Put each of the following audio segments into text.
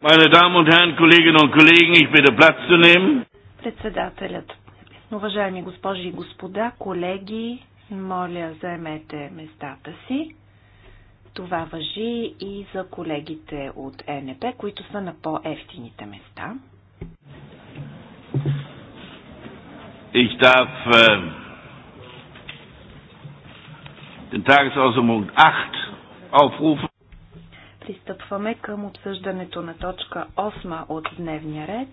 Meine Damen und Herren, Kolleginnen und Kollegen, ich bitte Platz zu nehmen. Председателят. Уважаеми госпожи и господа, колеги, моля заемете местата си. Това въжи и за колегите от ЕНП, които са на по-ефтините места. Ich darf äh, den Tagesordnungspunkt 8 aufrufen. Пристъпваме към обсъждането на точка 8 от дневния ред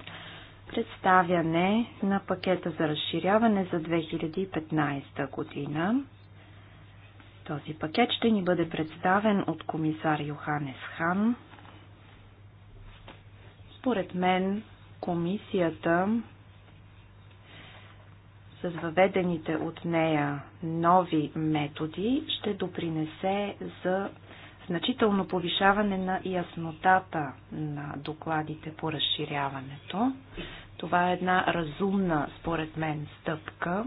представяне на пакета за разширяване за 2015 година. Този пакет ще ни бъде представен от комисар Йоханес Хан. Според мен комисията с въведените от нея нови методи ще допринесе за значително повишаване на яснотата на докладите по разширяването. Това е една разумна, според мен, стъпка.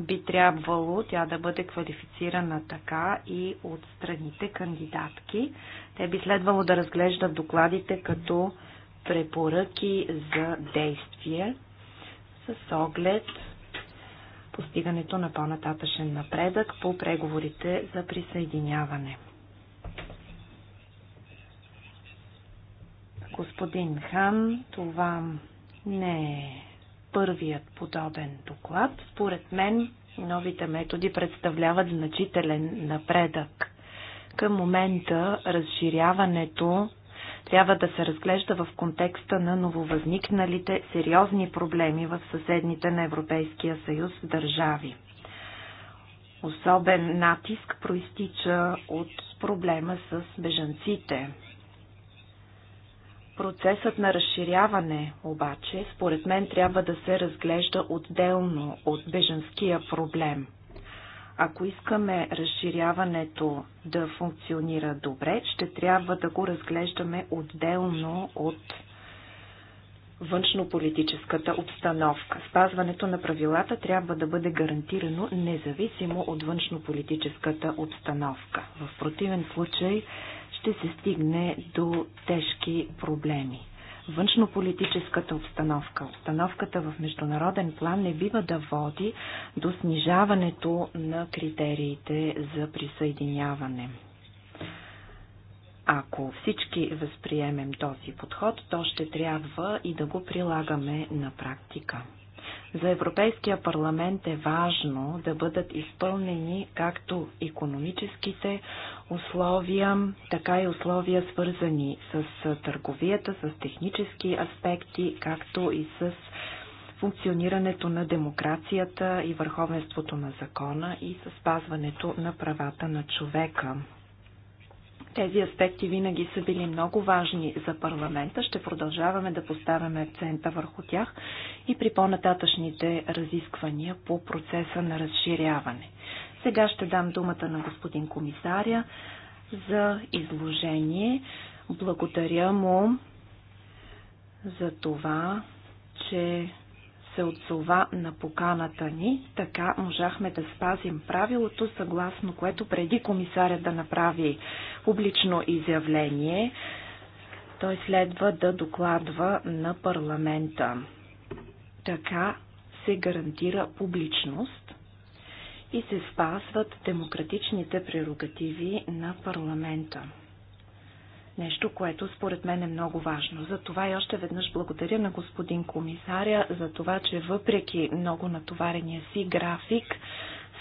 Би трябвало тя да бъде квалифицирана така и от страните кандидатки. Те би следвало да разглеждат докладите като препоръки за действие с оглед постигането на по-нататъчен напредък по преговорите за присъединяване. господин Хан. Това не е първият подобен доклад. Според мен, новите методи представляват значителен напредък. Към момента разширяването трябва да се разглежда в контекста на нововъзникналите сериозни проблеми в съседните на Европейския съюз държави. Особен натиск проистича от проблема с бежанците. Процесът на разширяване обаче, според мен, трябва да се разглежда отделно от беженския проблем. Ако искаме разширяването да функционира добре, ще трябва да го разглеждаме отделно от външнополитическата обстановка. Спазването на правилата трябва да бъде гарантирано независимо от външнополитическата обстановка. В противен случай ще се стигне до тежки проблеми. Външнополитическата обстановка, обстановката в международен план не бива да води до снижаването на критериите за присъединяване. Ако всички възприемем този подход, то ще трябва и да го прилагаме на практика. За Европейския парламент е важно да бъдат изпълнени както економическите, условия, така и условия свързани с търговията, с технически аспекти, както и с функционирането на демокрацията и върховенството на закона и с спазването на правата на човека. Тези аспекти винаги са били много важни за парламента. Ще продължаваме да поставяме акцента върху тях и при по-нататъчните разисквания по процеса на разширяване. Сега ще дам думата на господин комисаря за изложение. Благодаря му за това, че се отзова на поканата ни, така можахме да спазим правилото, съгласно което преди комисаря да направи публично изявление, той следва да докладва на парламента. Така се гарантира публичност и се спазват демократичните прерогативи на парламента. Нещо, което според мен е много важно. За това и още веднъж благодаря на господин комисаря за това, че въпреки много натоварения си график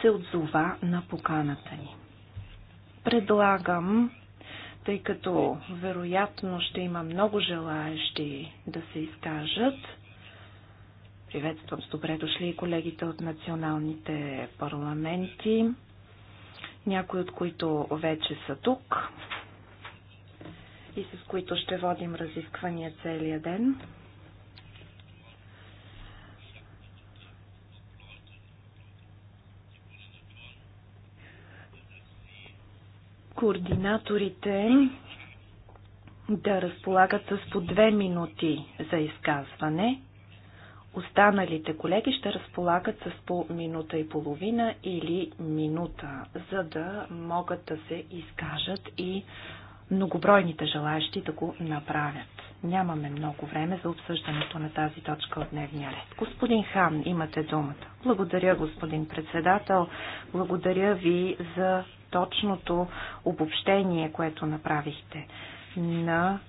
се отзова на поканата ни. Предлагам, тъй като вероятно ще има много желаещи да се изкажат, Приветствам с добре дошли и колегите от националните парламенти, някои от които вече са тук и с които ще водим разисквания целия ден. Координаторите да разполагат с по две минути за изказване Останалите колеги ще разполагат с по минута и половина или минута, за да могат да се изкажат и многобройните желаящи да го направят. Нямаме много време за обсъждането на тази точка от дневния ред. Господин Хан, имате думата. Благодаря, господин председател. Благодаря ви за точното обобщение, което направихте на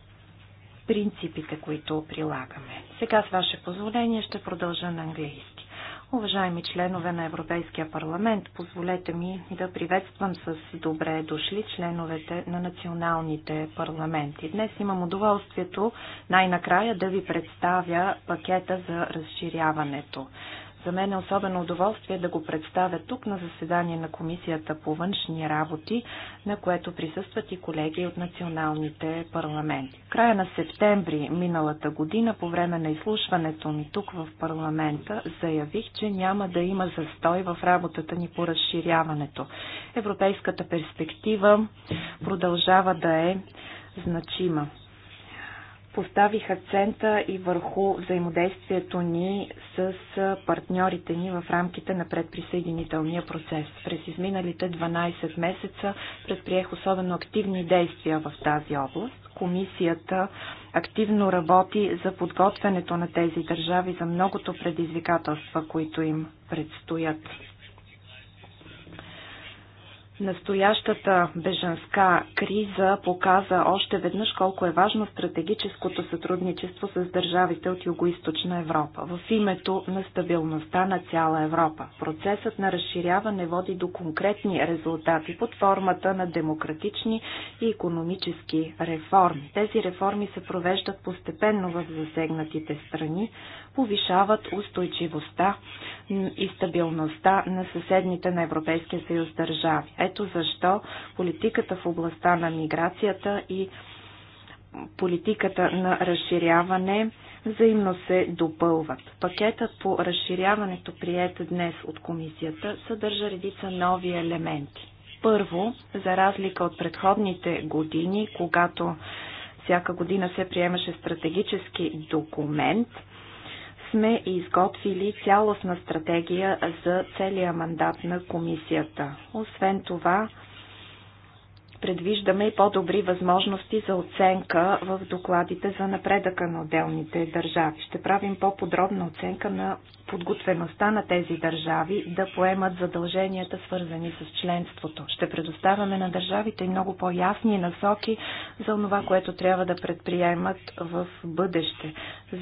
принципите, които прилагаме. Сега с ваше позволение ще продължа на английски. Уважаеми членове на Европейския парламент, позволете ми да приветствам с добре дошли членовете на националните парламенти. Днес имам удоволствието най-накрая да ви представя пакета за разширяването. За мен е особено удоволствие да го представя тук на заседание на Комисията по външни работи, на което присъстват и колеги от националните парламенти. В края на септември миналата година, по време на изслушването ми тук в парламента, заявих, че няма да има застой в работата ни по разширяването. Европейската перспектива продължава да е значима поставих акцента и върху взаимодействието ни с партньорите ни в рамките на предприсъединителния процес. През изминалите 12 месеца предприех особено активни действия в тази област. Комисията активно работи за подготвянето на тези държави за многото предизвикателства, които им предстоят. Настоящата бежанска криза показа още веднъж колко е важно стратегическото сътрудничество с държавите от Юго-Источна Европа в името на стабилността на цяла Европа. Процесът на разширяване води до конкретни резултати под формата на демократични и економически реформи. Тези реформи се провеждат постепенно в засегнатите страни, повишават устойчивостта и стабилността на съседните на Европейския съюз държави. Ето защо политиката в областта на миграцията и политиката на разширяване взаимно се допълват. Пакетът по разширяването, прият днес от комисията, съдържа редица нови елементи. Първо, за разлика от предходните години, когато всяка година се приемаше стратегически документ, сме изготвили цялостна стратегия за целия мандат на комисията. Освен това, предвиждаме и по-добри възможности за оценка в докладите за напредъка на отделните държави. Ще правим по-подробна оценка на подготвеността на тези държави да поемат задълженията, свързани с членството. Ще предоставяме на държавите много по-ясни насоки за това, което трябва да предприемат в бъдеще,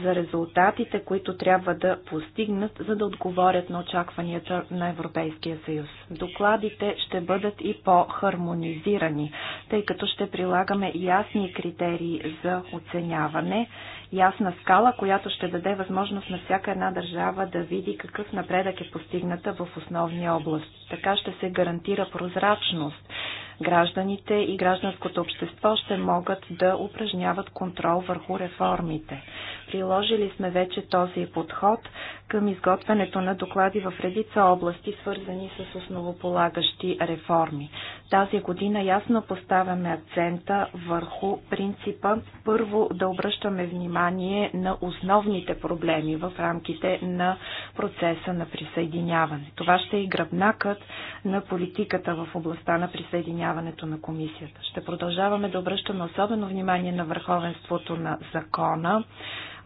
за резултатите, които трябва да постигнат, за да отговорят на очакванията на Европейския съюз. Докладите ще бъдат и по-хармонизирани, тъй като ще прилагаме ясни критерии за оценяване ясна скала, която ще даде възможност на всяка една държава да види какъв напредък е постигната в основни области. Така ще се гарантира прозрачност. Гражданите и гражданското общество ще могат да упражняват контрол върху реформите. Приложили сме вече този подход към изготвянето на доклади в редица области, свързани с основополагащи реформи. Тази година ясно поставяме акцента върху принципа първо да обръщаме внимание на основните проблеми в рамките на процеса на присъединяване. Това ще е и гръбнакът на политиката в областта на присъединяването на комисията. Ще продължаваме да обръщаме особено внимание на върховенството на закона,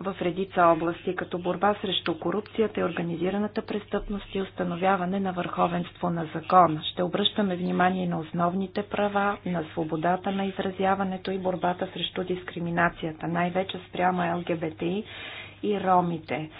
в редица области, като борба срещу корупцията и организираната престъпност и установяване на върховенство на закона. Ще обръщаме внимание на основните права, на свободата на изразяването и борбата срещу дискриминацията, най-вече спрямо ЛГБТИ и ромите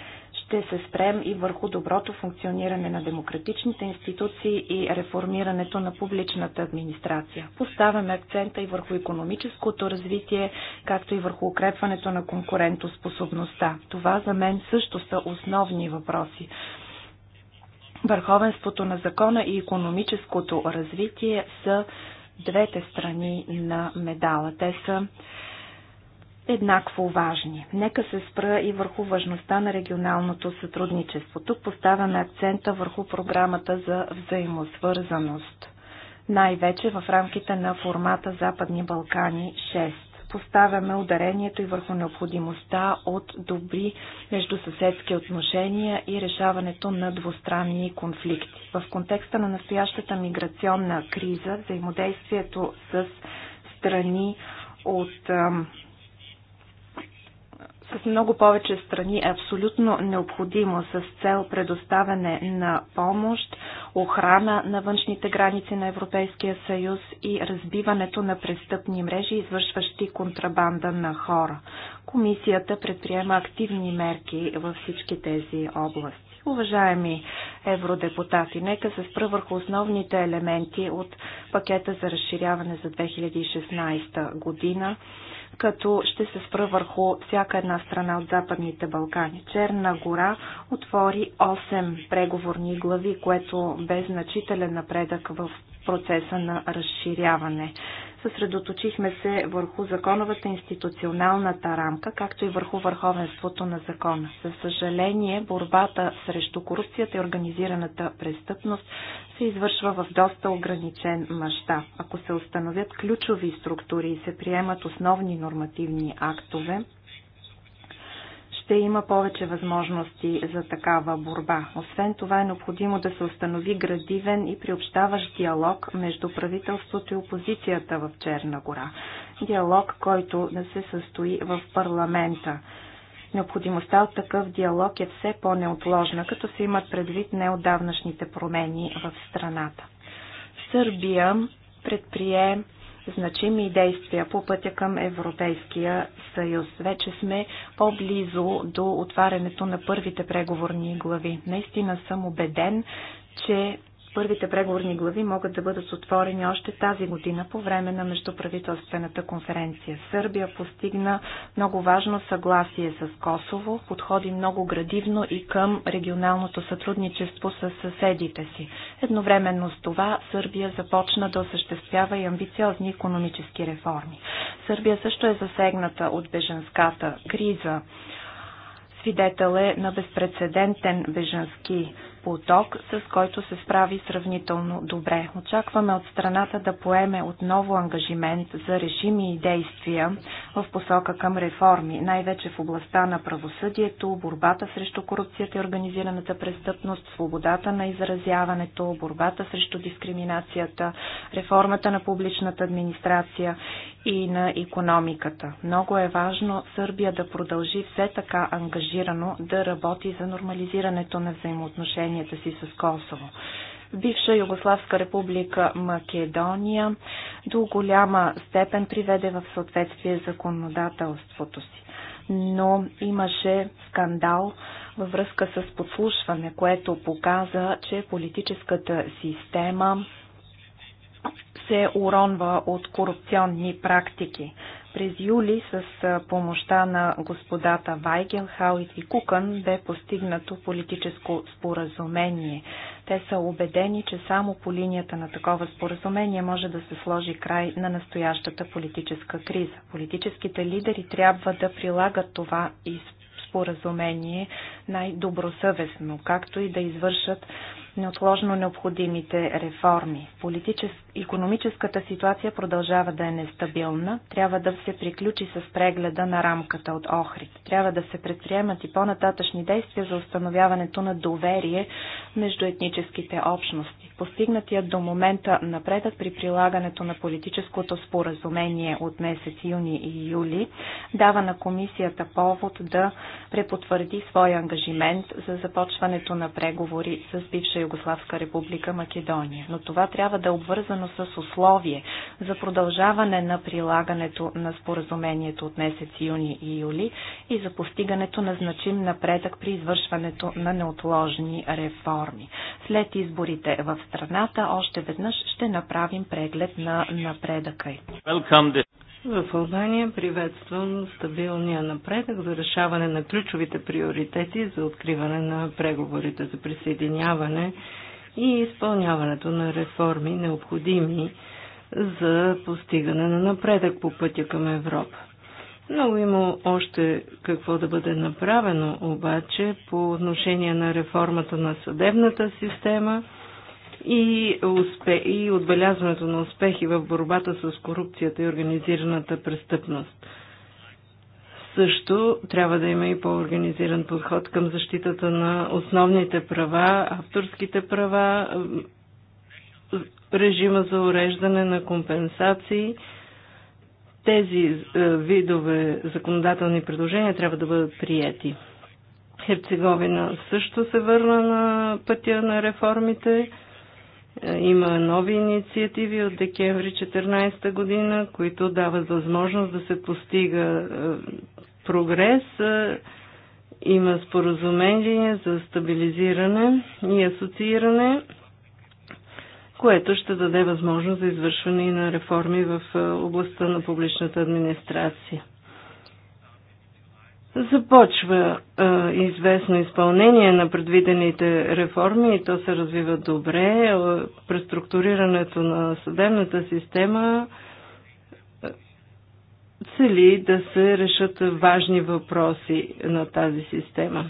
ще се спрем и върху доброто функциониране на демократичните институции и реформирането на публичната администрация. Поставяме акцента и върху економическото развитие, както и върху укрепването на конкурентоспособността. Това за мен също са основни въпроси. Върховенството на закона и економическото развитие са двете страни на медала. Те са еднакво важни. Нека се спра и върху важността на регионалното сътрудничество. Тук поставяме акцента върху програмата за взаимосвързаност, най-вече в рамките на формата Западни Балкани 6. Поставяме ударението и върху необходимостта от добри междусъседски отношения и решаването на двустранни конфликти. В контекста на настоящата миграционна криза, взаимодействието с страни от с много повече страни е абсолютно необходимо с цел предоставяне на помощ, охрана на външните граници на Европейския съюз и разбиването на престъпни мрежи, извършващи контрабанда на хора. Комисията предприема активни мерки във всички тези области. Уважаеми евродепутати, нека се спра върху основните елементи от пакета за разширяване за 2016 година, като ще се спра върху всяка една страна от Западните Балкани. Черна гора отвори 8 преговорни глави, което бе значителен напредък в процеса на разширяване съсредоточихме се върху законовата институционалната рамка, както и върху върховенството на закона. За съжаление, борбата срещу корупцията и организираната престъпност се извършва в доста ограничен мащаб. Ако се установят ключови структури и се приемат основни нормативни актове, ще има повече възможности за такава борба. Освен това е необходимо да се установи градивен и приобщаващ диалог между правителството и опозицията в Черна гора. Диалог, който да се състои в парламента. Необходимостта от такъв диалог е все по-неотложна, като се имат предвид неодавнашните промени в страната. Сърбия предприе значими действия по пътя към Европейския съюз. Вече сме по-близо до отварянето на първите преговорни глави. Наистина съм убеден, че Първите преговорни глави могат да бъдат отворени още тази година по време на междуправителствената конференция. Сърбия постигна много важно съгласие с Косово, подходи много градивно и към регионалното сътрудничество с съседите си. Едновременно с това Сърбия започна да осъществява и амбициозни економически реформи. Сърбия също е засегната от беженската криза свидетел е на безпредседентен беженски поток, с който се справи сравнително добре. Очакваме от страната да поеме отново ангажимент за режими и действия в посока към реформи, най-вече в областта на правосъдието, борбата срещу корупцията и организираната престъпност, свободата на изразяването, борбата срещу дискриминацията, реформата на публичната администрация и на економиката. Много е важно Сърбия да продължи все така ангажирано да работи за нормализирането на взаимоотношения отношенията си с Косово. В бивша Югославска република Македония до голяма степен приведе в съответствие законодателството си. Но имаше скандал във връзка с подслушване, което показа, че политическата система се уронва от корупционни практики. През юли с помощта на господата Вайгенхау и Кукън бе постигнато политическо споразумение. Те са убедени, че само по линията на такова споразумение може да се сложи край на настоящата политическа криза. Политическите лидери трябва да прилагат това и споразумение най-добросъвестно, както и да извършат неотложно необходимите реформи. Политичес... Економическата ситуация продължава да е нестабилна. Трябва да се приключи с прегледа на рамката от Охрид. Трябва да се предприемат и по-нататъчни действия за установяването на доверие между етническите общности Постигнатия до момента напредък при прилагането на политическото споразумение от месец юни и юли дава на комисията повод да препотвърди своя ангажимент за започването на преговори с бивша Югославска република Македония. Но това трябва да е обвързано с условие за продължаване на прилагането на споразумението от месец юни и юли и за постигането на значим напредък при извършването на неотложни реформи. След изборите в страната, още веднъж ще направим преглед на напредъка В Албания приветствам стабилния напредък за решаване на ключовите приоритети за откриване на преговорите за присъединяване и изпълняването на реформи, необходими за постигане на напредък по пътя към Европа. Много има още какво да бъде направено, обаче по отношение на реформата на съдебната система и, успе, и отбелязването на успехи в борбата с корупцията и организираната престъпност. Също трябва да има и по-организиран подход към защитата на основните права, авторските права, режима за уреждане на компенсации. Тези е, видове законодателни предложения трябва да бъдат прияти. Херцеговина също се върна на пътя на реформите е, има нови инициативи от декември 2014 година, които дават възможност да се постига е, прогрес. Е, има споразумение за стабилизиране и асоцииране, което ще даде възможност за извършване на реформи в областта на публичната администрация. Започва а, известно изпълнение на предвидените реформи и то се развива добре. Преструктурирането на съдебната система цели да се решат важни въпроси на тази система.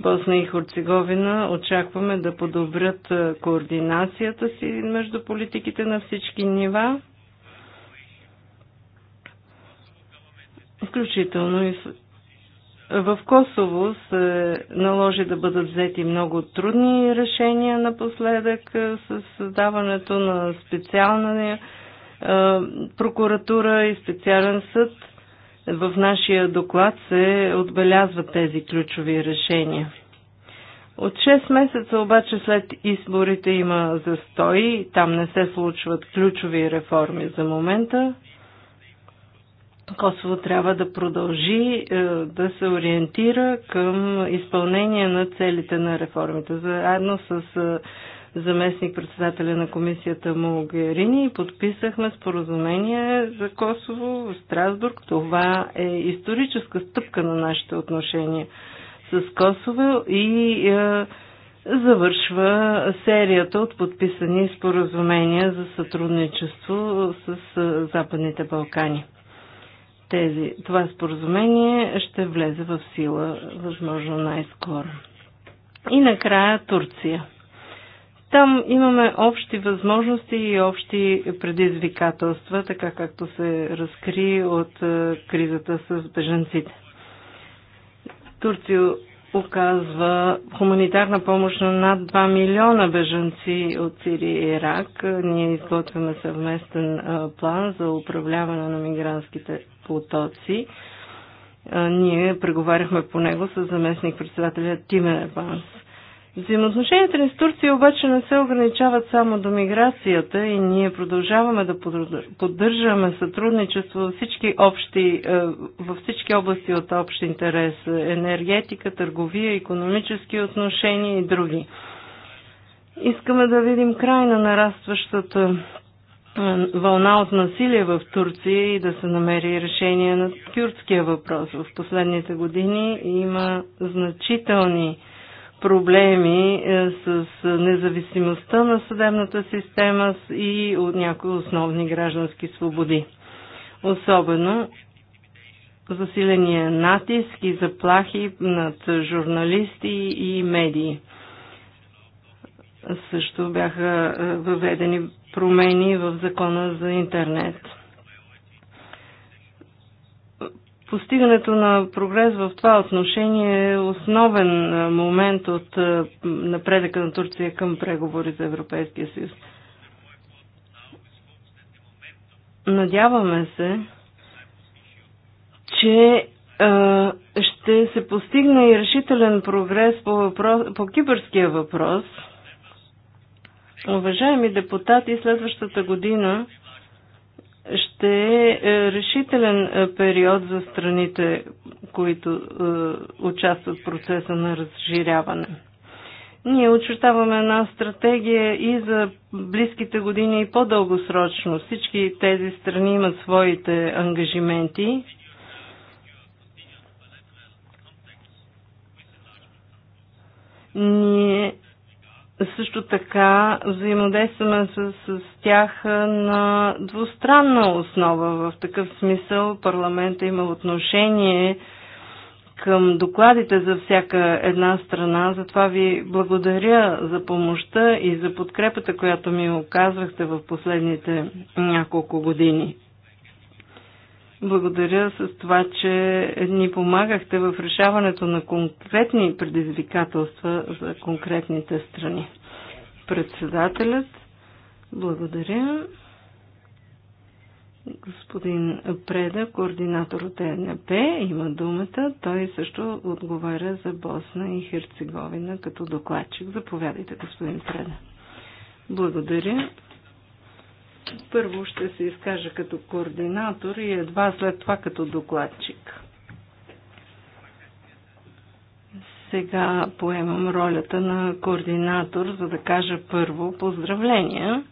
Босна и Херцеговина очакваме да подобрят координацията си между политиките на всички нива, включително и в Косово се наложи да бъдат взети много трудни решения напоследък с създаването на специална прокуратура и специален съд. В нашия доклад се отбелязват тези ключови решения. От 6 месеца обаче след изборите има застой, там не се случват ключови реформи за момента. Косово трябва да продължи е, да се ориентира към изпълнение на целите на реформите. Заедно с е, заместник председателя на комисията Могерини подписахме споразумение за Косово в Страсбург. Това е историческа стъпка на нашите отношения с Косово и е, завършва серията от подписани споразумения за сътрудничество с Западните Балкани тези, това споразумение ще влезе в сила възможно най-скоро. И накрая Турция. Там имаме общи възможности и общи предизвикателства, така както се разкри от е, кризата с беженците. Турция оказва хуманитарна помощ на над 2 милиона беженци от Сирия и Ирак. Ние изготвяме съвместен е, план за управляване на мигрантските потоци. Ние преговаряхме по него с заместник-председателя Тимербанс. Взаимоотношенията ни с Турция обаче не се ограничават само до миграцията и ние продължаваме да поддържаме сътрудничество във всички, общи, е, във всички области от общ интерес – енергетика, търговия, економически отношения и други. Искаме да видим край на нарастващата е, вълна от насилие в Турция и да се намери решение на кюртския въпрос. В последните години има значителни проблеми е, с независимостта на съдебната система и от някои основни граждански свободи. Особено засиления натиск и заплахи над журналисти и медии – също бяха въведени промени в закона за интернет. Постигането на прогрес в това отношение е основен момент от напредъка на Турция към преговори за Европейския съюз. Надяваме се, че ще се постигне и решителен прогрес по, въпрос, по кипърския въпрос – Уважаеми депутати, следващата година ще е, е решителен е, период за страните, които е, участват в процеса на разширяване. Ние очертаваме една стратегия и за близките години и по-дългосрочно. Всички тези страни имат своите ангажименти. Ние също така взаимодействаме с, с тях на двустранна основа. В такъв смисъл парламента има отношение към докладите за всяка една страна. Затова ви благодаря за помощта и за подкрепата, която ми оказвахте в последните няколко години. Благодаря с това, че ни помагахте в решаването на конкретни предизвикателства за конкретните страни. Председателят, благодаря. Господин Преда, координатор от ЕНП, има думата. Той също отговаря за Босна и Херцеговина като докладчик. Заповядайте, господин Преда. Благодаря. Първо ще се изкажа като координатор и едва след това като докладчик. Сега поемам ролята на координатор, за да кажа първо поздравления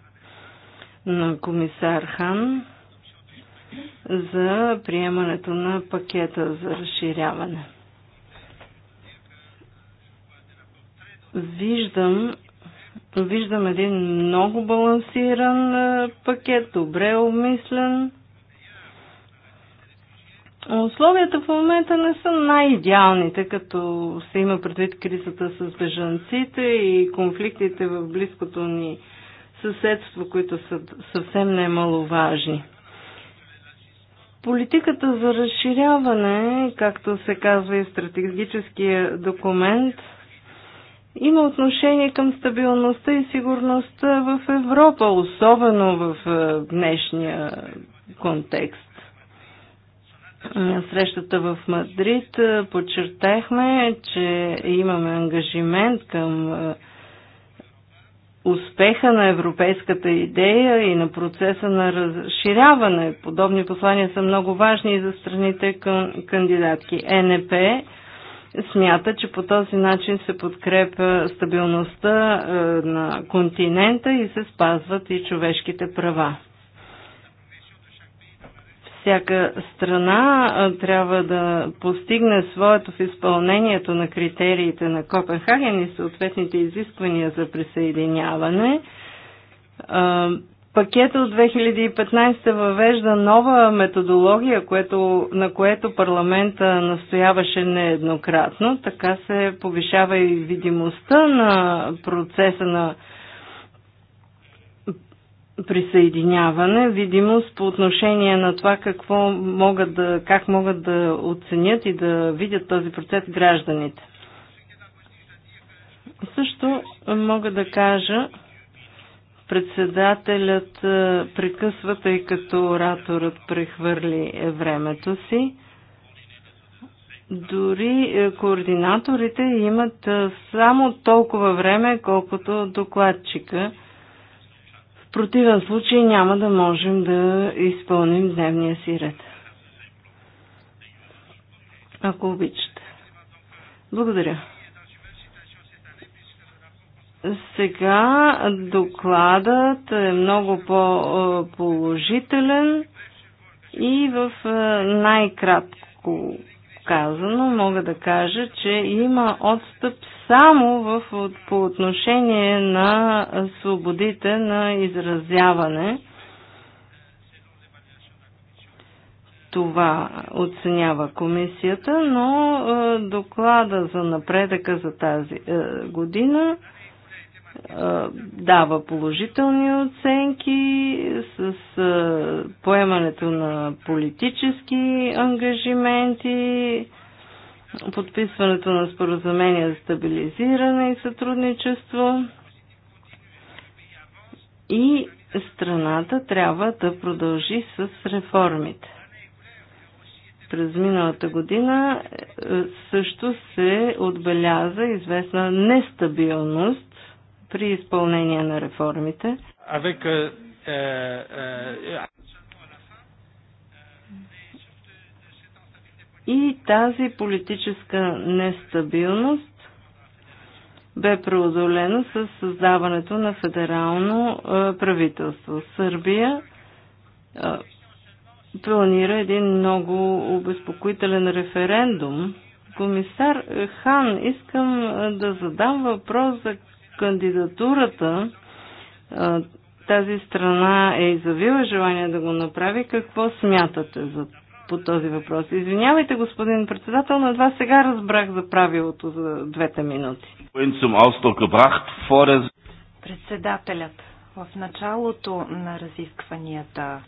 на комисар Хан за приемането на пакета за разширяване. Виждам, Виждам един много балансиран пакет, добре обмислен. Условията в момента не са най-идеалните, като се има предвид кризата с бежанците и конфликтите в близкото ни съседство, които са съвсем немаловажни. Политиката за разширяване, както се казва и в стратегическия документ – има отношение към стабилността и сигурността в Европа, особено в е, днешния контекст. На срещата в Мадрид е, подчертахме, че имаме ангажимент към е, успеха на европейската идея и на процеса на разширяване. Подобни послания са много важни и за страните кандидатки. НП смята, че по този начин се подкрепя стабилността е, на континента и се спазват и човешките права. Всяка страна е, трябва да постигне своето в изпълнението на критериите на Копенхаген и съответните изисквания за присъединяване е, Пакета от 2015 въвежда нова методология, което, на което парламента настояваше нееднократно. Така се повишава и видимостта на процеса на присъединяване, видимост по отношение на това какво могат да, как могат да оценят и да видят този процес гражданите. Също мога да кажа, Председателят прекъсва, тъй като ораторът прехвърли е, времето си. Дори е, координаторите имат само толкова време, колкото докладчика. В противен случай няма да можем да изпълним дневния си ред. Ако обичате. Благодаря. Сега докладът е много по-положителен и в е, най-кратко казано мога да кажа, че има отстъп само в, по отношение на свободите на изразяване. Това оценява комисията, но е, доклада за напредъка за тази е, година дава положителни оценки с поемането на политически ангажименти, подписването на споразумения за стабилизиране и сътрудничество. И страната трябва да продължи с реформите. През миналата година е, е, също се отбеляза известна нестабилност при изпълнение на реформите. Avec, euh, euh, euh, И тази политическа нестабилност бе преодолена с създаването на федерално е, правителство. Сърбия е, планира един много обезпокоителен референдум. Комисар Хан, искам е, да задам въпрос за кандидатурата тази страна е изявила желание да го направи. Какво смятате за, по този въпрос? Извинявайте, господин председател, но едва сега разбрах за правилото за двете минути. Председателят, в началото на разискванията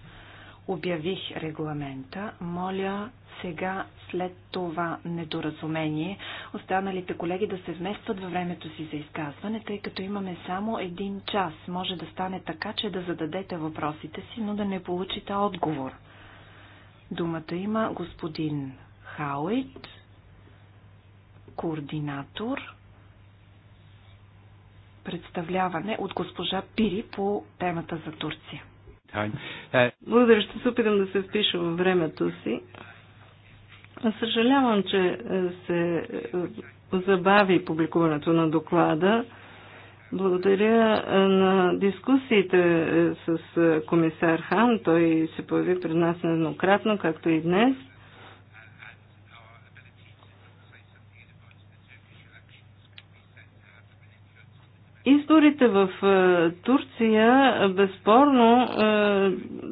обявих регламента. Моля сега след това недоразумение останалите колеги да се вместват във времето си за изказване, тъй като имаме само един час. Може да стане така, че да зададете въпросите си, но да не получите отговор. Думата има господин Хауит, координатор, представляване от госпожа Пири по темата за Турция. Благодаря, ще се опитам да се впиша във времето си. Съжалявам, че е, се е, забави публикуването на доклада. Благодаря е, на дискусиите с комисар Хан. Той се появи пред нас нееднократно, както и днес. Изборите в е, Турция безспорно е,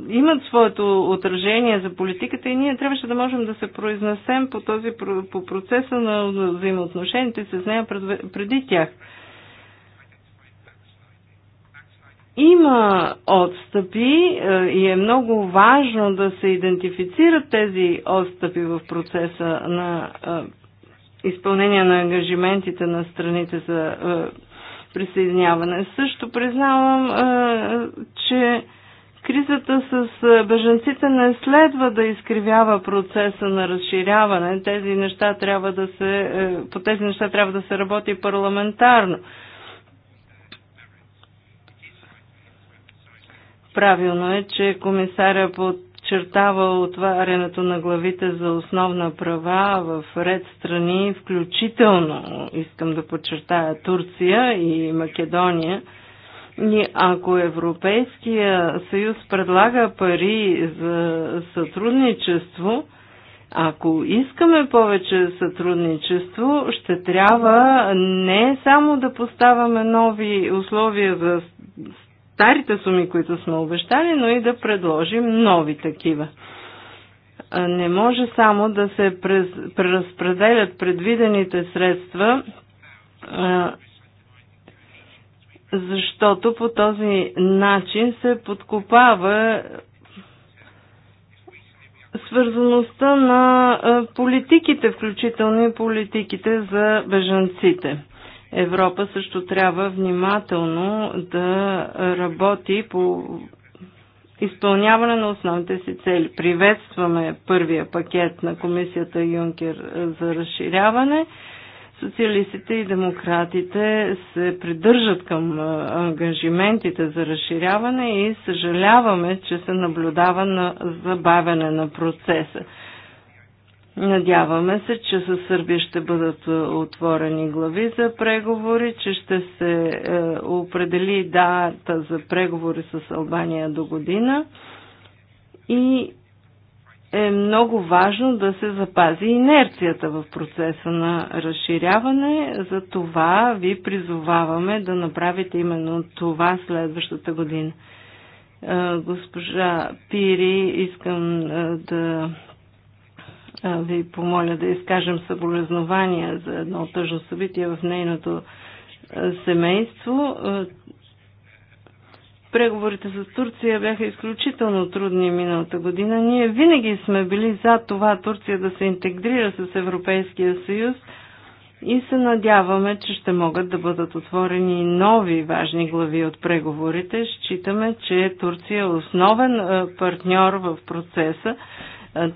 имат своето отражение за политиката и ние трябваше да можем да се произнесем по, този, по процеса на взаимоотношенията с нея преди тях. Има отстъпи е, и е много важно да се идентифицират тези отстъпи в процеса на изпълнение на ангажиментите на страните за присъединяване. Също признавам, че кризата с беженците не следва да изкривява процеса на разширяване. Тези неща трябва да се, е, по тези неща трябва да се работи парламентарно. Правилно е, че комисаря под подчертава отварянето на главите за основна права в ред страни, включително, искам да подчертая, Турция и Македония. И ако Европейския съюз предлага пари за сътрудничество, ако искаме повече сътрудничество, ще трябва не само да поставяме нови условия за старите суми, които сме обещали, но и да предложим нови такива. Не може само да се преразпределят предвидените средства защото по този начин се подкопава свързаността на политиките, включително и политиките за бежанците. Европа също трябва внимателно да работи по изпълняване на основните си цели. Приветстваме първия пакет на комисията Юнкер за разширяване. Социалистите и демократите се придържат към ангажиментите за разширяване и съжаляваме, че се наблюдава на забавяне на процеса. Надяваме се, че със Сърбия ще бъдат е, отворени глави за преговори, че ще се е, определи дата за преговори с Албания до година и е много важно да се запази инерцията в процеса на разширяване. За това ви призоваваме да направите именно това следващата година. Е, госпожа Пири, искам да ви помоля да изкажем съболезнования за едно тъжно събитие в нейното семейство. Преговорите с Турция бяха изключително трудни миналата година. Ние винаги сме били за това Турция да се интегрира с Европейския съюз и се надяваме, че ще могат да бъдат отворени нови важни глави от преговорите. Считаме, че Турция е основен партньор в процеса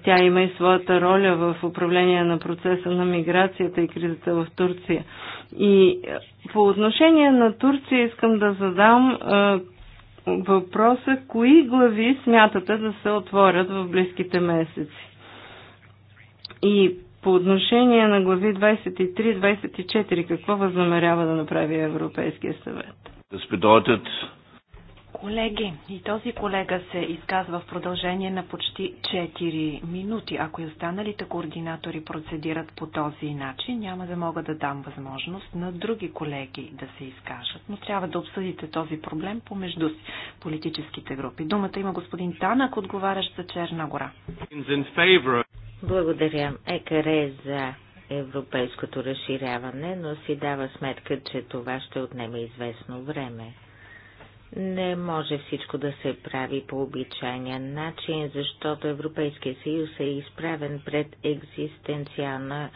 тя има и своята роля в управление на процеса на миграцията и кризата в Турция. И по отношение на Турция искам да задам въпроса, кои глави смятате да се отворят в близките месеци? И по отношение на глави 23-24, какво възнамерява да направи Европейския съвет? Das Колеги, и този колега се изказва в продължение на почти 4 минути. Ако и останалите координатори процедират по този начин, няма да мога да дам възможност на други колеги да се изкажат. Но трябва да обсъдите този проблем помежду си политическите групи. Думата има господин Танък, отговарящ за Черна гора. Благодаря. Екаре за европейското разширяване, но си дава сметка, че това ще отнеме известно време. Не може всичко да се прави по обичайния начин, защото Европейския съюз е изправен пред екзистенциална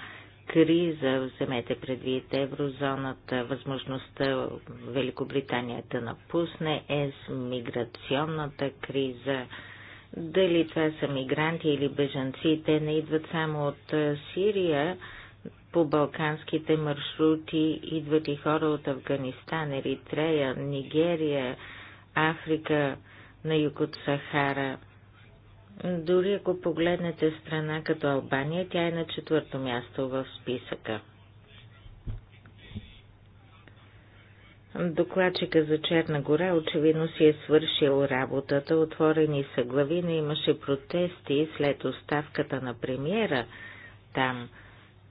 криза. Вземете предвид еврозоната, възможността Великобритания да напусне е с миграционната криза. Дали това са мигранти или бежанци, те не идват само от Сирия, по балканските маршрути идват и хора от Афганистан, Еритрея, Нигерия, Африка, на юг от Сахара. Дори ако погледнете страна като Албания, тя е на четвърто място в списъка. Докладчика за Черна гора очевидно си е свършил работата, отворени са глави, но имаше протести след оставката на премиера там –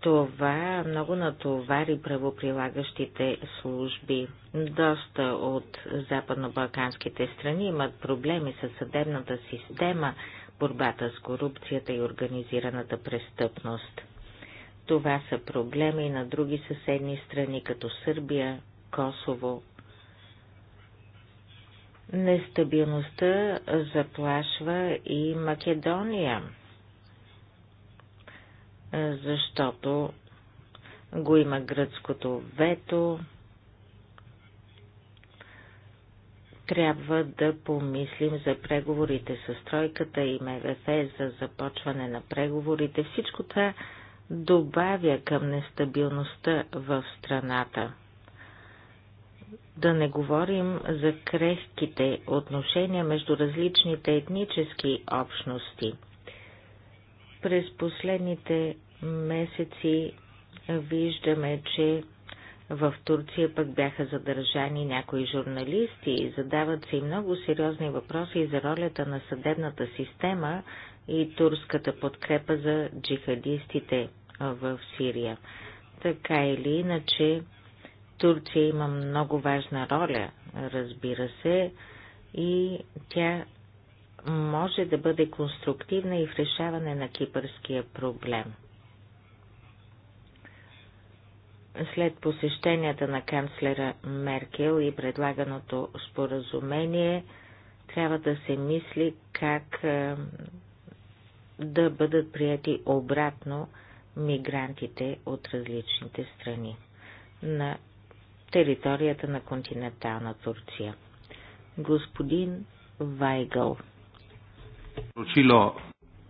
това много натовари правоприлагащите служби. Доста от западно-балканските страни имат проблеми с съдебната система, борбата с корупцията и организираната престъпност. Това са проблеми и на други съседни страни, като Сърбия, Косово. Нестабилността заплашва и Македония. Е, защото го има гръцкото вето. Трябва да помислим за преговорите с тройката и МВФ за започване на преговорите. Всичко това добавя към нестабилността в страната. Да не говорим за крехките отношения между различните етнически общности – през последните месеци виждаме, че в Турция пък бяха задържани някои журналисти и задават се и много сериозни въпроси за ролята на съдебната система и турската подкрепа за джихадистите в Сирия. Така или иначе, Турция има много важна роля, разбира се, и тя може да бъде конструктивна и в решаване на кипърския проблем. След посещенията на канцлера Меркел и предлаганото споразумение, трябва да се мисли как е, да бъдат прияти обратно мигрантите от различните страни на територията на континентална Турция. Господин Вайгъл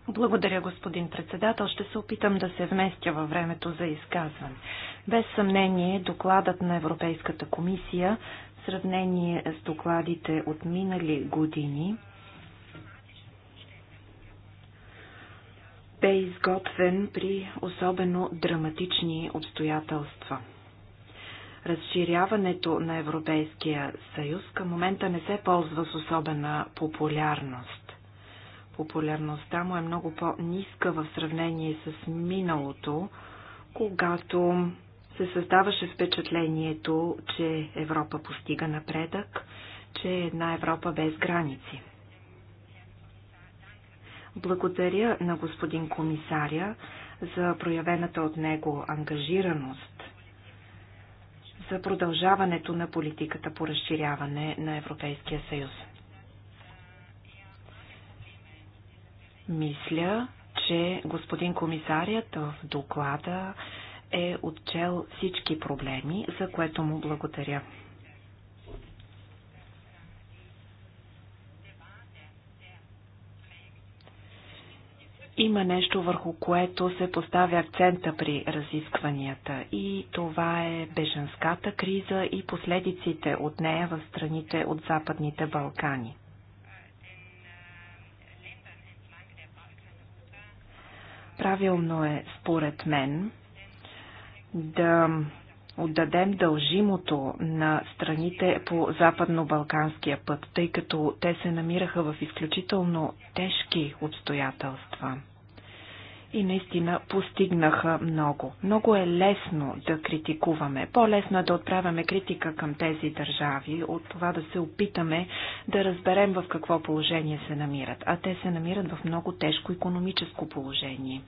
благодаря, господин председател. Ще се опитам да се вместя във времето за изказване. Без съмнение, докладът на Европейската комисия в сравнение с докладите от минали години бе изготвен при особено драматични обстоятелства. Разширяването на Европейския съюз към момента не се ползва с особена популярност. Популярността му е много по-ниска в сравнение с миналото, когато се създаваше впечатлението, че Европа постига напредък, че е една Европа без граници. Благодаря на господин комисаря за проявената от него ангажираност за продължаването на политиката по разширяване на Европейския съюз. Мисля, че господин комисарият в доклада е отчел всички проблеми, за което му благодаря. Има нещо върху което се поставя акцента при разискванията и това е беженската криза и последиците от нея в страните от Западните Балкани. Правилно е, според мен, да отдадем дължимото на страните по западно-балканския път, тъй като те се намираха в изключително тежки обстоятелства и наистина постигнаха много. Много е лесно да критикуваме. По-лесно е да отправяме критика към тези държави, от това да се опитаме да разберем в какво положение се намират. А те се намират в много тежко економическо положение.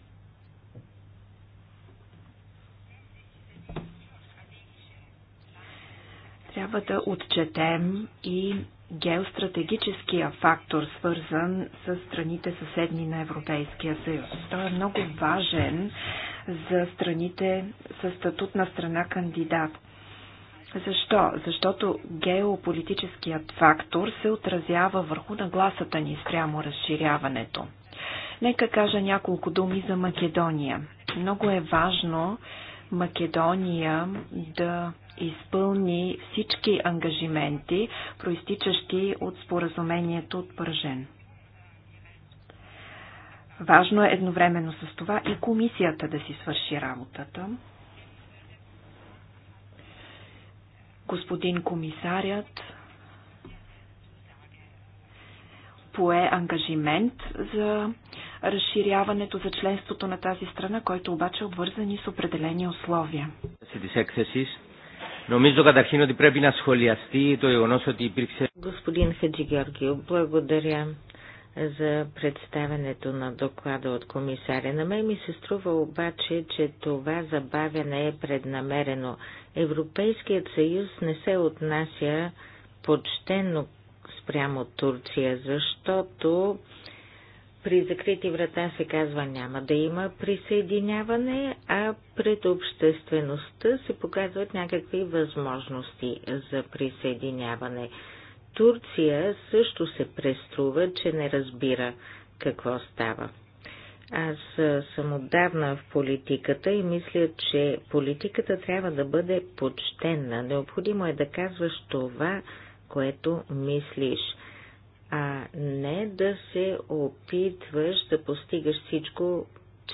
Трябва да отчетем и геостратегическия фактор, свързан с страните съседни на Европейския съюз. Той е много важен за страните със статут на страна кандидат. Защо? Защото геополитическият фактор се отразява върху нагласата ни спрямо разширяването. Нека кажа няколко думи за Македония. Много е важно Македония да изпълни всички ангажименти, проистичащи от споразумението от Пържен. Важно е едновременно с това и комисията да си свърши работата. Господин комисарят пое ангажимент за разширяването за членството на тази страна, който обаче е обвързан и с определени условия. Νομίζω καταρχήν ότι πρέπει να σχολιαστεί το ότι υπήρξε. Господин благодаря за представенето на доклада от комисаря. На мен ми се струва обаче, че това забавяне е преднамерено. Европейският съюз не се отнася почтенно спрямо Турция, защото при закрити врата се казва няма да има присъединяване, а пред обществеността се показват някакви възможности за присъединяване. Турция също се преструва, че не разбира какво става. Аз съм отдавна в политиката и мисля, че политиката трябва да бъде почтенна. Необходимо е да казваш това, което мислиш – а не да се опитваш да постигаш всичко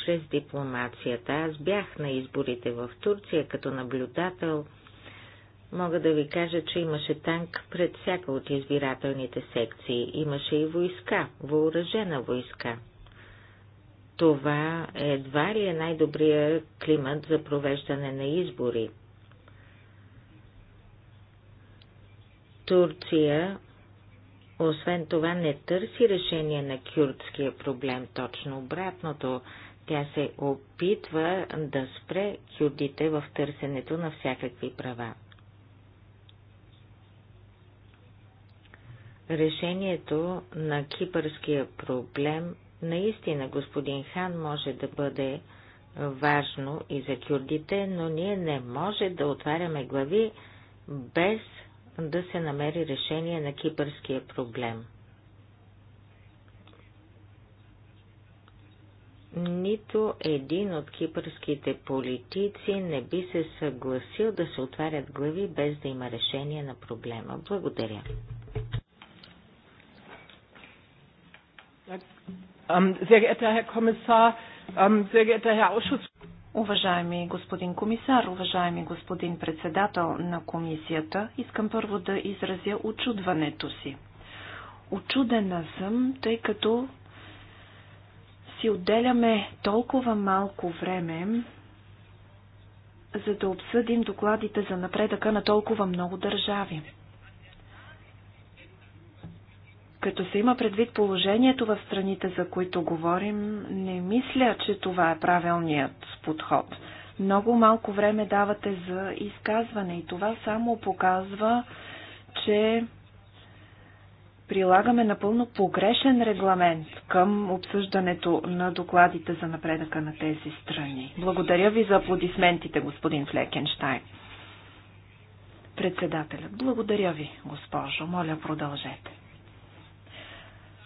чрез дипломацията. Аз бях на изборите в Турция като наблюдател. Мога да ви кажа, че имаше танк пред всяка от избирателните секции. Имаше и войска, въоръжена войска. Това едва ли е най-добрият климат за провеждане на избори. Турция освен това не търси решение на кюрдския проблем, точно обратното. Тя се опитва да спре кюрдите в търсенето на всякакви права. Решението на кипърския проблем наистина, господин Хан, може да бъде важно и за кюрдите, но ние не може да отваряме глави без да се намери решение на кипърския проблем. Нито един от кипърските политици не би се съгласил да се отварят глави без да има решение на проблема. Благодаря. Um, sehr geehrter Herr Kommissar, um, sehr geehrter Herr Ausschuss. Уважаеми господин комисар, уважаеми господин председател на комисията, искам първо да изразя очудването си. Очудена съм, тъй като си отделяме толкова малко време, за да обсъдим докладите за напредъка на толкова много държави. Като се има предвид положението в страните, за които говорим, не мисля, че това е правилният подход. Много малко време давате за изказване и това само показва, че прилагаме напълно погрешен регламент към обсъждането на докладите за напредъка на тези страни. Благодаря ви за аплодисментите, господин Флекенштайн. Председателят, благодаря ви, госпожо. Моля, продължете.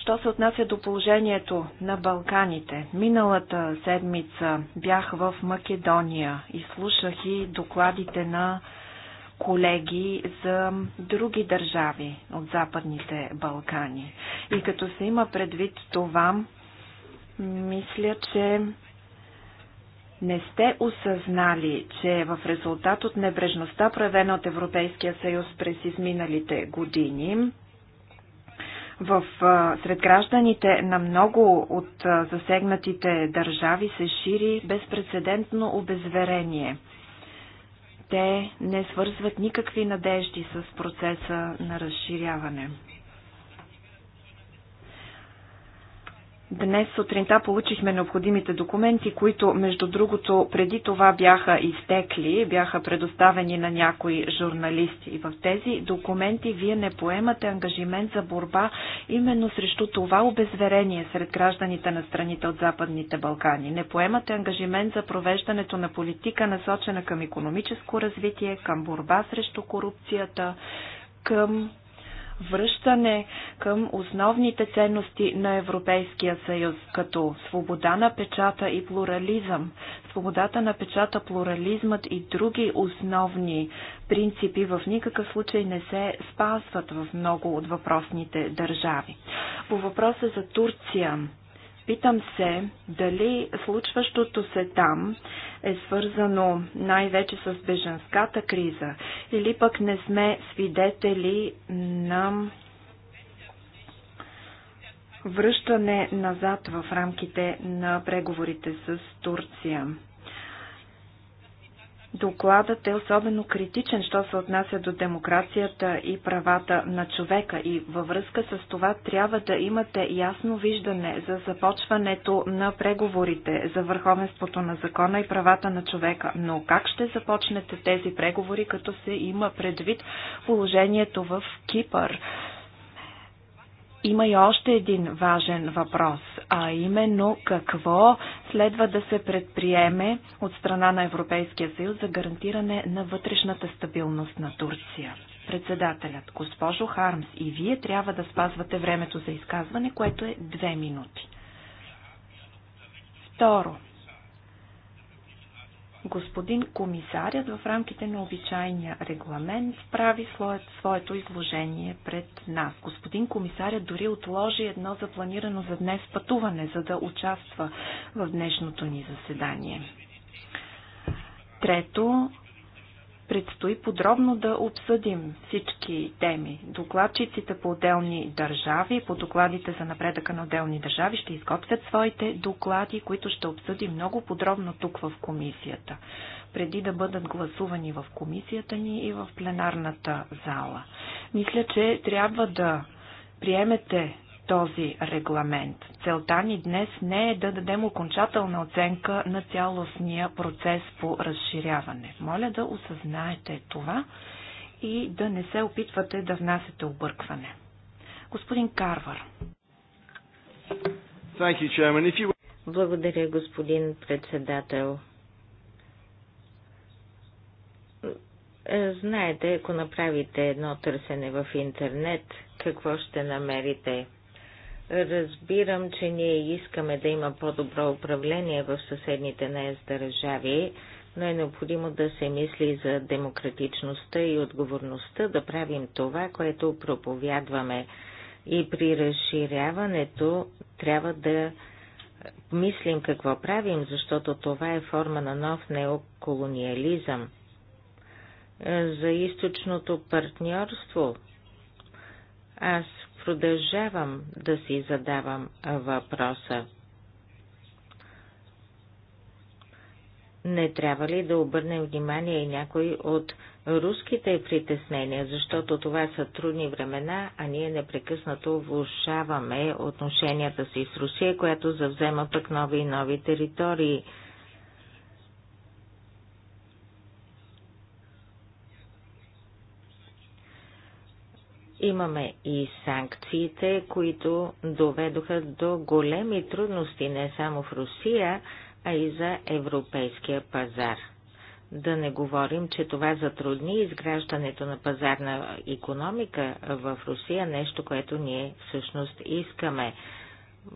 Що се отнася до положението на Балканите? Миналата седмица бях в Македония и слушах и докладите на колеги за други държави от Западните Балкани. И като се има предвид това, мисля, че не сте осъзнали, че в резултат от небрежността, проявена от Европейския съюз през изминалите години, в, сред гражданите на много от засегнатите държави се шири безпредседентно обезверение. Те не свързват никакви надежди с процеса на разширяване. Днес сутринта получихме необходимите документи, които между другото преди това бяха изтекли, бяха предоставени на някои журналисти. И в тези документи вие не поемате ангажимент за борба именно срещу това обезверение сред гражданите на страните от Западните Балкани. Не поемате ангажимент за провеждането на политика насочена към економическо развитие, към борба срещу корупцията, към връщане към основните ценности на Европейския съюз, като свобода на печата и плурализъм. Свободата на печата, плурализмът и други основни принципи в никакъв случай не се спазват в много от въпросните държави. По въпроса за Турция, Питам се дали случващото се там е свързано най-вече с беженската криза или пък не сме свидетели на връщане назад в рамките на преговорите с Турция. Докладът е особено критичен, що се отнася до демокрацията и правата на човека и във връзка с това трябва да имате ясно виждане за започването на преговорите за върховенството на закона и правата на човека. Но как ще започнете тези преговори, като се има предвид положението в Кипър? Има и още един важен въпрос, а именно какво следва да се предприеме от страна на Европейския съюз за гарантиране на вътрешната стабилност на Турция. Председателят, госпожо Хармс, и вие трябва да спазвате времето за изказване, което е две минути. Второ, Господин комисарят в рамките на обичайния регламент прави своето изложение пред нас. Господин комисарят дори отложи едно запланирано за днес пътуване, за да участва в днешното ни заседание. Трето, предстои подробно да обсъдим всички теми. Докладчиците по отделни държави, по докладите за напредъка на отделни държави ще изготвят своите доклади, които ще обсъдим много подробно тук в комисията, преди да бъдат гласувани в комисията ни и в пленарната зала. Мисля, че трябва да приемете този регламент. Целта ни днес не е да дадем окончателна оценка на цялостния процес по разширяване. Моля да осъзнаете това и да не се опитвате да внасяте объркване. Господин Карвар. Благодаря, господин председател. Е, знаете, ако направите едно търсене в интернет, какво ще намерите? Разбирам, че ние искаме да има по-добро управление в съседните на държави, но е необходимо да се мисли за демократичността и отговорността да правим това, което проповядваме. И при разширяването трябва да мислим какво правим, защото това е форма на нов неоколониализъм. За източното партньорство аз продължавам да си задавам въпроса. Не трябва ли да обърнем внимание и някой от руските притеснения, защото това са трудни времена, а ние непрекъснато влушаваме отношенията си с Русия, която завзема пък нови и нови територии – Имаме и санкциите, които доведоха до големи трудности не само в Русия, а и за европейския пазар. Да не говорим, че това затрудни изграждането на пазарна економика в Русия, нещо, което ние всъщност искаме.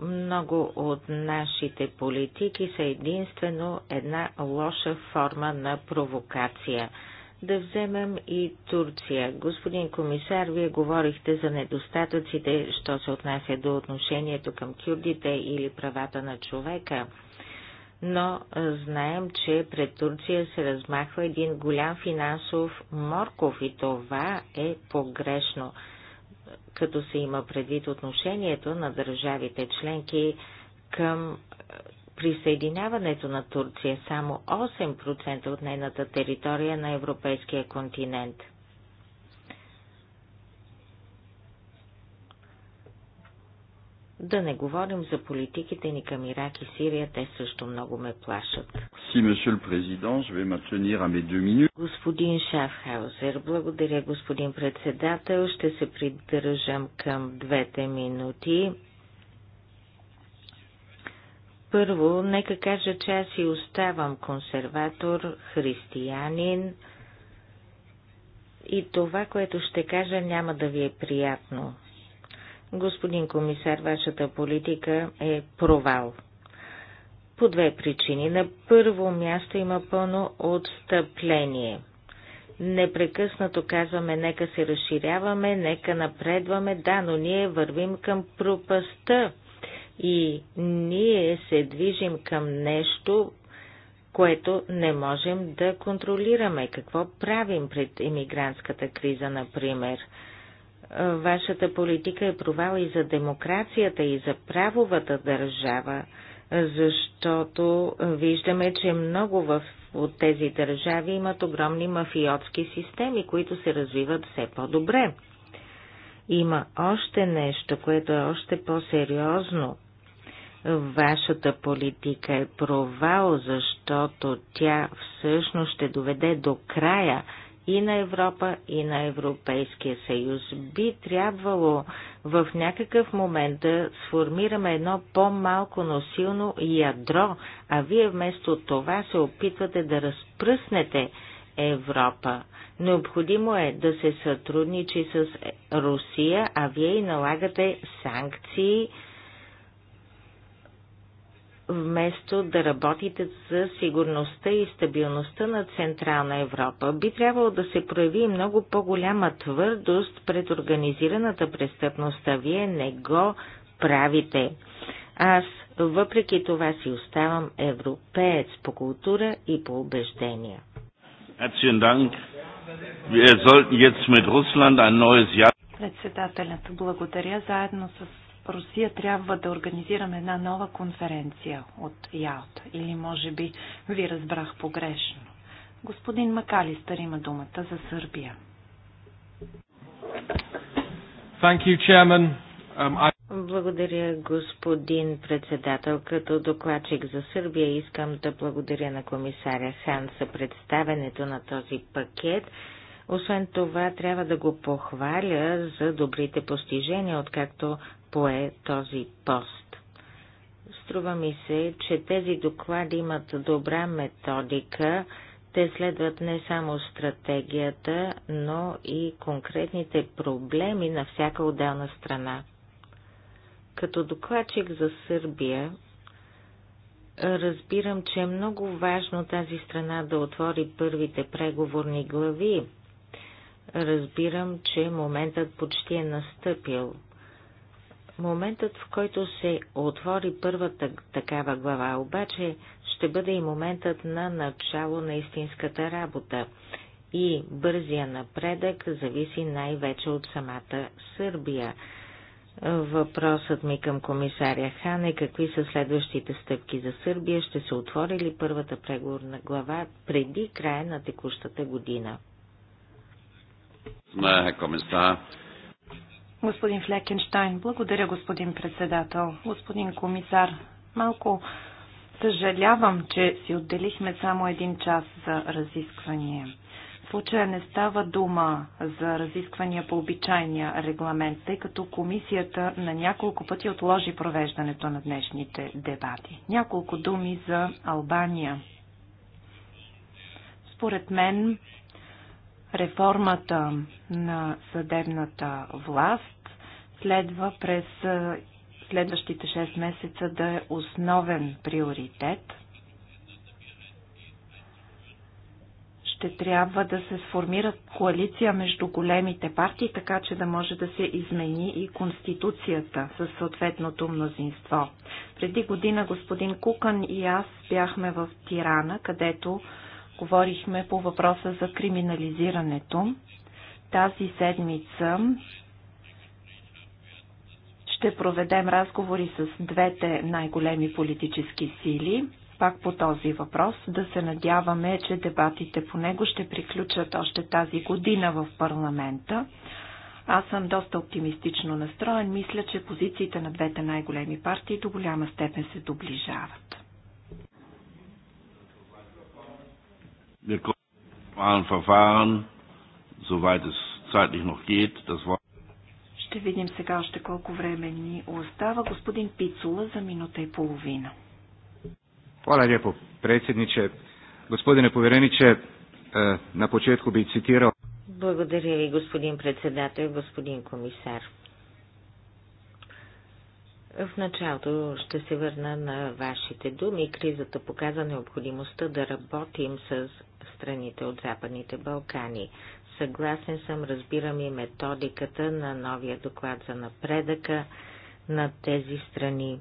Много от нашите политики са единствено една лоша форма на провокация – да вземем и Турция. Господин комисар, вие говорихте за недостатъците, що се отнася до отношението към кюрдите или правата на човека. Но знаем, че пред Турция се размахва един голям финансов морков и това е погрешно, като се има предвид отношението на държавите членки към присъединяването на Турция е само 8% от нейната територия на европейския континент. Да не говорим за политиките ни към Ирак и Сирия, те също много ме плашат. Господин Шафхаузер, благодаря господин председател, ще се придържам към двете минути. Първо, нека кажа, че аз и оставам консерватор, християнин и това, което ще кажа, няма да ви е приятно. Господин комисар, вашата политика е провал. По две причини. На първо място има пълно отстъпление. Непрекъснато казваме, нека се разширяваме, нека напредваме, да, но ние вървим към пропаста – и ние се движим към нещо, което не можем да контролираме. Какво правим пред иммигрантската криза, например? Вашата политика е провал и за демокрацията, и за правовата държава, защото виждаме, че много в, от тези държави имат огромни мафиотски системи, които се развиват все по-добре. Има още нещо, което е още по-сериозно – Вашата политика е провал, защото тя всъщност ще доведе до края и на Европа, и на Европейския съюз. Би трябвало в някакъв момент да сформираме едно по-малко, но силно ядро, а вие вместо това се опитвате да разпръснете Европа. Необходимо е да се сътрудничи с Русия, а вие и налагате санкции вместо да работите за сигурността и стабилността на Централна Европа. Би трябвало да се прояви много по-голяма твърдост пред организираната престъпност, а вие не го правите. Аз въпреки това си оставам европеец по култура и по убеждения. Председателят благодаря заедно с Русия трябва да организираме една нова конференция от Ялта. Или може би ви разбрах погрешно. Господин Макалистър има думата за Сърбия. Thank you, Chairman. Um, I... Благодаря, господин председател. Като докладчик за Сърбия искам да благодаря на комисаря Хан за представенето на този пакет. Освен това, трябва да го похваля за добрите постижения, откакто пое този пост. Струва ми се, че тези доклади имат добра методика. Те следват не само стратегията, но и конкретните проблеми на всяка отделна страна. Като докладчик за Сърбия, разбирам, че е много важно тази страна да отвори първите преговорни глави. Разбирам, че моментът почти е настъпил – Моментът, в който се отвори първата такава глава, обаче ще бъде и моментът на начало на истинската работа. И бързия напредък зависи най-вече от самата Сърбия. Въпросът ми към комисаря Хан е какви са следващите стъпки за Сърбия, ще се отвори ли първата преговорна глава преди края на текущата година? Комисар, Господин Флекенштайн, благодаря, господин председател. Господин комисар, малко съжалявам, че си отделихме само един час за разисквания. В случая не става дума за разисквания по обичайния регламент, тъй като комисията на няколко пъти отложи провеждането на днешните дебати. Няколко думи за Албания. Според мен Реформата на съдебната власт следва през следващите 6 месеца да е основен приоритет. Ще трябва да се сформира коалиция между големите партии, така че да може да се измени и конституцията със съответното мнозинство. Преди година господин Кукан и аз бяхме в Тирана, където Говорихме по въпроса за криминализирането. Тази седмица ще проведем разговори с двете най-големи политически сили, пак по този въпрос. Да се надяваме, че дебатите по него ще приключат още тази година в парламента. Аз съм доста оптимистично настроен. Мисля, че позициите на двете най-големи партии до голяма степен се доближават. Wir kommen zum normalen Verfahren, soweit es zeitlich noch geht. Das war ще видим сега още колко време ни остава. Господин Пицула за минута и половина. Hvala lijepo, predsjedniče. Gospodine povjereniče, na početku bi citirao... Благодаря ви, господин председател, господин комисар. В началото ще се върна на вашите думи. Кризата показа необходимостта да работим с страните от Западните Балкани. Съгласен съм, разбирам и методиката на новия доклад за напредъка на тези страни.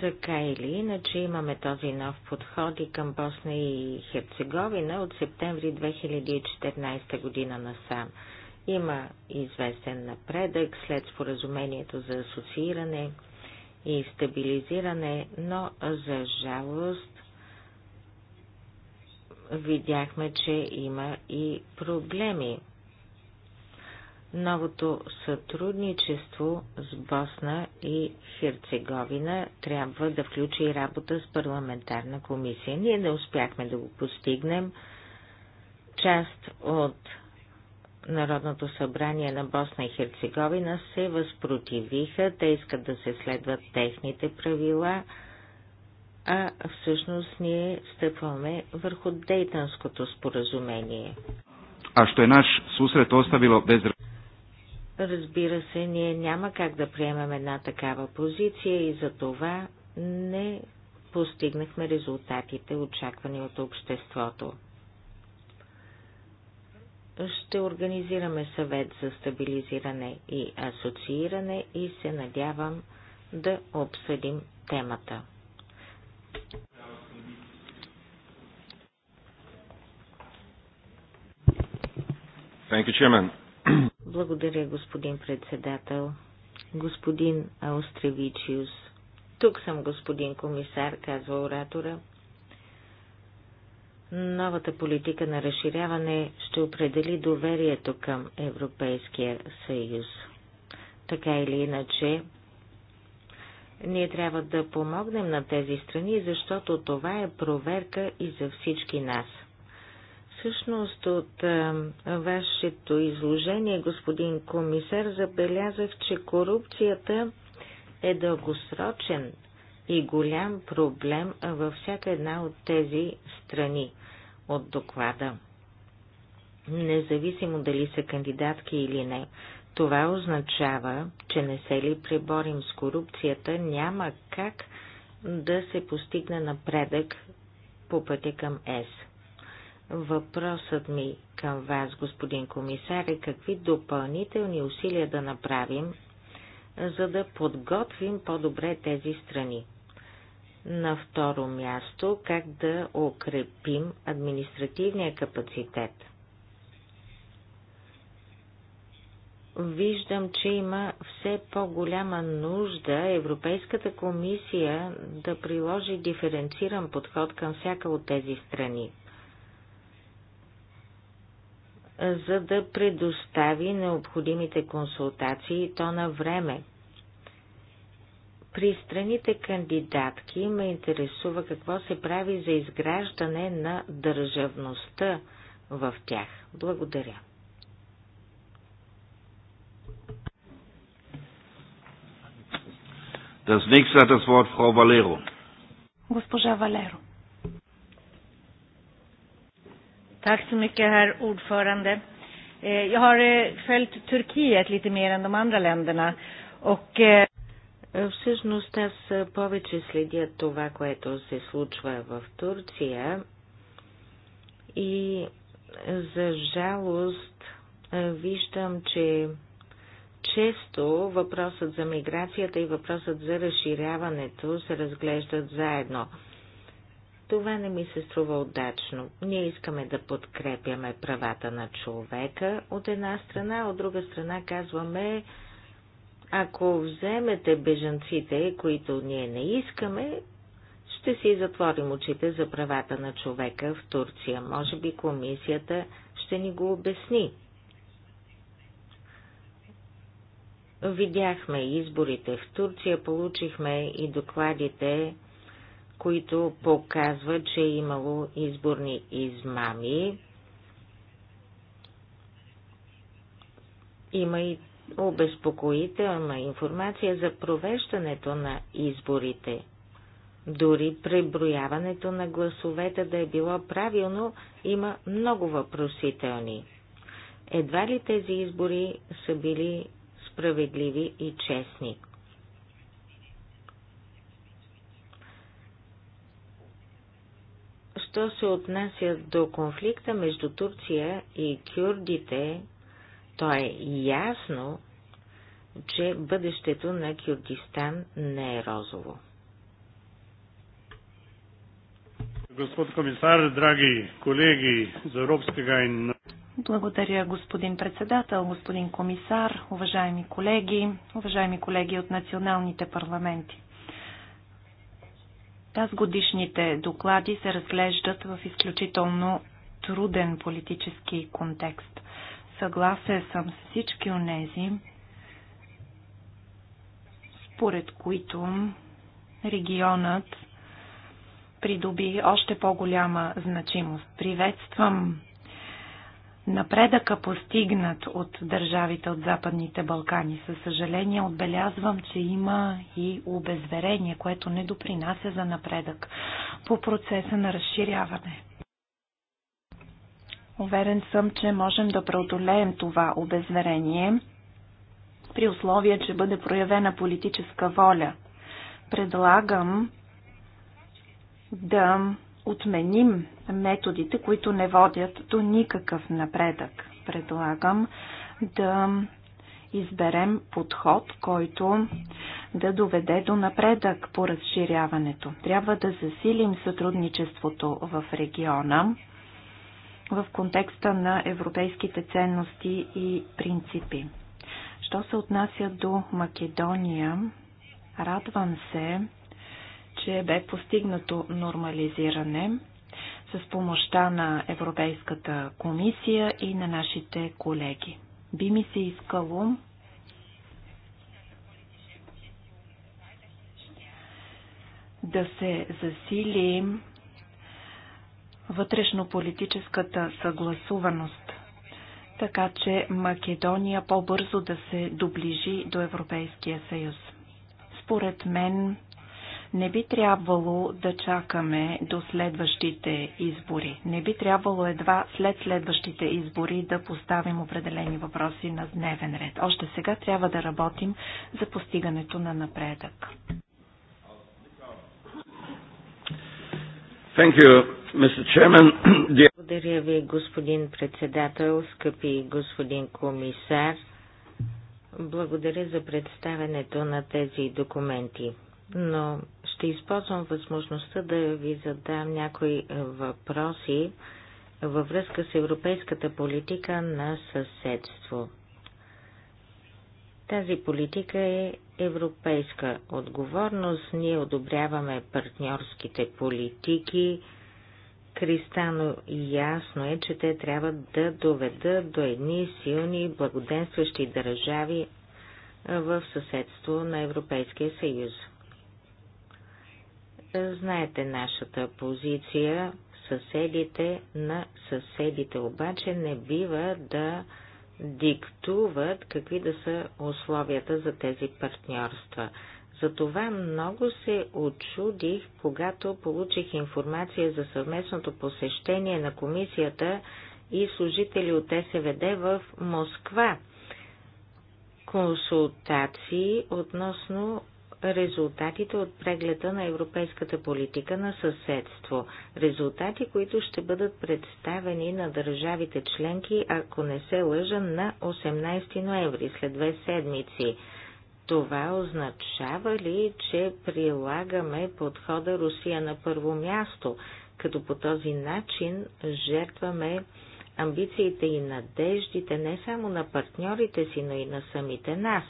Така или иначе имаме този нов подход и към Босна и Херцеговина от септември 2014 година насам. Има известен напредък след споразумението за асоцииране и стабилизиране, но за жалост видяхме, че има и проблеми. Новото сътрудничество с Босна и Херцеговина трябва да включи работа с парламентарна комисия. Ние не успяхме да го постигнем. Част от Народното събрание на Босна и Херцеговина се възпротивиха, те искат да се следват техните правила, а всъщност ние стъпваме върху Дейтанското споразумение. А що е наш сусред оставило без... Разбира се, ние няма как да приемем една такава позиция и за това не постигнахме резултатите, очаквани от обществото ще организираме съвет за стабилизиране и асоцииране и се надявам да обсъдим темата. Thank you, Chairman. Благодаря, господин председател. Господин Аустревичиус. Тук съм, господин комисар, казва оратора. Новата политика на разширяване ще определи доверието към Европейския съюз. Така или иначе, ние трябва да помогнем на тези страни, защото това е проверка и за всички нас. Всъщност от а, вашето изложение, господин комисар, забелязах, че корупцията е дългосрочен и голям проблем във всяка една от тези страни от доклада. Независимо дали са кандидатки или не, това означава, че не се ли преборим с корупцията, няма как да се постигне напредък по пътя към ЕС. Въпросът ми към вас, господин комисар, е какви допълнителни усилия да направим, за да подготвим по-добре тези страни. На второ място, как да укрепим административния капацитет. Виждам, че има все по-голяма нужда Европейската комисия да приложи диференциран подход към всяка от тези страни, за да предостави необходимите консултации то на време, при страните кандидатки ме интересува какво се прави за изграждане на държавността в тях. Благодаря. Госпожа Валеро. Так си мика, хер ордфоранде. Я har eh, följt Turkiet lite mer än de andra länderna. Och, eh, е, всъщност аз повече следя това, което се случва в Турция и за жалост е, виждам, че често въпросът за миграцията и въпросът за разширяването се разглеждат заедно. Това не ми се струва удачно. Ние искаме да подкрепяме правата на човека от една страна, от друга страна казваме, ако вземете бежанците, които ние не искаме, ще си затворим очите за правата на човека в Турция. Може би комисията ще ни го обясни. Видяхме изборите в Турция, получихме и докладите, които показват, че е имало изборни измами. Има и обезпокоителна информация за провеждането на изборите. Дори преброяването на гласовете да е било правилно, има много въпросителни. Едва ли тези избори са били справедливи и честни? Що се отнася до конфликта между Турция и кюрдите, то е ясно, че бъдещето на Киргистан не е розово. Господ комисар, драги колеги за Европска и... Благодаря, господин председател, господин комисар, уважаеми колеги, уважаеми колеги от националните парламенти. Тази годишните доклади се разглеждат в изключително труден политически контекст. Съгласен съм с всички онези, според които регионът придоби още по-голяма значимост. Приветствам напредъка постигнат от държавите от Западните Балкани. Със съжаление отбелязвам, че има и обезверение, което не допринася за напредък по процеса на разширяване. Уверен съм, че можем да преодолеем това обезверение при условие, че бъде проявена политическа воля. Предлагам да отменим методите, които не водят до никакъв напредък. Предлагам да изберем подход, който да доведе до напредък по разширяването. Трябва да засилим сътрудничеството в региона в контекста на европейските ценности и принципи. Що се отнася до Македония, радвам се, че бе постигнато нормализиране с помощта на Европейската комисия и на нашите колеги. Би ми се искало да се засили вътрешнополитическата съгласуваност, така че Македония по-бързо да се доближи до Европейския съюз. Според мен не би трябвало да чакаме до следващите избори. Не би трябвало едва след следващите избори да поставим определени въпроси на дневен ред. Още сега трябва да работим за постигането на напредък. Thank you. Благодаря ви, господин председател, скъпи господин комисар. Благодаря за представенето на тези документи, но ще използвам възможността да ви задам някои въпроси във връзка с европейската политика на съседство. Тази политика е европейска отговорност. Ние одобряваме партньорските политики, Кристано ясно е, че те трябва да доведат до едни силни и благоденстващи държави в съседство на Европейския съюз. Знаете нашата позиция, съседите на съседите обаче не бива да диктуват какви да са условията за тези партньорства. Затова много се очудих, когато получих информация за съвместното посещение на комисията и служители от СВД в Москва. Консултации относно резултатите от прегледа на европейската политика на съседство. Резултати, които ще бъдат представени на държавите членки, ако не се лъжа, на 18 ноември, след две седмици. Това означава ли, че прилагаме подхода Русия на първо място, като по този начин жертваме амбициите и надеждите не само на партньорите си, но и на самите нас?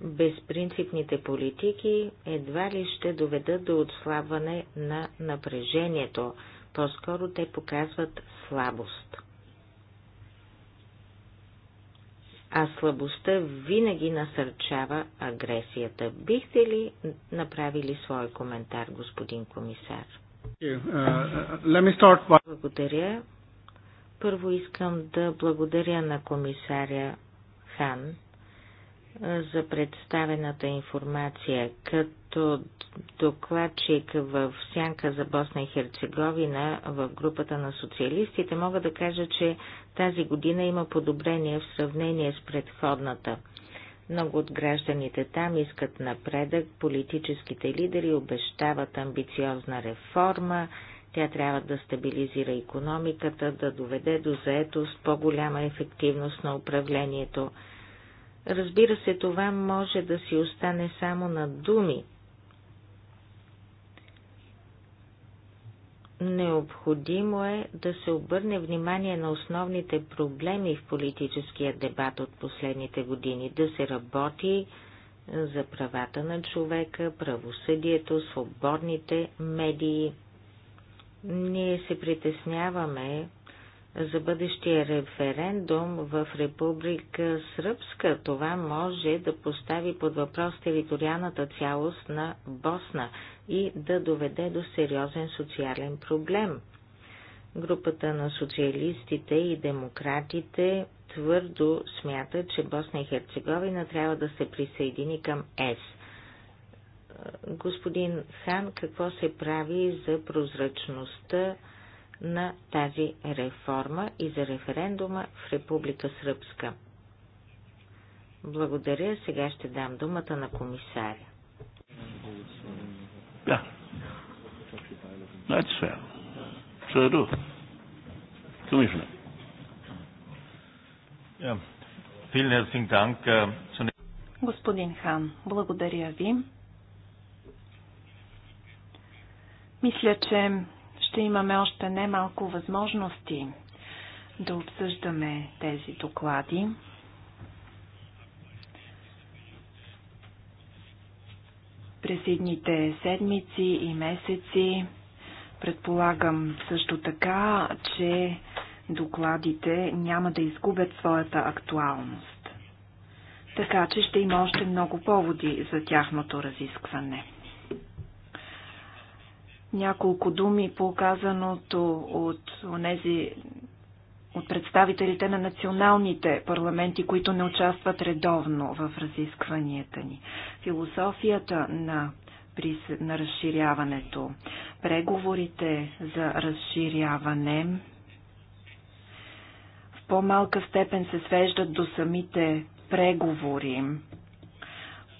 Безпринципните политики едва ли ще доведат до отслабване на напрежението, по-скоро те показват слабост. а слабостта винаги насърчава агресията. Бихте ли направили свой коментар, господин комисар? Е, е, благодаря. Първо искам да благодаря на комисаря Хан е, за представената информация. Като като докладчик в Сянка за Босна и Херцеговина в групата на социалистите, мога да кажа, че тази година има подобрение в сравнение с предходната. Много от гражданите там искат напредък, политическите лидери обещават амбициозна реформа, тя трябва да стабилизира економиката, да доведе до заетост, по-голяма ефективност на управлението. Разбира се, това може да си остане само на думи, Необходимо е да се обърне внимание на основните проблеми в политическия дебат от последните години, да се работи за правата на човека, правосъдието, свободните медии. Ние се притесняваме за бъдещия референдум в Република Сръбска. Това може да постави под въпрос териториалната цялост на Босна и да доведе до сериозен социален проблем. Групата на социалистите и демократите твърдо смята, че Босна и Херцеговина трябва да се присъедини към ЕС. Господин Хан, какво се прави за прозрачността на тази реформа и за референдума в Република Сръбска? Благодаря. Сега ще дам думата на комисаря. Да. That's сега. Ще do. Commissioner. Äh, Господин Хан, благодаря ви. Мисля, че ще имаме още немалко възможности да обсъждаме тези доклади. през едните седмици и месеци. Предполагам също така, че докладите няма да изгубят своята актуалност. Така че ще има още много поводи за тяхното разискване. Няколко думи по казаното от тези от представителите на националните парламенти, които не участват редовно в разискванията ни. Философията на, на разширяването, преговорите за разширяване в по-малка степен се свеждат до самите преговори.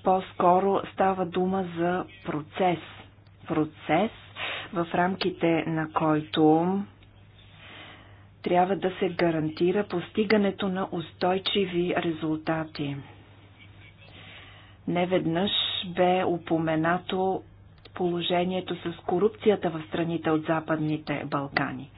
По-скоро става дума за процес. Процес, в рамките на който трябва да се гарантира постигането на устойчиви резултати. Неведнъж бе упоменато положението с корупцията в страните от Западните Балкани.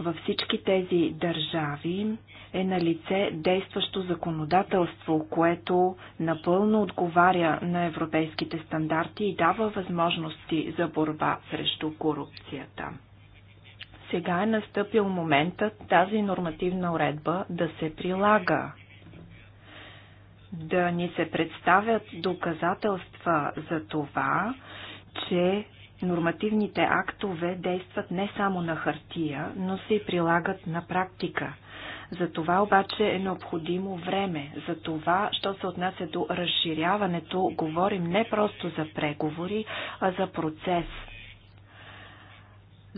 Във всички тези държави е на лице действащо законодателство, което напълно отговаря на европейските стандарти и дава възможности за борба срещу корупцията. Сега е настъпил моментът тази нормативна уредба да се прилага, да ни се представят доказателства за това, че нормативните актове действат не само на хартия, но се и прилагат на практика. За това обаче е необходимо време. За това, що се отнася до разширяването, говорим не просто за преговори, а за процес –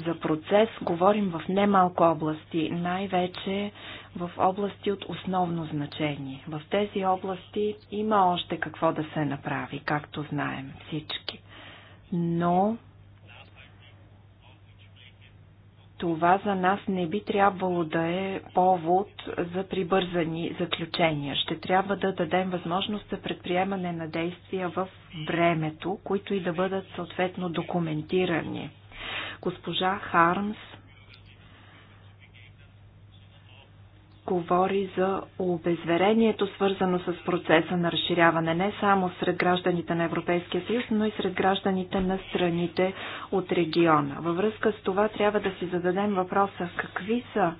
за процес говорим в немалко области, най-вече в области от основно значение. В тези области има още какво да се направи, както знаем всички. Но това за нас не би трябвало да е повод за прибързани заключения. Ще трябва да дадем възможност за предприемане на действия в времето, които и да бъдат съответно документирани. Госпожа Хармс говори за обезверението, свързано с процеса на разширяване не само сред гражданите на Европейския съюз, но и сред гражданите на страните от региона. Във връзка с това трябва да си зададем въпроса какви са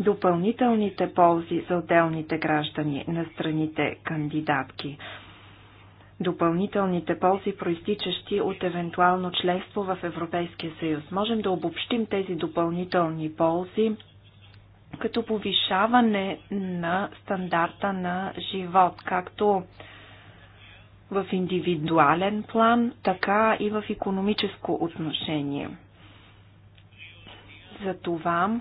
допълнителните ползи за отделните граждани на страните кандидатки допълнителните ползи, проистичащи от евентуално членство в Европейския съюз. Можем да обобщим тези допълнителни ползи като повишаване на стандарта на живот, както в индивидуален план, така и в економическо отношение. Затова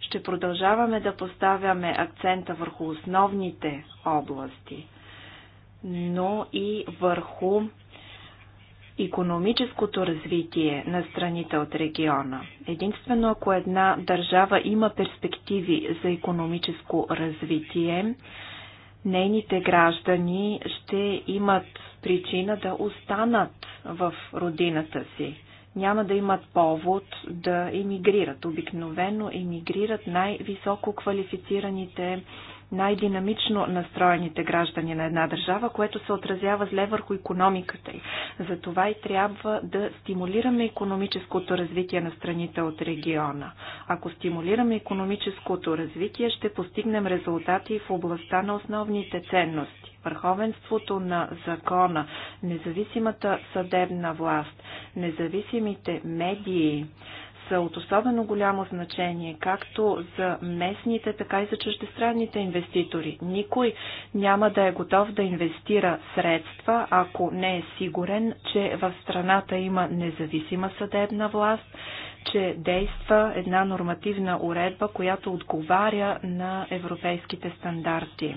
ще продължаваме да поставяме акцента върху основните области – но и върху економическото развитие на страните от региона. Единствено ако една държава има перспективи за економическо развитие, нейните граждани ще имат причина да останат в родината си. Няма да имат повод да емигрират. Обикновено емигрират най-високо квалифицираните най-динамично настроените граждани на една държава, което се отразява зле върху економиката й. Затова и трябва да стимулираме економическото развитие на страните от региона. Ако стимулираме економическото развитие, ще постигнем резултати в областта на основните ценности. Върховенството на закона, независимата съдебна власт, независимите медии, са от особено голямо значение както за местните, така и за чуждестранните инвеститори. Никой няма да е готов да инвестира средства, ако не е сигурен, че в страната има независима съдебна власт, че действа една нормативна уредба, която отговаря на европейските стандарти.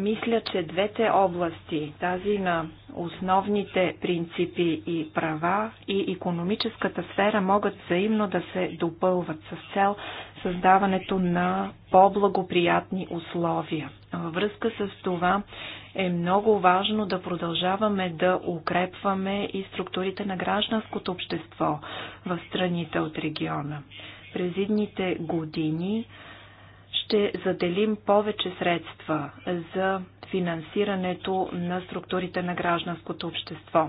Мисля, че двете области, тази на основните принципи и права и економическата сфера могат взаимно да се допълват с цел създаването на по-благоприятни условия. Във връзка с това е много важно да продължаваме да укрепваме и структурите на гражданското общество в страните от региона. През идните години ще заделим повече средства за финансирането на структурите на гражданското общество.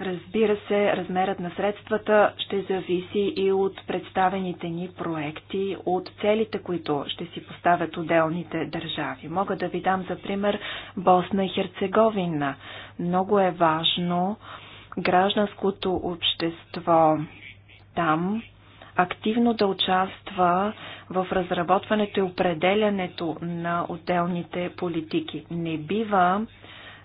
Разбира се, размерът на средствата ще зависи и от представените ни проекти, от целите, които ще си поставят отделните държави. Мога да ви дам за пример Босна и Херцеговина. Много е важно гражданското общество там активно да участва в разработването и определянето на отделните политики. Не бива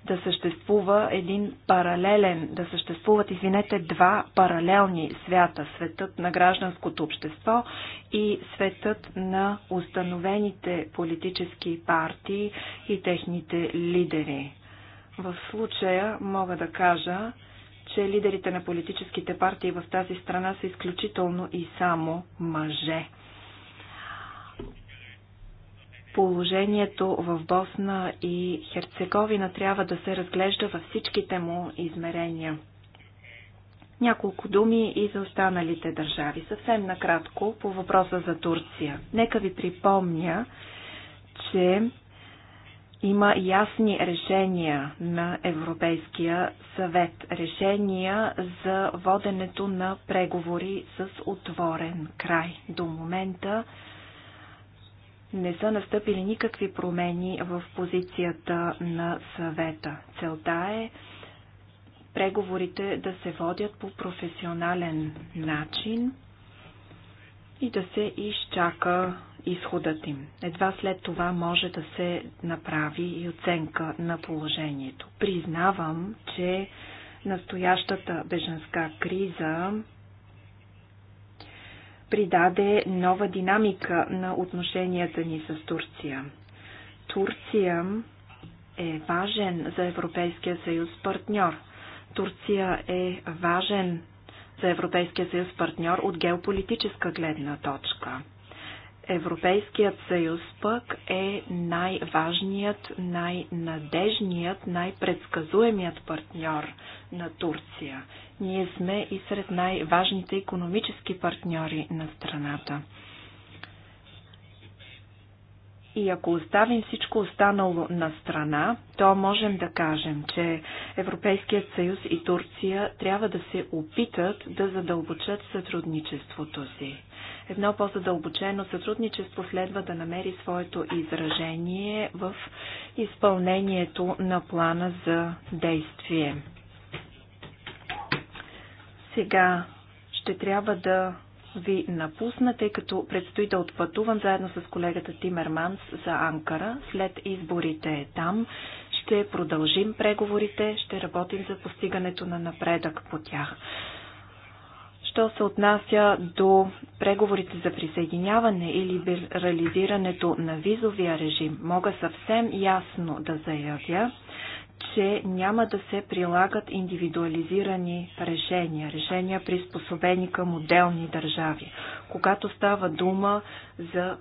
да съществува един паралелен, да съществуват, извинете, два паралелни свята. Светът на гражданското общество и светът на установените политически партии и техните лидери. В случая мога да кажа, че лидерите на политическите партии в тази страна са изключително и само мъже. Положението в Босна и Херцеговина трябва да се разглежда във всичките му измерения. Няколко думи и за останалите държави. Съвсем накратко по въпроса за Турция. Нека ви припомня, че има ясни решения на Европейския съвет. Решения за воденето на преговори с отворен край. До момента не са настъпили никакви промени в позицията на съвета. Целта е преговорите да се водят по професионален начин и да се изчака изходът им. Едва след това може да се направи и оценка на положението. Признавам, че настоящата беженска криза придаде нова динамика на отношенията ни с Турция. Турция е важен за Европейския съюз партньор. Турция е важен за Европейския съюз партньор от геополитическа гледна точка. Европейският съюз пък е най-важният, най-надежният, най-предсказуемият партньор на Турция. Ние сме и сред най-важните економически партньори на страната. И ако оставим всичко останало на страна, то можем да кажем, че Европейският съюз и Турция трябва да се опитат да задълбочат сътрудничеството си. Едно по-задълбочено сътрудничество следва да намери своето изражение в изпълнението на плана за действие. Сега ще трябва да ви напусна, тъй като предстои да отпътувам заедно с колегата Тимерманс за Анкара. След изборите там ще продължим преговорите, ще работим за постигането на напредък по тях. Що се отнася до преговорите за присъединяване и либерализирането на визовия режим, мога съвсем ясно да заявя, че няма да се прилагат индивидуализирани решения, решения приспособени към отделни държави, когато става дума за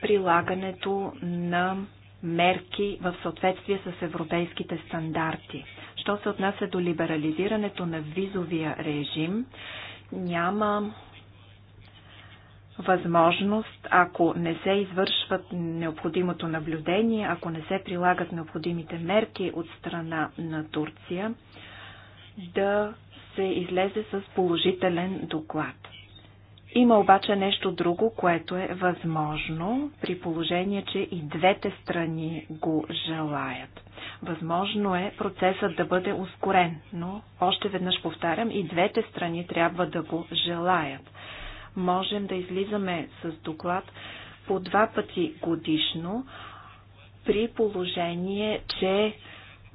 прилагането на мерки в съответствие с европейските стандарти. Що се отнася до либерализирането на визовия режим, няма възможност, ако не се извършват необходимото наблюдение, ако не се прилагат необходимите мерки от страна на Турция, да се излезе с положителен доклад. Има обаче нещо друго, което е възможно, при положение, че и двете страни го желаят. Възможно е процесът да бъде ускорен, но още веднъж повтарям, и двете страни трябва да го желаят можем да излизаме с доклад по два пъти годишно, при положение, че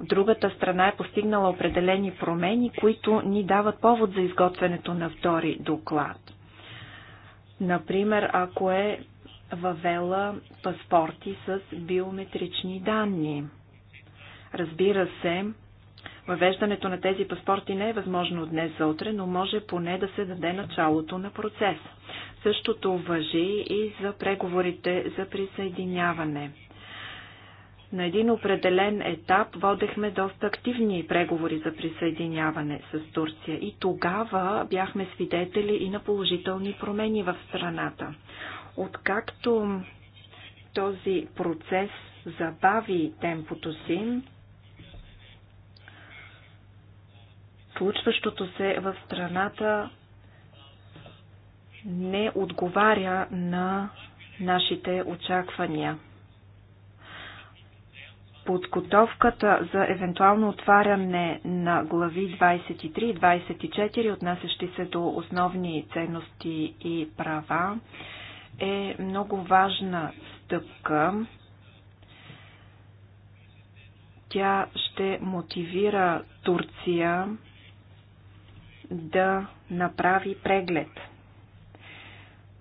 другата страна е постигнала определени промени, които ни дават повод за изготвянето на втори доклад. Например, ако е въвела паспорти с биометрични данни. Разбира се, Въвеждането на тези паспорти не е възможно днес за утре, но може поне да се даде началото на процес. Същото въжи и за преговорите за присъединяване. На един определен етап водехме доста активни преговори за присъединяване с Турция и тогава бяхме свидетели и на положителни промени в страната. Откакто този процес забави темпото си, случващото се в страната не отговаря на нашите очаквания. Подготовката за евентуално отваряне на глави 23 и 24, отнасящи се до основни ценности и права, е много важна стъпка. Тя ще мотивира Турция да направи преглед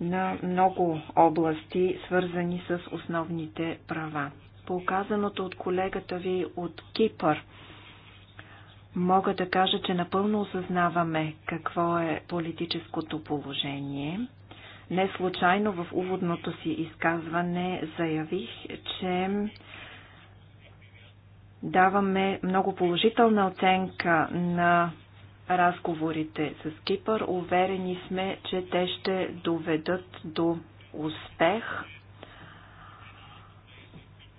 на много области, свързани с основните права. По казаното от колегата ви от Кипър, мога да кажа, че напълно осъзнаваме какво е политическото положение. Не случайно в уводното си изказване заявих, че даваме много положителна оценка на разговорите с Кипър. Уверени сме, че те ще доведат до успех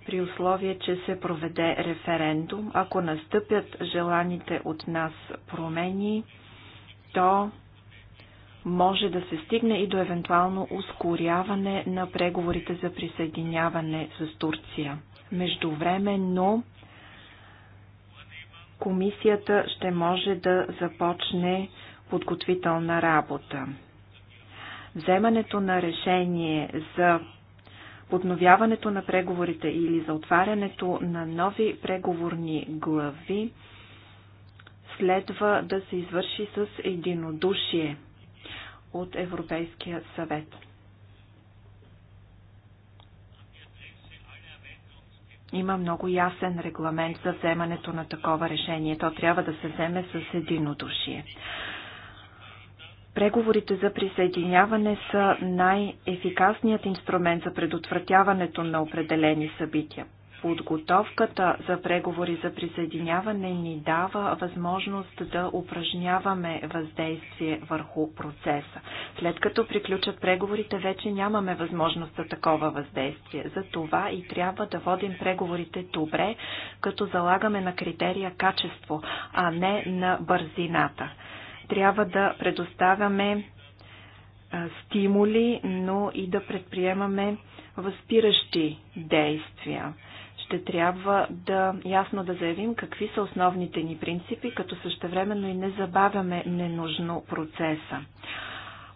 при условие, че се проведе референдум. Ако настъпят желаните от нас промени, то може да се стигне и до евентуално ускоряване на преговорите за присъединяване с Турция. Междувременно комисията ще може да започне подготвителна работа. Вземането на решение за подновяването на преговорите или за отварянето на нови преговорни глави следва да се извърши с единодушие от Европейския съвет. Има много ясен регламент за вземането на такова решение. То трябва да се вземе с единодушие. Преговорите за присъединяване са най-ефикасният инструмент за предотвратяването на определени събития подготовката за преговори за присъединяване ни дава възможност да упражняваме въздействие върху процеса. След като приключат преговорите, вече нямаме възможност за такова въздействие. За това и трябва да водим преговорите добре, като залагаме на критерия качество, а не на бързината. Трябва да предоставяме стимули, но и да предприемаме възпиращи действия ще трябва да ясно да заявим какви са основните ни принципи, като същевременно и не забавяме ненужно процеса.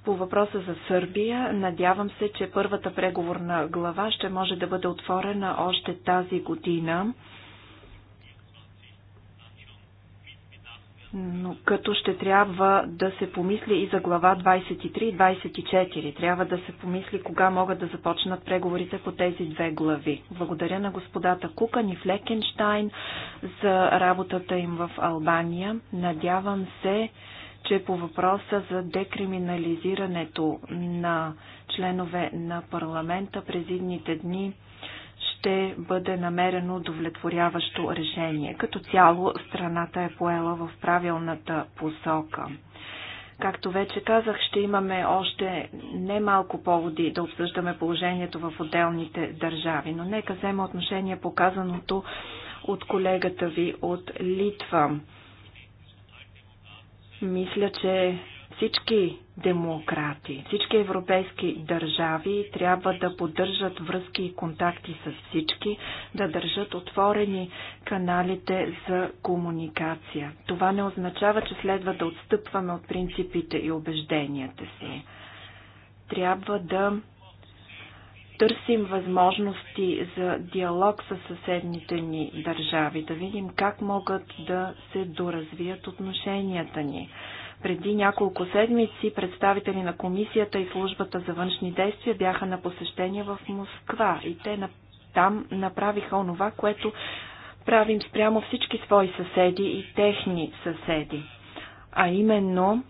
По въпроса за Сърбия, надявам се, че първата преговорна глава ще може да бъде отворена още тази година. но като ще трябва да се помисли и за глава 23 и 24. Трябва да се помисли кога могат да започнат преговорите по тези две глави. Благодаря на господата Кукан и Флекенштайн за работата им в Албания. Надявам се, че по въпроса за декриминализирането на членове на парламента през идните дни ще бъде намерено удовлетворяващо решение. Като цяло страната е поела в правилната посока. Както вече казах, ще имаме още немалко поводи да обсъждаме положението в отделните държави, но нека взема отношение показаното от колегата ви от Литва. Мисля, че всички демократи, всички европейски държави трябва да поддържат връзки и контакти с всички, да държат отворени каналите за комуникация. Това не означава, че следва да отстъпваме от принципите и убежденията си. Трябва да търсим възможности за диалог с съседните ни държави, да видим как могат да се доразвият отношенията ни. Преди няколко седмици представители на комисията и службата за външни действия бяха на посещение в Москва и те на... там направиха онова, което правим спрямо всички свои съседи и техни съседи. А именно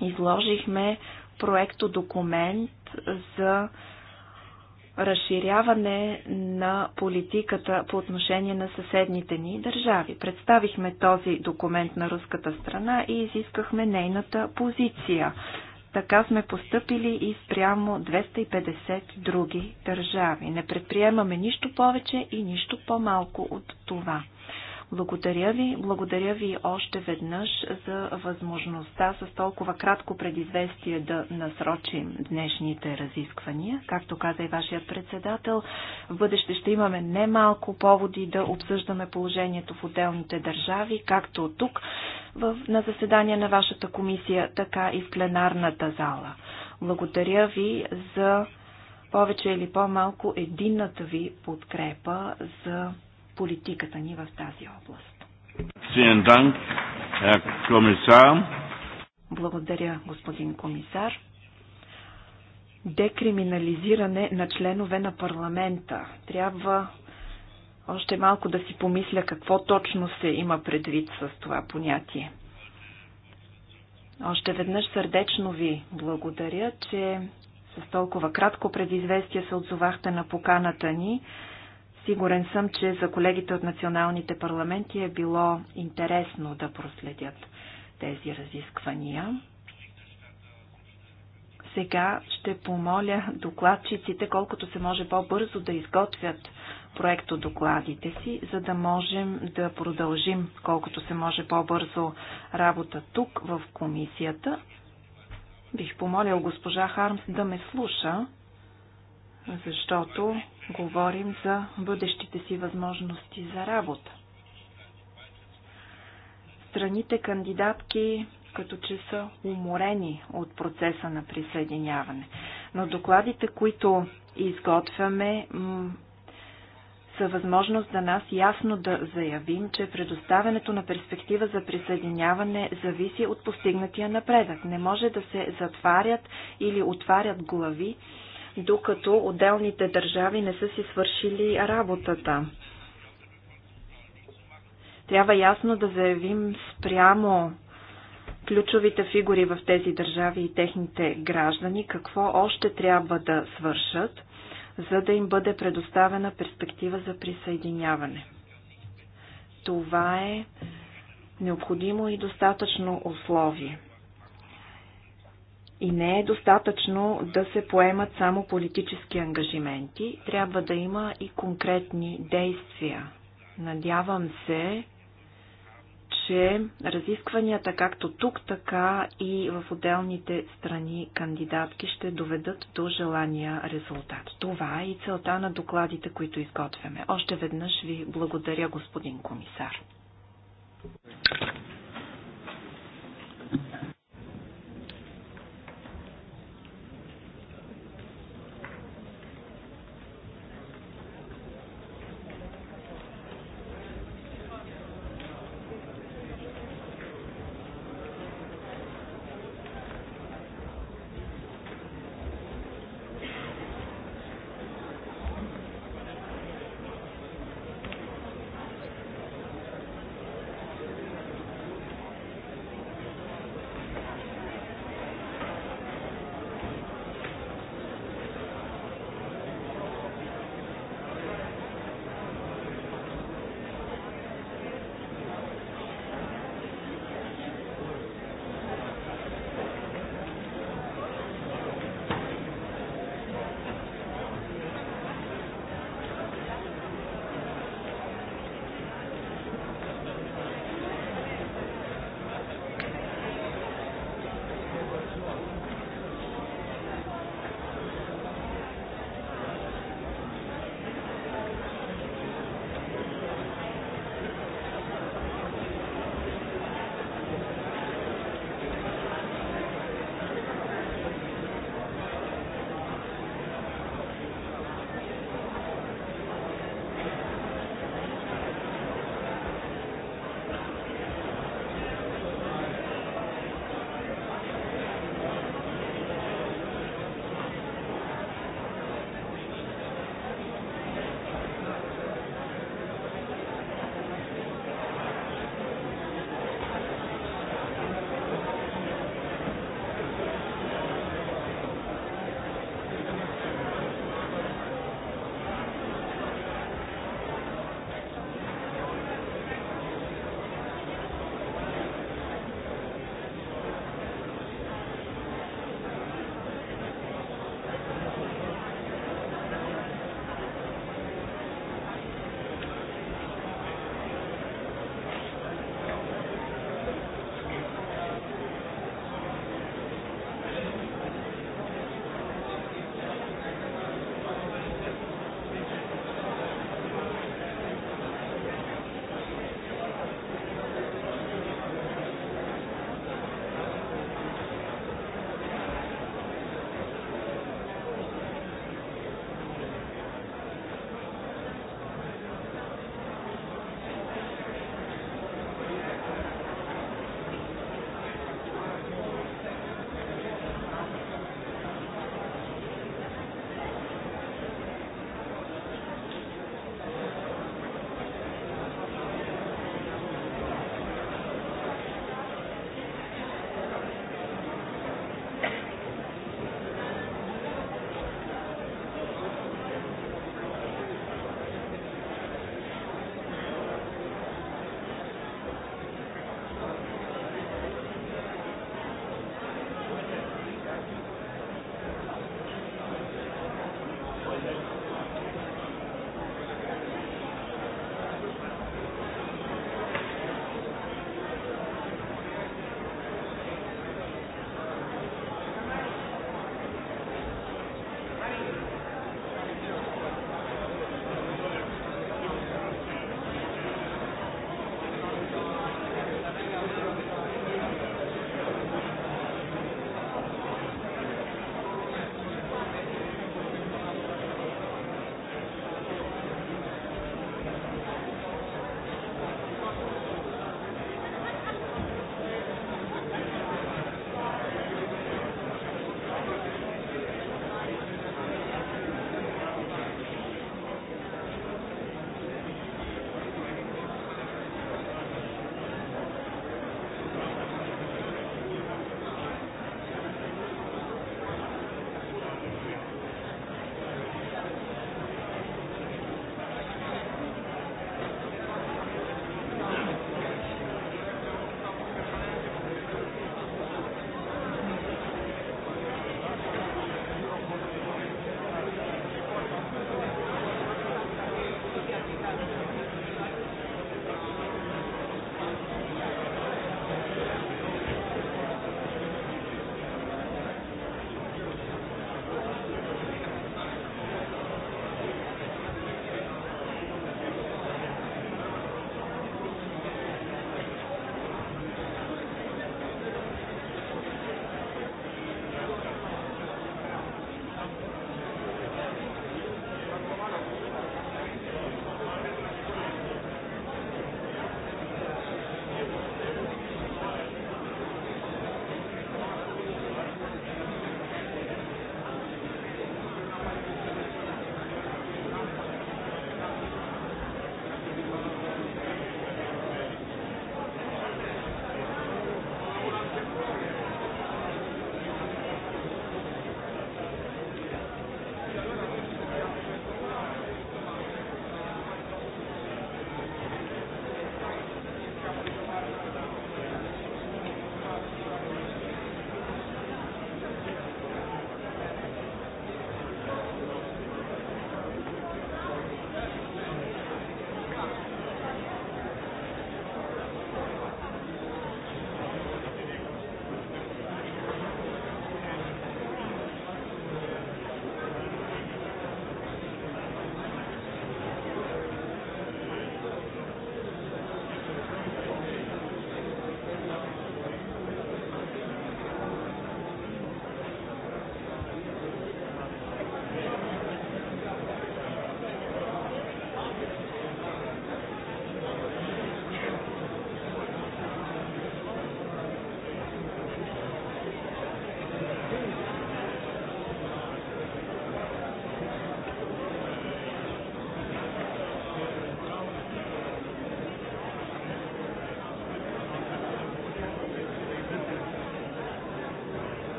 изложихме проекто документ за разширяване на политиката по отношение на съседните ни държави. Представихме този документ на руската страна и изискахме нейната позиция. Така сме поступили и спрямо 250 други държави. Не предприемаме нищо повече и нищо по-малко от това. Благодаря ви. Благодаря ви още веднъж за възможността с толкова кратко предизвестие да насрочим днешните разисквания. Както каза и вашият председател, в бъдеще ще имаме немалко поводи да обсъждаме положението в отделните държави, както от тук в, на заседание на вашата комисия, така и в пленарната зала. Благодаря ви за повече или по-малко единната ви подкрепа за политиката ни в тази област. Благодаря, господин комисар. Декриминализиране на членове на парламента. Трябва още малко да си помисля какво точно се има предвид с това понятие. Още веднъж сърдечно ви благодаря, че с толкова кратко предизвестие се отзовахте на поканата ни. Сигурен съм, че за колегите от националните парламенти е било интересно да проследят тези разисквания. Сега ще помоля докладчиците колкото се може по-бързо да изготвят проекто докладите си, за да можем да продължим колкото се може по-бързо работа тук в комисията. Бих помолил госпожа Хармс да ме слуша, защото говорим за бъдещите си възможности за работа. Страните кандидатки като че са уморени от процеса на присъединяване. Но докладите, които изготвяме, са възможност за нас ясно да заявим, че предоставянето на перспектива за присъединяване зависи от постигнатия напредък. Не може да се затварят или отварят глави докато отделните държави не са си свършили работата. Трябва ясно да заявим спрямо ключовите фигури в тези държави и техните граждани какво още трябва да свършат, за да им бъде предоставена перспектива за присъединяване. Това е необходимо и достатъчно условие. И не е достатъчно да се поемат само политически ангажименти, трябва да има и конкретни действия. Надявам се, че разискванията както тук, така и в отделните страни кандидатки ще доведат до желания резултат. Това е и целта на докладите, които изготвяме. Още веднъж ви благодаря, господин комисар.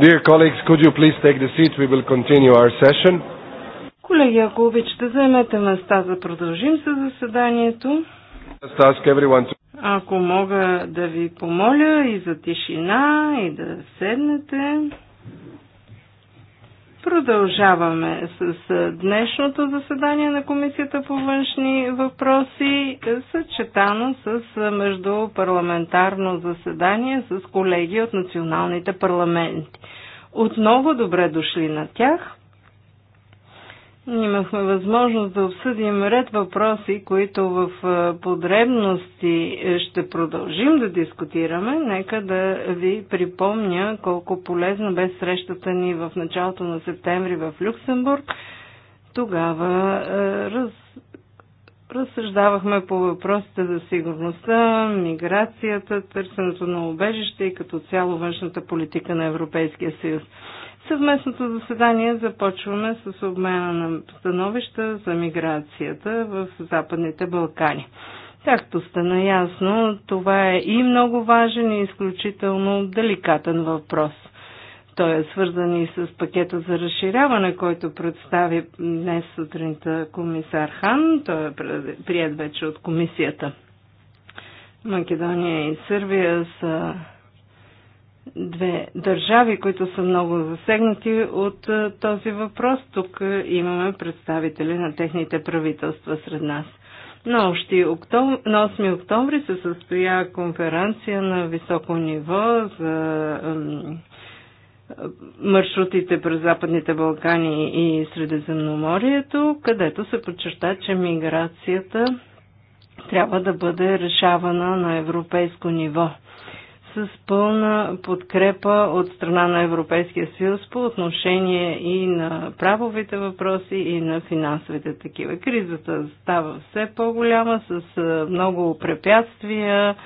Dear colleagues, could you please take the seat? We will continue our session. Колеги, ако обичате, заемете места за продължим със заседанието. Ако мога да ви помоля и за тишина, и да седнете. Продължаваме с днешното заседание на Комисията по външни въпроси, е, съчетано с междупарламентарно заседание с колеги от националните парламенти. Отново добре дошли на тях. Имахме възможност да обсъдим ред въпроси, които в подребности ще продължим да дискутираме. Нека да ви припомня колко полезна бе срещата ни в началото на септември в Люксембург. Тогава раз... разсъждавахме по въпросите за сигурността, миграцията, търсенето на убежище и като цяло външната политика на Европейския съюз. Съвместното заседание започваме с обмена на становища за миграцията в Западните Балкани. Както стана наясно, това е и много важен и изключително деликатен въпрос. Той е свързан и с пакета за разширяване, който представи днес сутринта комисар Хан. Той е прият вече от комисията. Македония и Сърбия са две държави, които са много засегнати от този въпрос. Тук имаме представители на техните правителства сред нас. На 8 октомври се състоя конференция на високо ниво за маршрутите през Западните Балкани и Средиземноморието, където се подчерта, че миграцията трябва да бъде решавана на европейско ниво – с пълна подкрепа от страна на Европейския съюз по отношение и на правовите въпроси и на финансовите такива. Кризата става все по-голяма с много препятствия,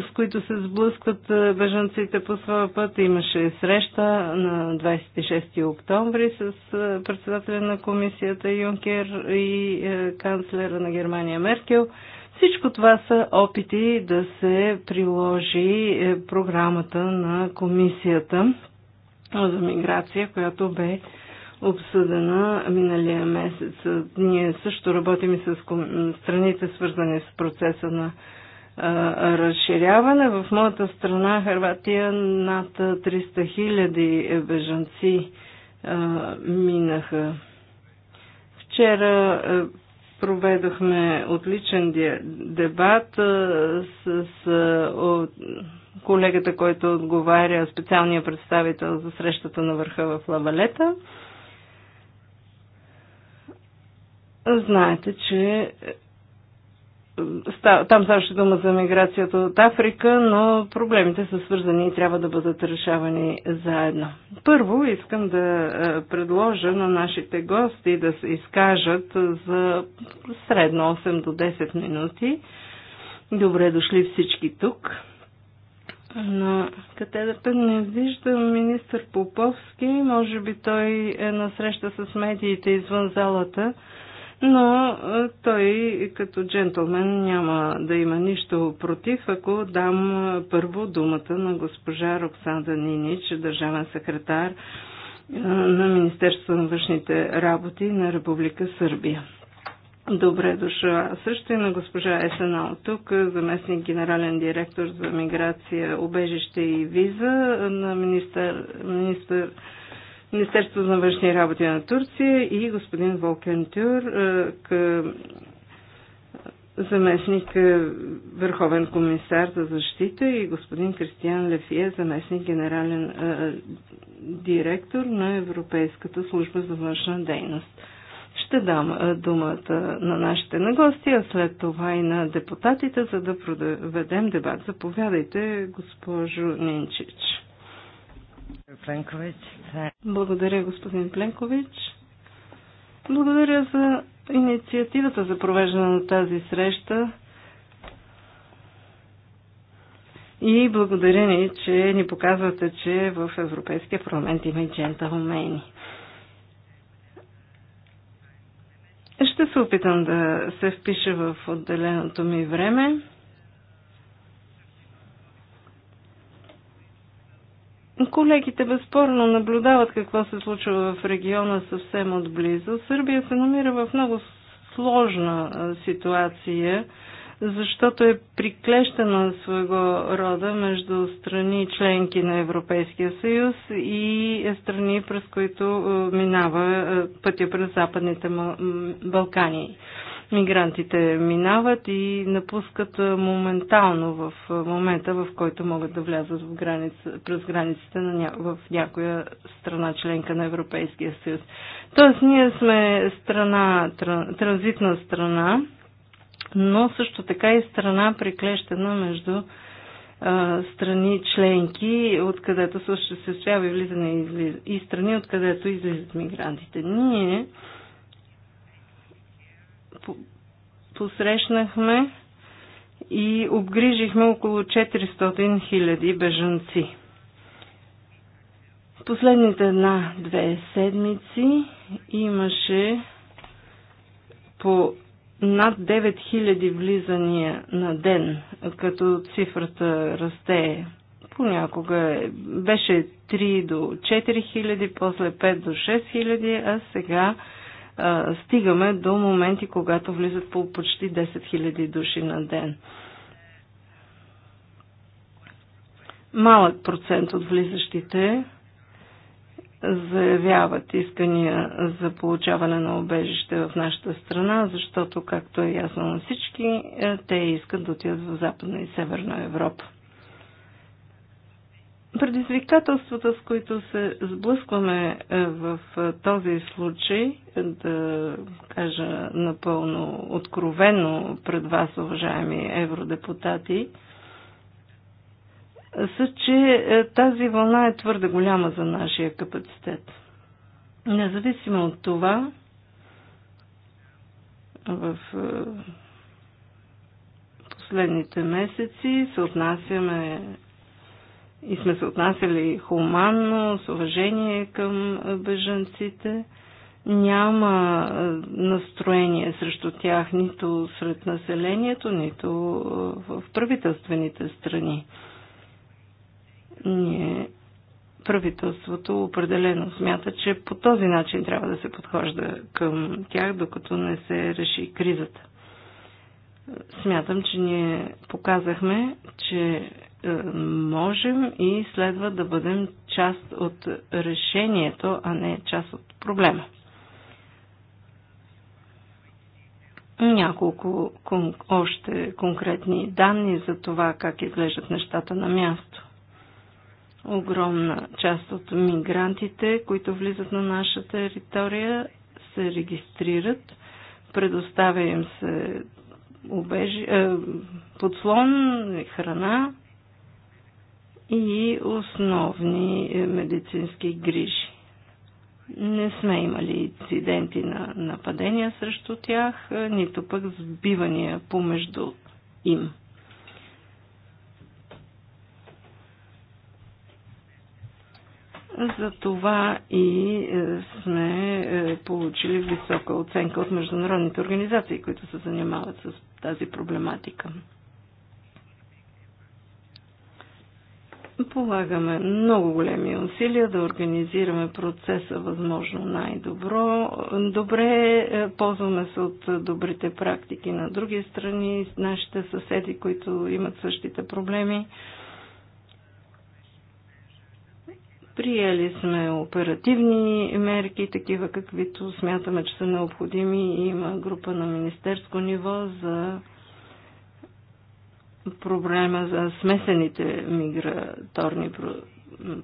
с които се сблъскват бежанците по своя път. Имаше среща на 26 октомври с председателя на комисията Юнкер и канцлера на Германия Меркел – всичко това са опити да се приложи е, програмата на комисията за миграция, която бе обсъдена миналия месец. Ние също работим и с страните, свързани с процеса на разширяване. В моята страна, Харватия, над 300 000 е, бежанци минаха. Вчера е, проведохме отличен дебат с колегата, който отговаря, специалния представител за срещата на върха в Лавалета. Знаете, че там ставаше дума за миграцията от Африка, но проблемите са свързани и трябва да бъдат решавани заедно. Първо искам да е, предложа на нашите гости да се изкажат за средно 8 до 10 минути. Добре дошли всички тук. На катедрата не виждам министър Поповски. Може би той е на среща с медиите извън залата но той като джентлмен няма да има нищо против, ако дам първо думата на госпожа Роксанда Нинич, държавен секретар на Министерството на външните работи на Република Сърбия. Добре дошла също и на госпожа Есена тук, заместник генерален директор за миграция, обежище и виза на министър, министър Министерството на външни работи на Турция и господин Волкентюр, е, е, заместник е, Върховен комисар за защита и господин Кристиан Лефие, заместник генерален директор на Европейската служба за външна дейност. Ще дам думата на нашите гости, а след това и на депутатите, за да проведем дебат. Заповядайте, госпожо Нинчич. Благодаря, господин Пленкович. Благодаря за инициативата за провеждане на тази среща. И благодаря ни, че ни показвате, че в Европейския парламент има и джентълмени. Ще се опитам да се впиша в отделеното ми време. Колегите безспорно наблюдават какво се случва в региона съвсем отблизо. Сърбия се намира в много сложна ситуация, защото е приклещена своего рода между страни членки на Европейския съюз и е, страни, през които минава пътя през Западните Балкани. Мигрантите минават и напускат моментално в момента, в който могат да влязат в граница, през границите на ня... в някоя страна членка на Европейския съюз. Тоест ние сме страна, транзитна страна, но също така и страна приклещена между страни членки, откъдето се осъществява и влизане и, и страни, откъдето излизат мигрантите. Ние посрещнахме и обгрижихме около 400 хиляди бежанци. Последните една-две седмици имаше по над 9000 влизания на ден, като цифрата расте. Понякога беше 3 до 4000, после 5 до 6000, а сега стигаме до моменти, когато влизат по почти 10 000 души на ден. Малък процент от влизащите заявяват искания за получаване на обежище в нашата страна, защото, както е ясно на всички, е, те искат да отидат в Западна и Северна Европа предизвикателствата, с които се сблъскваме е, в е, този случай, е, да кажа напълно откровено пред вас, уважаеми евродепутати, са, че тази вълна е твърде голяма за нашия капацитет. Независимо от това, в последните месеци се отнасяме и сме се отнасяли хуманно, с уважение към бежанците. Няма настроение срещу тях нито сред населението, нито в правителствените страни. Ние, правителството определено смята, че по този начин трябва да се подхожда към тях, докато не се реши кризата. Смятам, че ние показахме, че е, можем и следва да бъдем част от решението, а не част от проблема. Няколко кон- още конкретни данни за това как изглеждат нещата на място. Огромна част от мигрантите, които влизат на наша територия, се регистрират, предоставя им се обежи, е, подслон, храна, и основни е, медицински грижи. Не сме имали инциденти на нападения срещу тях, е, нито пък сбивания помежду им. За това и е, сме получили висока оценка от международните организации, които се занимават с тази проблематика. Полагаме много големи усилия да организираме процеса възможно най-добро. Добре, е, ползваме се от добрите практики на други страни, нашите съседи, които имат същите проблеми. Приели сме оперативни мерки, такива каквито смятаме, че са необходими. Има група на министерско ниво за проблема за смесените миграторни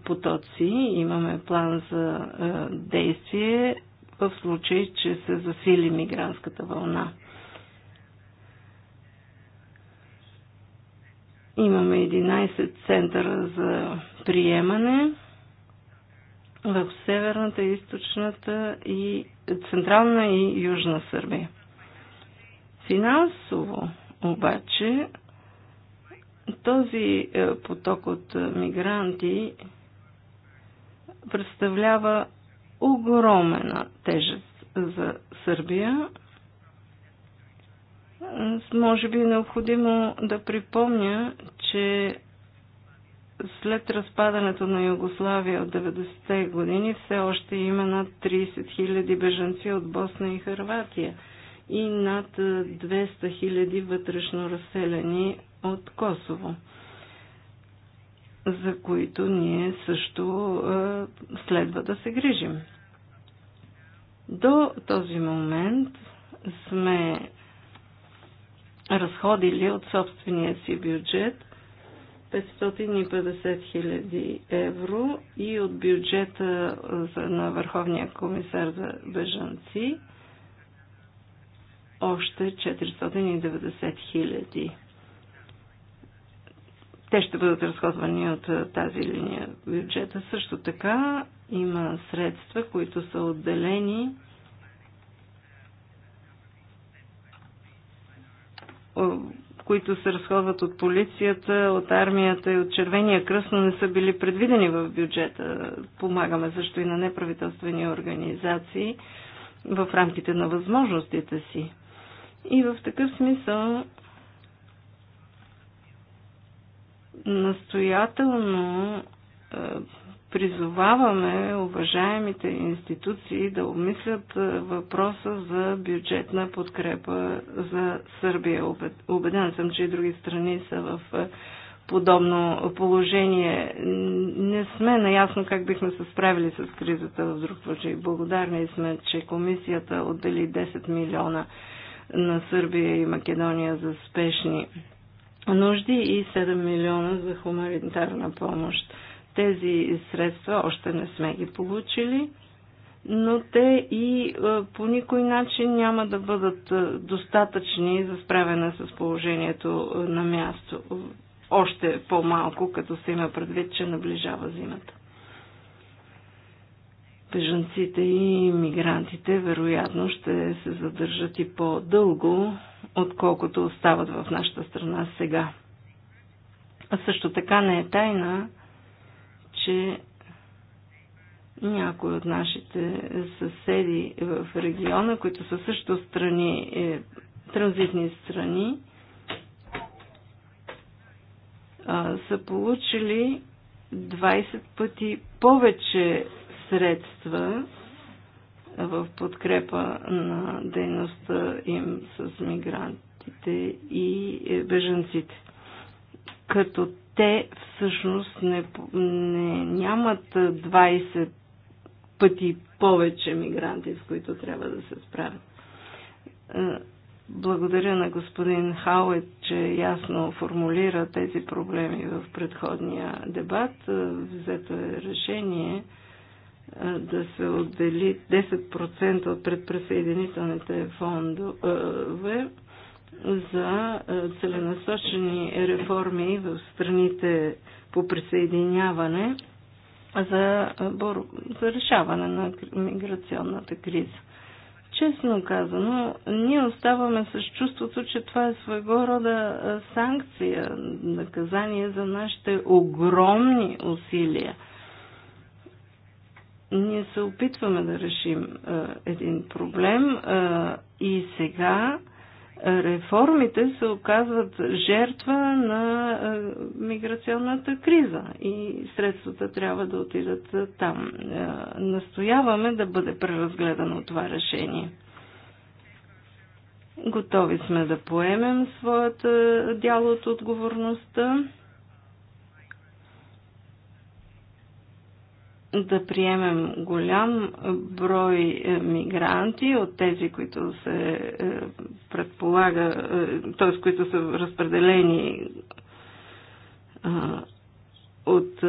потоци. Имаме план за е, действие в случай, че се засили мигрантската вълна. Имаме 11 центъра за приемане в северната, източната и централна и южна Сърбия. Финансово обаче този е, поток от е, мигранти представлява огромена тежест за Сърбия. Може би е необходимо да припомня, че след разпадането на Югославия от 90-те години все още има над 30 000 бежанци от Босна и Харватия и над 200 е, 000 вътрешно разселени от Косово, за които ние също е, следва да се грижим. До този момент сме разходили от собствения си бюджет 550 000 евро и от бюджета е, на Върховния комисар за бежанци още 490 000. Те ще бъдат разходвани от тази линия в бюджета. Също така има средства, които са отделени които се разходват от полицията, от армията и от Червения кръст, но не са били предвидени в бюджета. Помагаме също и на неправителствени организации в рамките на възможностите си. И в такъв смисъл настоятелно е, призоваваме уважаемите институции да обмислят е, въпроса за бюджетна подкрепа за Сърбия. Обеден съм, че и други страни са в е, подобно положение. Не сме наясно как бихме се справили с кризата в друг случай. Благодарни сме, че комисията отдели 10 милиона на Сърбия и Македония за спешни нужди и 7 милиона за хуманитарна помощ. Тези средства още не сме ги получили, но те и по никой начин няма да бъдат достатъчни за справяне с положението на място. Още по-малко, като се има предвид, че наближава зимата. Бежанците и мигрантите вероятно ще се задържат и по-дълго, отколкото остават в нашата страна сега. А също така не е тайна, че някои от нашите съседи в региона, които са също страни, е, транзитни страни, а, са получили 20 пъти повече средства в подкрепа на дейността им с мигрантите и беженците. Като те всъщност не, не, нямат 20 пъти повече мигранти, с които трябва да се справят. Е, благодаря на господин Хаует, че ясно формулира тези проблеми в предходния дебат. Е, взето е решение да се отдели 10% от предприсъединителните фондове за целенасочени реформи в страните по присъединяване за, бор... за решаване на миграционната криза. Честно казано, ние оставаме с чувството, че това е своего рода санкция, наказание за нашите огромни усилия – ние се опитваме да решим е, един проблем е, и сега е, реформите се оказват жертва на миграционната криза и средствата трябва да отидат там. Настояваме да бъде преразгледано това решение. Готови сме да поемем своята дял от отговорността да приемем голям брой е, мигранти от тези, които се е, предполага, е, т.е. които са разпределени от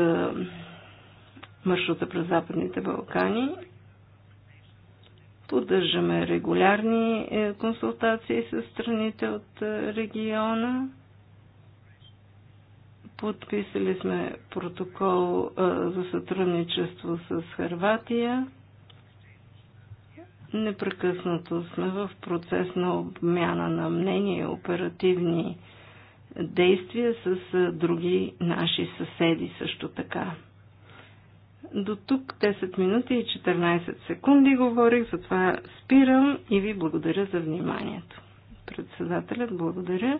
маршрута през Западните Балкани. Поддържаме регулярни консултации с страните от региона Подписали сме протокол за сътрудничество с Харватия. Непрекъснато сме в процес на обмяна на мнение и оперативни действия с други наши съседи също така. До тук 10 минути и 14 секунди говорих, затова спирам и ви благодаря за вниманието. Председателят, благодаря.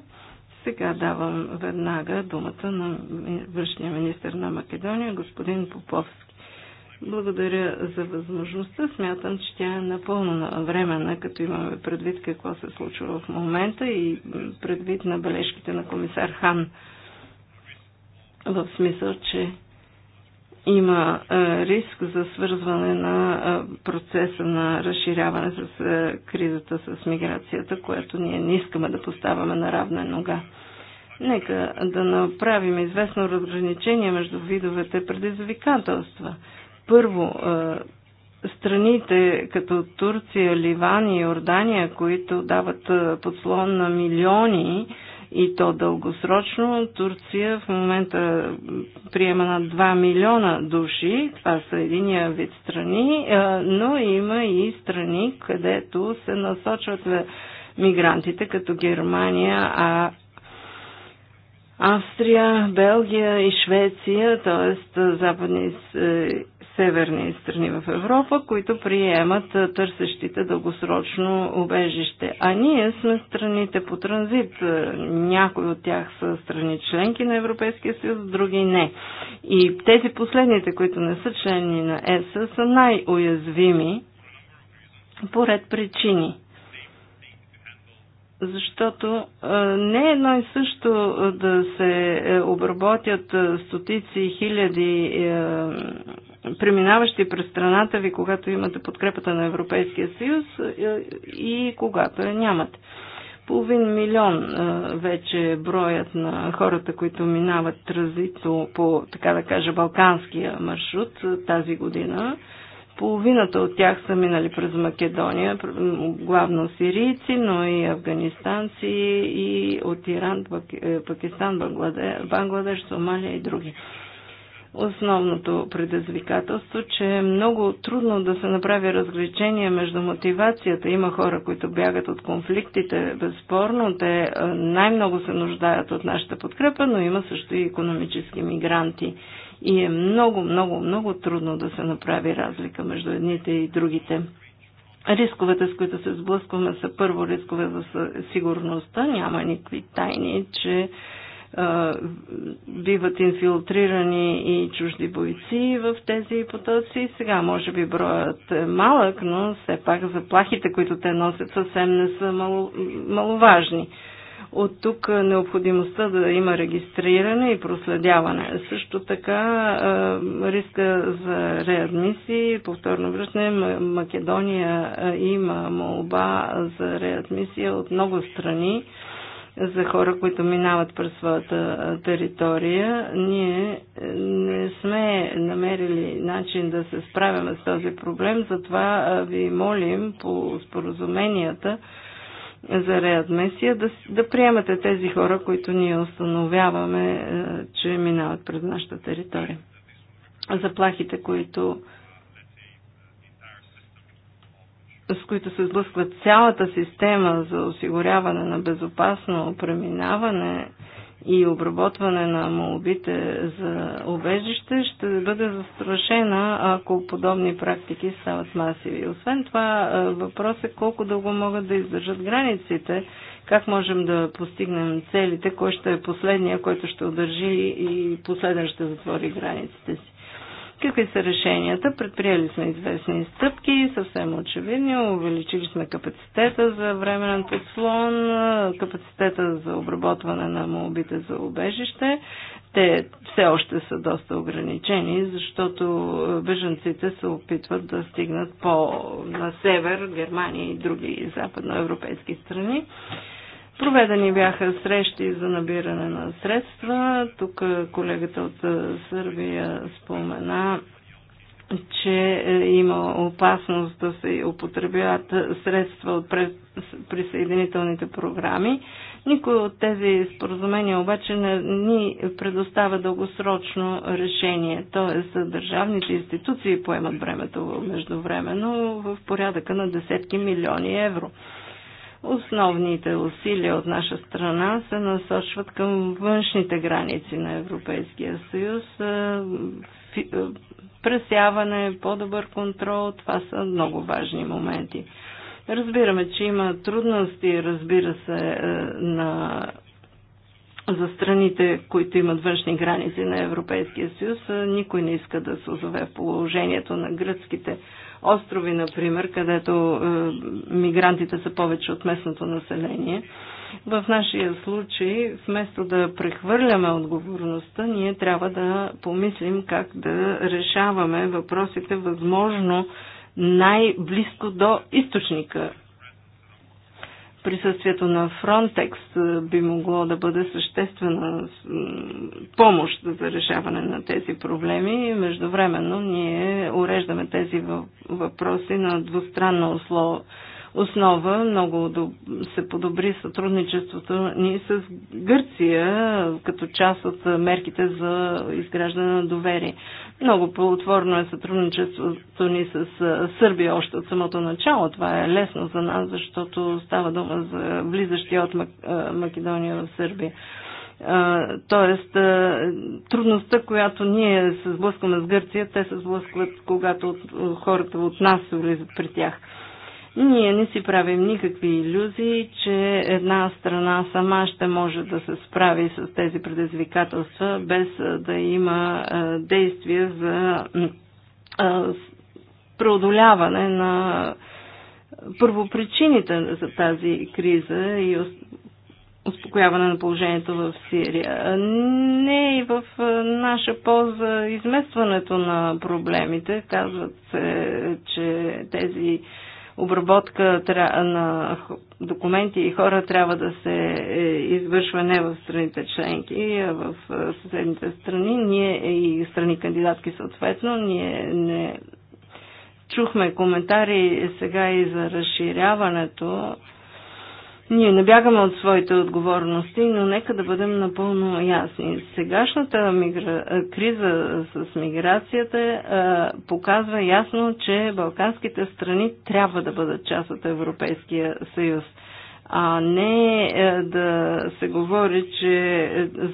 Сега давам веднага думата на външния министр на Македония, господин Поповски. Благодаря за възможността. Смятам, че тя е напълно времена, като имаме предвид какво се случва в момента и предвид на бележките на комисар Хан. В смисъл, че има е, риск за свързване на е, процеса на разширяване с е, кризата с миграцията, което ние не искаме да поставяме на равна нога. Нека да направим известно разграничение между видовете предизвикателства. Първо, страните като Турция, Ливан и Йордания, които дават подслон на милиони, и то дългосрочно. Турция в момента приема на 2 милиона души, това са единия вид страни, но има и страни, където се насочват мигрантите, като Германия, а Австрия, Белгия и Швеция, т.е. западни е, северни страни в Европа, които приемат търсещите дългосрочно убежище. А ние сме страните по транзит. Някои от тях са страни членки на Европейския съюз, други не. И тези последните, които не са члени на ЕС, са най-уязвими по ред причини защото не е едно и също да се е, обработят стотици хиляди е, преминаващи през страната ви, когато имате подкрепата на Европейския съюз е, и когато я нямате. Половин милион е, вече е броят на хората, които минават транзитно по, така да кажа, балканския маршрут е, тази година. Половината от тях са минали през Македония, главно сирийци, но и афганистанци, и от Иран, Пакистан, Бангладеш, Бангладеш Сомалия и други основното предизвикателство, че е много трудно да се направи разграничение между мотивацията. Има хора, които бягат от конфликтите, безспорно. Те е, най-много се нуждаят от нашата подкрепа, но има също и економически мигранти. И е много, много, много трудно да се направи разлика между едните и другите. Рисковете, с които се сблъскваме, са първо рискове за сигурността. Няма никакви тайни, че биват инфилтрирани и чужди бойци в тези потоци. Сега може би броят е малък, но все пак заплахите, които те носят, съвсем не са мал, маловажни. От тук необходимостта да има регистриране и проследяване. Също така риска за реадмисии, повторно връщане, Македония има молба за реадмисия от много страни за хора, които минават през своята територия. Ние е, не сме намерили начин да се справяме с този проблем, затова ви молим по споразуменията за реадмесия да, да приемате тези хора, които ние установяваме, е, че минават през нашата територия. Заплахите, които с които се сблъсква цялата система за осигуряване на безопасно преминаване и обработване на молбите за обежище, ще бъде застрашена, ако подобни практики стават масиви. Освен това, е, въпрос е колко дълго могат да издържат границите, как можем да постигнем целите, кой ще е последния, който ще удържи и последен ще затвори границите си. Какви са решенията? Предприели сме известни стъпки, съвсем очевидни. Увеличили сме капацитета за временен подслон, капацитета за обработване на молбите за обежище. Те все още са доста ограничени, защото е, беженците се опитват да стигнат по на север, Германия и други западноевропейски страни. Проведени бяха срещи за набиране на средства. Тук колегата от Сърбия спомена, че е, има опасност да се употребяват средства от присъединителните програми. Никой от тези споразумения обаче не ни предоставя дългосрочно решение, т.е. държавните институции поемат времето междувременно в порядъка на десетки милиони евро. Основните усилия от наша страна се насочват към външните граници на Европейския съюз. Е, е, пресяване, по-добър контрол, това са много важни моменти. Разбираме, че има трудности, разбира се, е, на за страните, които имат външни граници на Европейския съюз, никой не иска да се озове в положението на гръцките острови, например, където е, мигрантите са повече от местното население. В нашия случай, вместо да прехвърляме отговорността, ние трябва да помислим как да решаваме въпросите възможно най-близко до източника присъствието на Фронтекс би могло да бъде съществена помощ за решаване на тези проблеми. Междувременно ние уреждаме тези въпроси на двустранна условия основа. Много се подобри сътрудничеството ни с Гърция като част от мерките за изграждане на доверие. Много плодотворно е сътрудничеството ни с Сърбия още от самото начало. Това е лесно за нас, защото става дума за влизащия от Македония в Сърбия. Тоест, трудността, която ние се сблъскваме с Гърция, те се сблъскват, когато хората от нас се влизат при тях. Ние не си правим никакви иллюзии, че една страна сама ще може да се справи с тези предизвикателства, без да има действия за преодоляване на първопричините за тази криза и успокояване на положението в Сирия. Не и в наша полза изместването на проблемите. Казват се, че тези обработка на документи и хора трябва да се е, извършва не в страните членки, а в е, съседните страни. Ние е, и страни кандидатки съответно, ние не чухме коментари сега и за разширяването ние не бягаме от своите отговорности, но нека да бъдем напълно ясни. Сегашната мигра... криза с миграцията е, показва ясно, че балканските страни трябва да бъдат част от Европейския съюз а не да се говори, че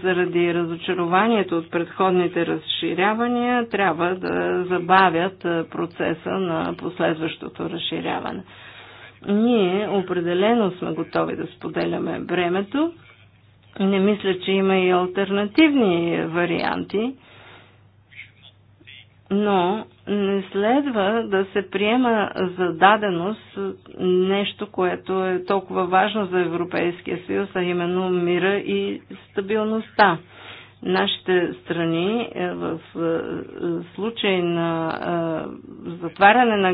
заради разочарованието от предходните разширявания трябва да забавят процеса на последващото разширяване. Ние определено сме готови да споделяме бремето. Не мисля, че има и альтернативни варианти, но не следва да се приема за даденост нещо, което е толкова важно за Европейския съюз, а именно мира и стабилността нашите страни е, в е, случай на е, затваряне на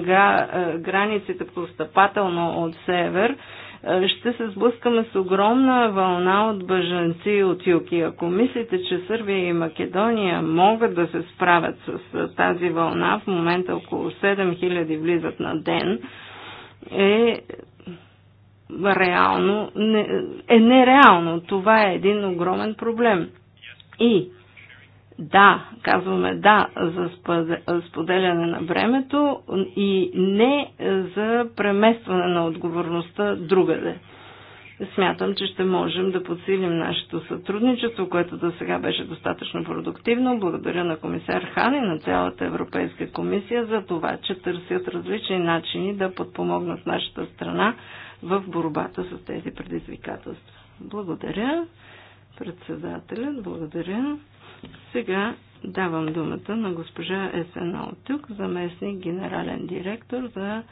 границите постъпателно от север, ще се сблъскаме с огромна вълна от бъженци от юг. И ако мислите, че Сърбия и Македония могат да се справят с тази вълна, в момента около 7000 влизат на ден, е реално, е нереално. Това е един огромен проблем. И да, казваме да за споделяне на времето и не за преместване на отговорността другаде. Смятам, че ще можем да подсилим нашето сътрудничество, което до сега беше достатъчно продуктивно. Благодаря на комисар Хан и на цялата Европейска комисия за това, че търсят различни начини да подпомогнат нашата страна в борбата с тези предизвикателства. Благодаря. Председателя, благодаря. Сега давам думата на госпожа Есена Отюк, заместник генерален директор за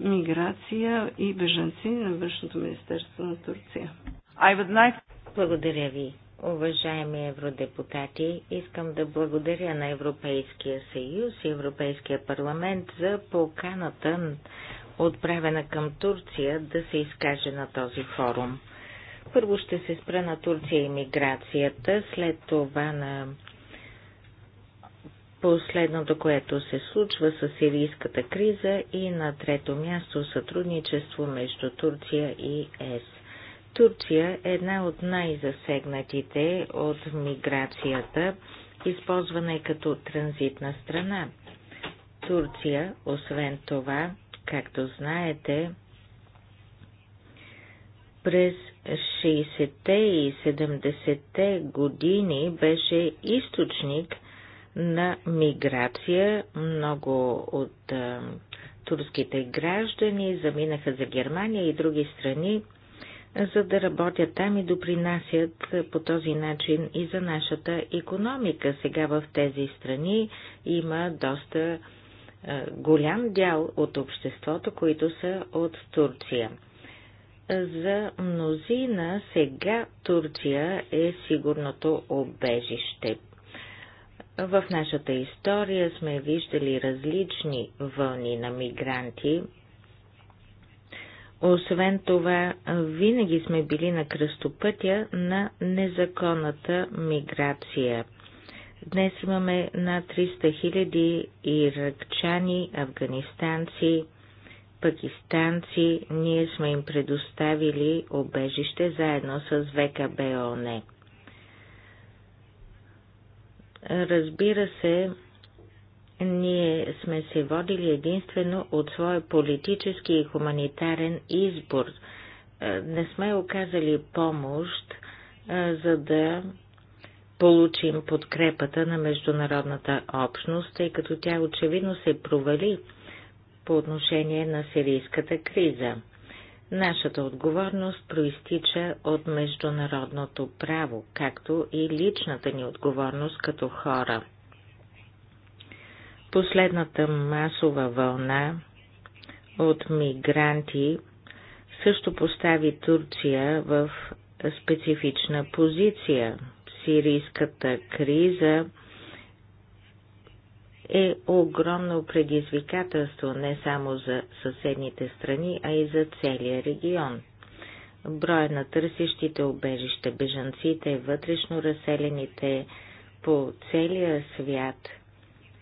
миграция и бежанци на Външното министерство на Турция. I would like... Благодаря ви, уважаеми евродепутати. Искам да благодаря на Европейския съюз и Европейския парламент за поканата отправена към Турция да се изкаже на този форум. Първо ще се спра на Турция и миграцията, след това на последното, което се случва с сирийската криза и на трето място сътрудничество между Турция и ЕС. Турция е една от най-засегнатите от миграцията, използвана е като транзитна страна. Турция, освен това, както знаете, през 60-те и 70-те години беше източник на миграция. Много от а, турските граждани заминаха за Германия и други страни, за да работят там и допринасят по този начин и за нашата економика. Сега в тези страни има доста голям дял от обществото, които са от Турция за мнозина сега Турция е сигурното обежище. В нашата история сме виждали различни вълни на мигранти. Освен това, винаги сме били на кръстопътя на незаконната миграция. Днес имаме над 300 000 иракчани, афганистанци, пакистанци, ние сме им предоставили обежище заедно с ВКБОН. Разбира се, ние сме се водили единствено от своя политически и хуманитарен избор. Е, не сме оказали помощ, е, за да получим подкрепата на международната общност, тъй като тя очевидно се провали по отношение на сирийската криза. Нашата отговорност проистича от международното право, както и личната ни отговорност като хора. Последната масова вълна от мигранти също постави Турция в специфична позиция. Сирийската криза е огромно предизвикателство не само за съседните страни, а и за целия регион. Броя на търсещите обежища, бежанците, вътрешно разселените по целия свят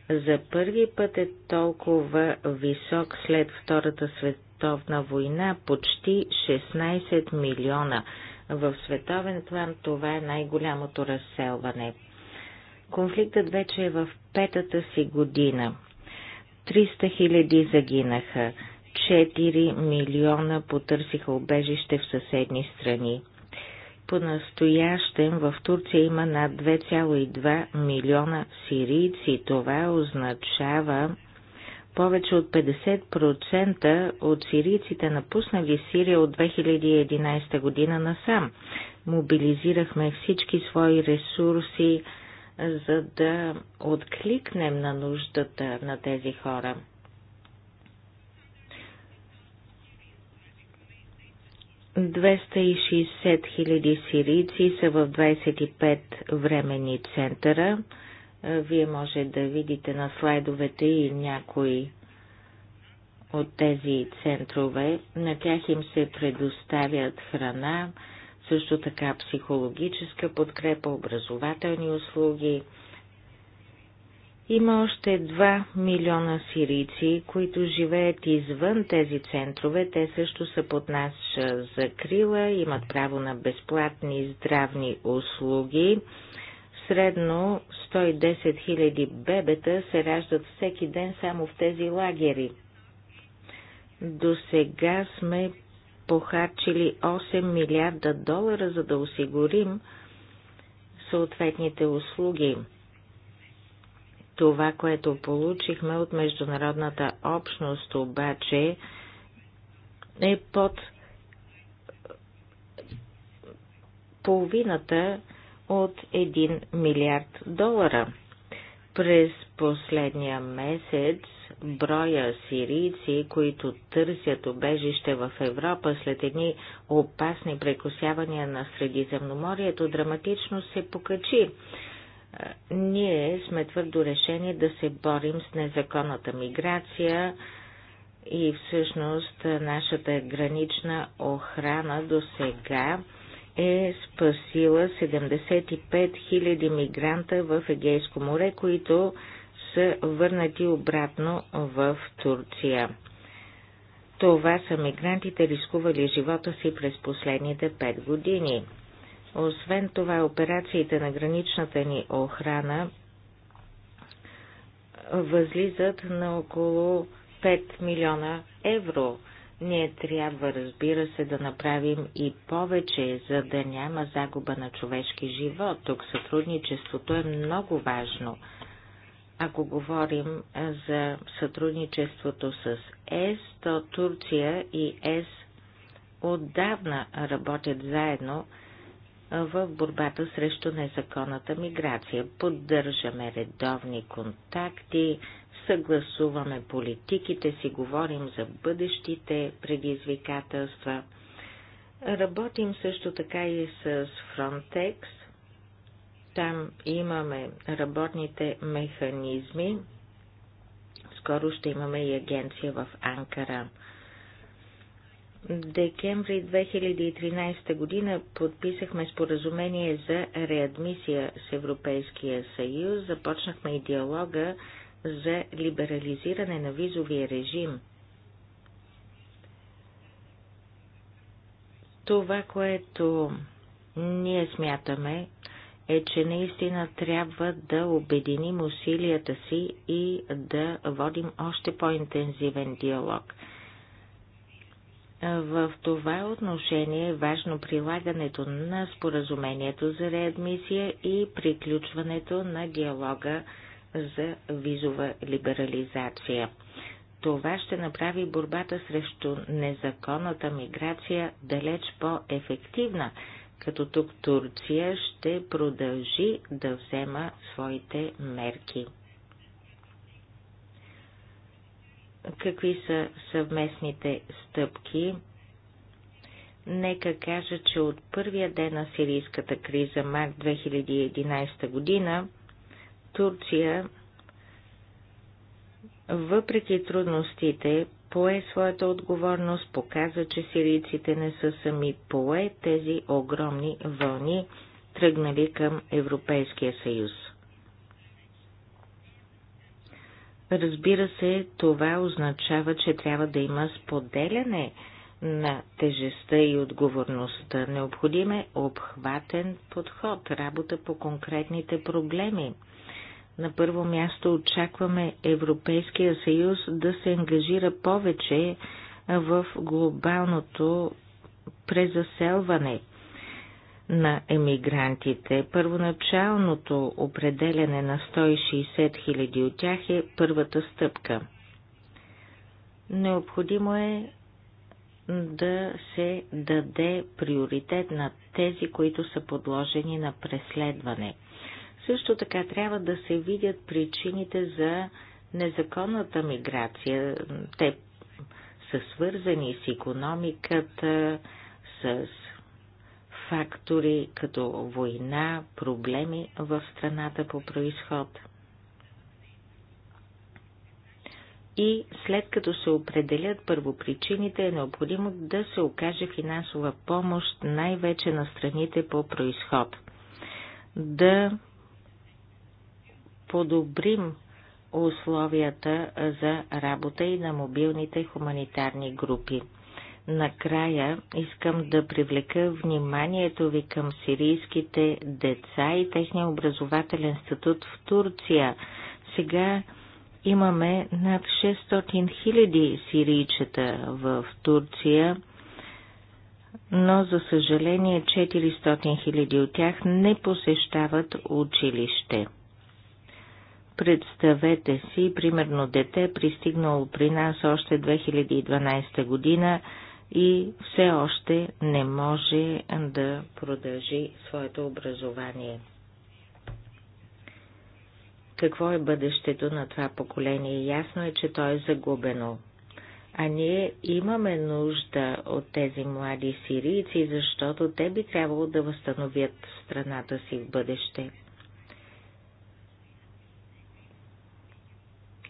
за първи път е толкова висок след Втората световна война, почти 16 милиона. В световен план това е най-голямото разселване. Конфликтът вече е в петата си година. 300 хиляди загинаха, 4 милиона потърсиха убежище в съседни страни. По-настоящем в Турция има над 2,2 милиона сирийци. Това означава повече от 50% от сирийците напуснали Сирия от 2011 година насам. Мобилизирахме всички свои ресурси, за да откликнем на нуждата на тези хора. Двеста и 60 хиляди сирийци са в 25 времени центъра. Вие може да видите на слайдовете и някои от тези центрове. На тях им се предоставят храна, също така психологическа подкрепа, образователни услуги. Има още 2 милиона сирийци, които живеят извън тези центрове. Те също са под нас закрила, имат право на безплатни здравни услуги. Средно 110 хиляди бебета се раждат всеки ден само в тези лагери. До сега сме похарчили 8 милиарда долара, за да осигурим съответните услуги. Това, което получихме от международната общност обаче е под половината от 1 милиард долара. През последния месец броя сирийци, които търсят обежище в Европа след едни опасни прекусявания на Средиземноморието, драматично се покачи. Е, ние сме твърдо решени да се борим с незаконната миграция и всъщност нашата гранична охрана до сега е спасила 75 000 мигранта в Егейско море, които са върнати обратно в Турция. Това са мигрантите, рискували живота си през последните 5 години. Освен това, операциите на граничната ни охрана възлизат на около 5 милиона евро. Ние трябва, разбира се, да направим и повече, за да няма загуба на човешки живот. Тук сътрудничеството е много важно – ако говорим за сътрудничеството с ЕС, то Турция и ЕС отдавна работят заедно в борбата срещу незаконната миграция. Поддържаме редовни контакти, съгласуваме политиките си, говорим за бъдещите предизвикателства. Работим също така и с Frontex – там имаме работните механизми. Скоро ще имаме и агенция в Анкара. Декември 2013 година подписахме споразумение за реадмисия с Европейския съюз. Започнахме и диалога за либерализиране на визовия режим. Това, което ние смятаме, е, че наистина трябва да обединим усилията си и да водим още по-интензивен диалог. В това отношение е важно прилагането на споразумението за реадмисия и приключването на диалога за визова либерализация. Това ще направи борбата срещу незаконната миграция далеч по-ефективна като тук Турция ще продължи да взема своите мерки. Какви са съвместните стъпки? Нека кажа, че от първия ден на сирийската криза, март 2011 година, Турция, въпреки трудностите, пое своята отговорност, показа, че сирийците не са сами, пое тези огромни вълни, тръгнали към Европейския съюз. Разбира се, това означава, че трябва да има споделяне на тежестта и отговорността. Необходим е обхватен подход, работа по конкретните проблеми – на първо място очакваме Европейския съюз да се ангажира повече в глобалното презаселване на емигрантите. Първоначалното определене на 160 000 от тях е първата стъпка. Необходимо е да се даде приоритет на тези, които са подложени на преследване – също така трябва да се видят причините за незаконната миграция. Те са свързани с економиката, с фактори като война, проблеми в страната по происход. И след като се определят първопричините, е необходимо да се окаже финансова помощ най-вече на страните по происход. Да подобрим условията за работа и на мобилните хуманитарни групи. Накрая искам да привлека вниманието ви към сирийските деца и техния образователен статут в Турция. Сега имаме над 600 000 сирийчета в Турция, но за съжаление 400 000 от тях не посещават училище. Представете си, примерно дете, пристигнало при нас още 2012 година и все още не може да продължи своето образование. Какво е бъдещето на това поколение? Ясно е, че то е загубено. А ние имаме нужда от тези млади сирийци, защото те би трябвало да възстановят страната си в бъдеще.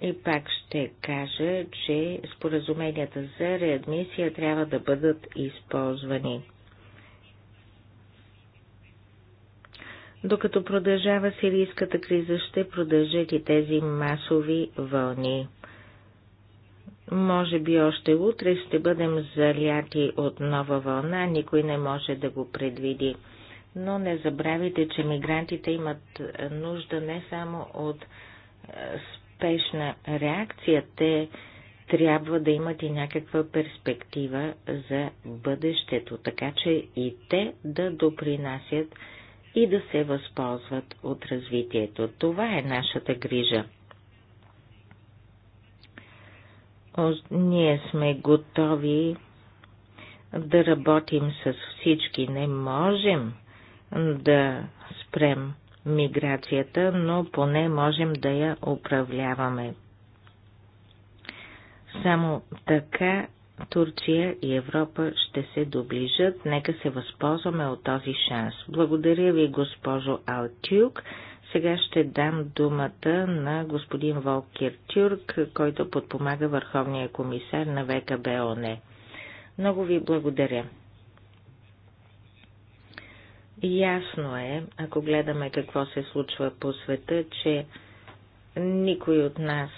И пак ще кажа, че споразуменията за реадмисия трябва да бъдат използвани. Докато продължава сирийската криза, ще продължат и тези масови вълни. Може би още утре ще бъдем заляти от нова вълна, никой не може да го предвиди. Но не забравяйте, че мигрантите имат нужда не само от успешна реакция. Те трябва да имат и някаква перспектива за бъдещето, така че и те да допринасят и да се възползват от развитието. Това е нашата грижа. Ние сме готови да работим с всички. Не можем да спрем миграцията, но поне можем да я управляваме. Само така Турция и Европа ще се доближат. Нека се възползваме от този шанс. Благодаря ви, госпожо Алтюк. Сега ще дам думата на господин Волкир Тюрк, който подпомага Върховния комисар на ВКБ ОНЕ. Много ви благодаря. Ясно е, ако гледаме какво се случва по света, че никой от нас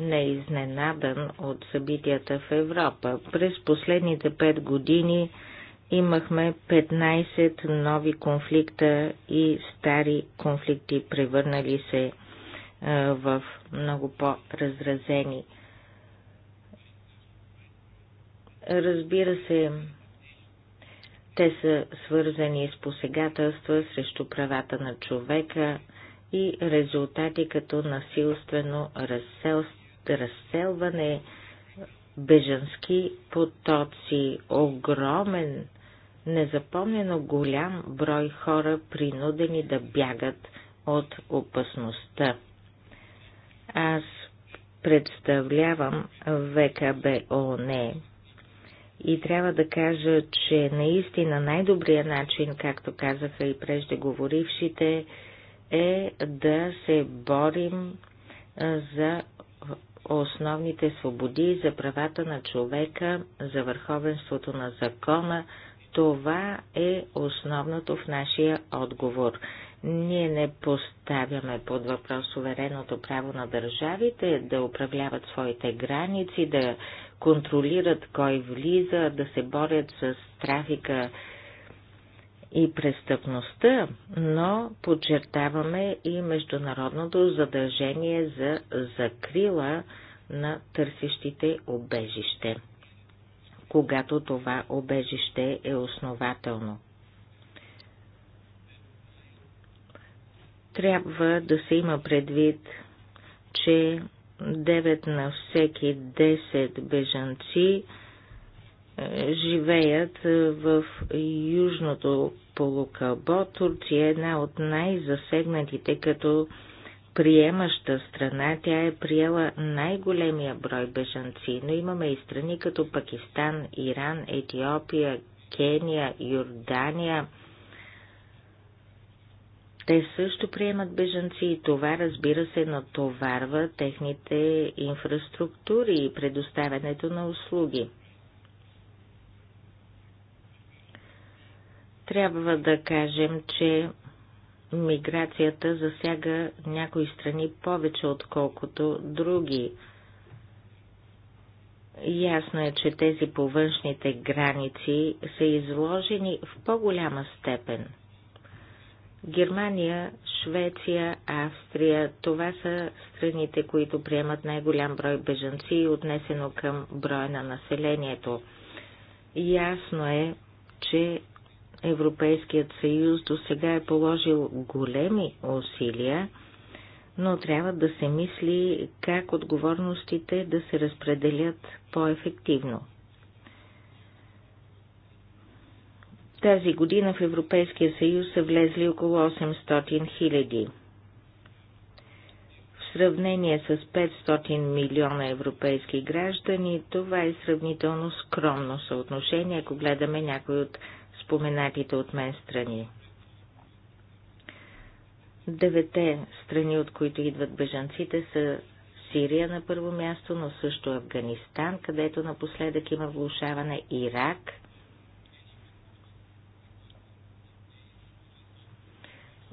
не е изненадан от събитията в Европа. През последните пет години имахме 15 нови конфликта и стари конфликти, превърнали се в много по-разразени. Разбира се, те са свързани с посегателства срещу правата на човека и резултати като насилствено разсел... разселване, бежански потоци, огромен, незапомнено голям брой хора, принудени да бягат от опасността. Аз представлявам ВКБ ОНЕ, и трябва да кажа, че наистина най-добрият начин, както казаха и преждеговорившите, е да се борим за основните свободи, за правата на човека, за върховенството на закона. Това е основното в нашия отговор. Ние не поставяме под въпрос суверенното право на държавите да управляват своите граници, да контролират кой влиза, да се борят с трафика и престъпността, но подчертаваме и международното задължение за закрила на търсещите обежище, когато това обежище е основателно. Трябва да се има предвид, че 9 на всеки 10 бежанци е, живеят е, в южното полукълбо. Турция е една от най-засегнатите като приемаща страна. Тя е приела най-големия брой бежанци, но имаме и страни като Пакистан, Иран, Етиопия, Кения, Йордания – те също приемат бежанци и това, разбира се, натоварва техните инфраструктури и предоставянето на услуги. Трябва да кажем, че миграцията засяга някои страни повече, отколкото други. Ясно е, че тези повъншните граници са изложени в по-голяма степен – Германия, Швеция, Австрия – това са страните, които приемат най-голям брой бежанци, отнесено към броя на населението. Ясно е, че Европейският съюз до сега е положил големи усилия, но трябва да се мисли как отговорностите да се разпределят по-ефективно. Тази година в Европейския съюз са влезли около 800 хиляди. В сравнение с 500 милиона европейски граждани, това е сравнително скромно съотношение, ако гледаме някой от споменатите от мен страни. Девете страни, от които идват бежанците, са Сирия на първо място, но също Афганистан, където напоследък има влушаване, Ирак –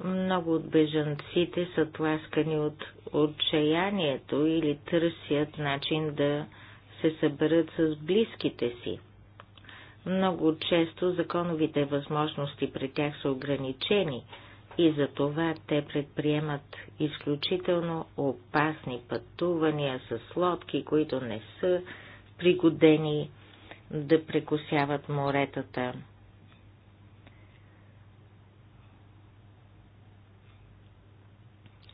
Много от бежанците са тласкани от отчаянието или търсят начин да се съберат с близките си. Много често законовите възможности при тях са ограничени и за това те предприемат изключително опасни пътувания с лодки, които не са пригодени да прекусяват моретата.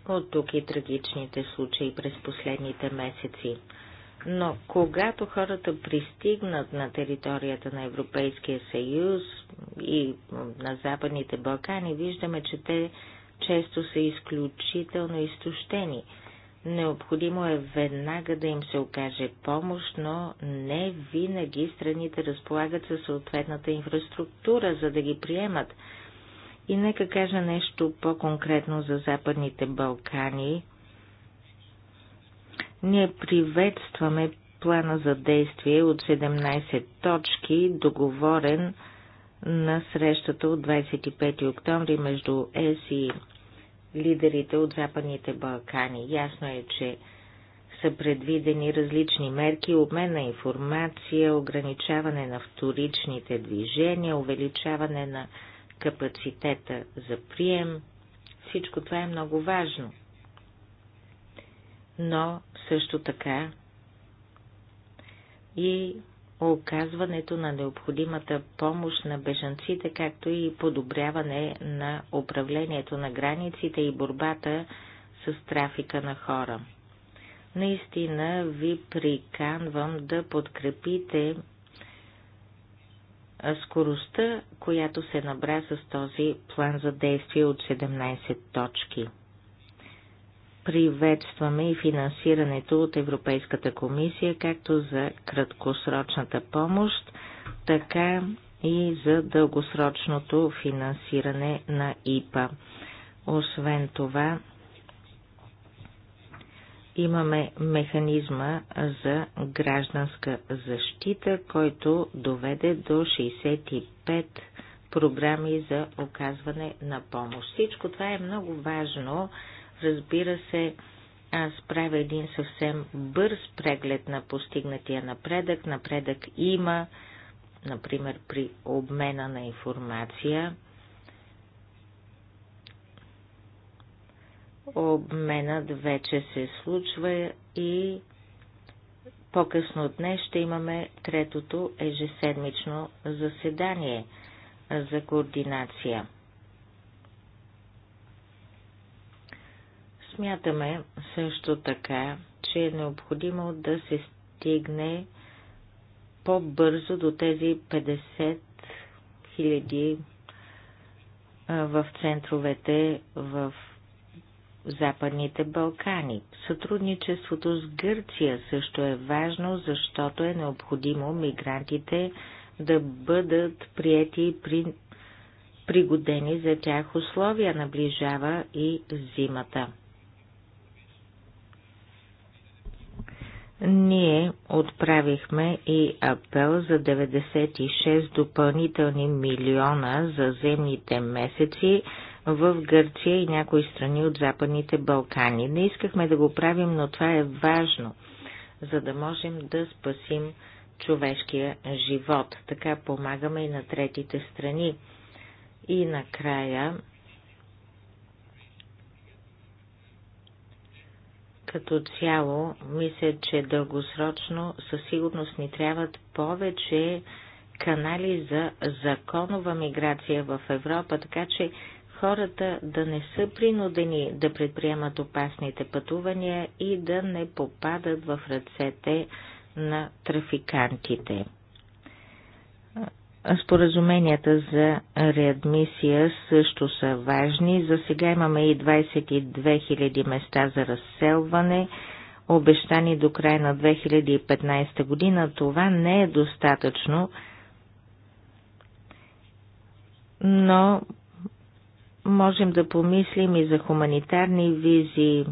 От тук и трагичните случаи през последните месеци. Но когато хората пристигнат на територията на Европейския съюз и на Западните Балкани, виждаме, че те често са изключително изтощени. Необходимо е веднага да им се окаже помощ, но не винаги страните разполагат със съответната инфраструктура, за да ги приемат. И нека кажа нещо по-конкретно за Западните Балкани. Ние приветстваме плана за действие от 17 точки, договорен на срещата от 25 октомври между ЕС и лидерите от Западните Балкани. Ясно е, че са предвидени различни мерки, обмен на информация, ограничаване на вторичните движения, увеличаване на капацитета за прием. Всичко това е много важно. Но също така и оказването на необходимата помощ на бежанците, както и подобряване на управлението на границите и борбата с трафика на хора. Наистина ви приканвам да подкрепите скоростта, която се набра с този план за действие от 17 точки. Приветстваме и финансирането от Европейската комисия, както за краткосрочната помощ, така и за дългосрочното финансиране на ИПА. Освен това, имаме механизма за гражданска защита, който доведе до 65 програми за оказване на помощ. Всичко това е много важно. Разбира се, аз правя един съвсем бърз преглед на постигнатия напредък. Напредък има, например, при обмена на информация – Обменът вече се случва и по-късно днес ще имаме третото ежеседмично заседание за координация. Смятаме също така, че е необходимо да се стигне по-бързо до тези 50 000 в центровете в Западните Балкани. Сътрудничеството с Гърция също е важно, защото е необходимо мигрантите да бъдат приети при пригодени за тях условия наближава и зимата. Ние отправихме и апел за 96 допълнителни милиона за земните месеци в Гърция и някои страни от Западните Балкани. Не искахме да го правим, но това е важно, за да можем да спасим човешкия живот. Така помагаме и на третите страни. И накрая, като цяло, мисля, че дългосрочно със сигурност ни трябват повече канали за законова миграция в Европа, така че хората да не са принудени да предприемат опасните пътувания и да не попадат в ръцете на трафикантите. Споразуменията за реадмисия също са важни. За сега имаме и 22 000 места за разселване, обещани до края на 2015 година. Това не е достатъчно, но Можем да помислим и за хуманитарни визи,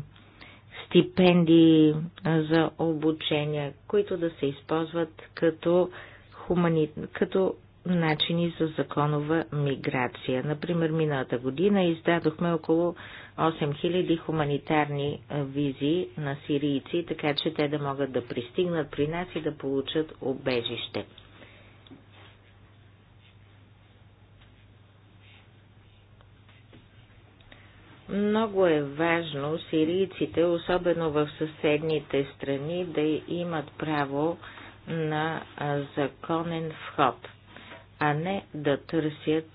стипендии за обучение, които да се използват като, хумани... като начини за законова миграция. Например, миналата година издадохме около 8000 хуманитарни визи на сирийци, така че те да могат да пристигнат при нас и да получат обежище. Много е важно сирийците, особено в съседните страни, да имат право на законен вход, а не да търсят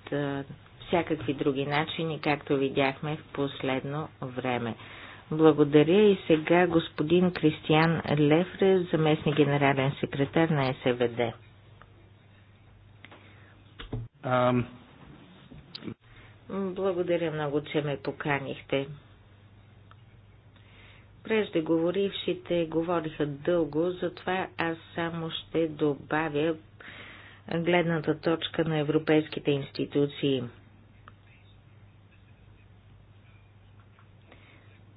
всякакви други начини, както видяхме в последно време. Благодаря и сега господин Кристиан Лефре, заместник генерален секретар на СВД. Um... Благодаря много, че ме поканихте. Преждеговорившите говориха дълго, затова аз само ще добавя гледната точка на европейските институции.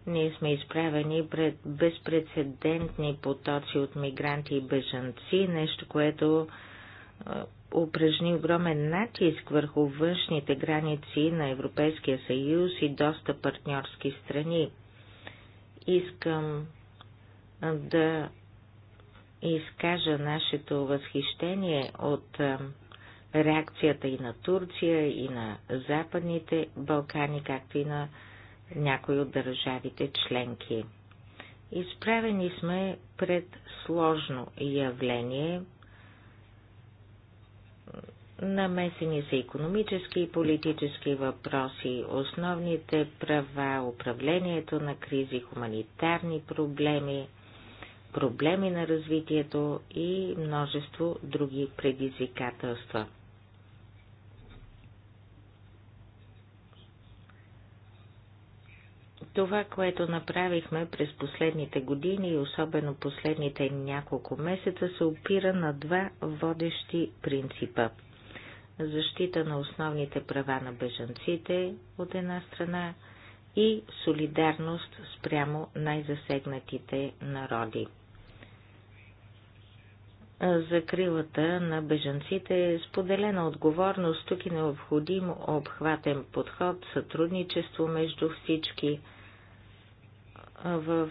Ние сме изправени пред безпредседентни потоци от мигранти и бежанци, нещо, което упражни огромен натиск върху външните граници на Европейския съюз и доста партньорски страни. Искам да изкажа нашето възхищение от реакцията и на Турция, и на Западните Балкани, както и на някои от държавите членки. Изправени сме пред сложно явление – Намесени са економически и политически въпроси, основните права, управлението на кризи, хуманитарни проблеми, проблеми на развитието и множество други предизвикателства. Това, което направихме през последните години и особено последните няколко месеца, се опира на два водещи принципа – защита на основните права на бежанците от една страна и солидарност спрямо най-засегнатите народи. Закрилата на бежанците е споделена отговорност, тук е необходим обхватен подход, сътрудничество между всички. В...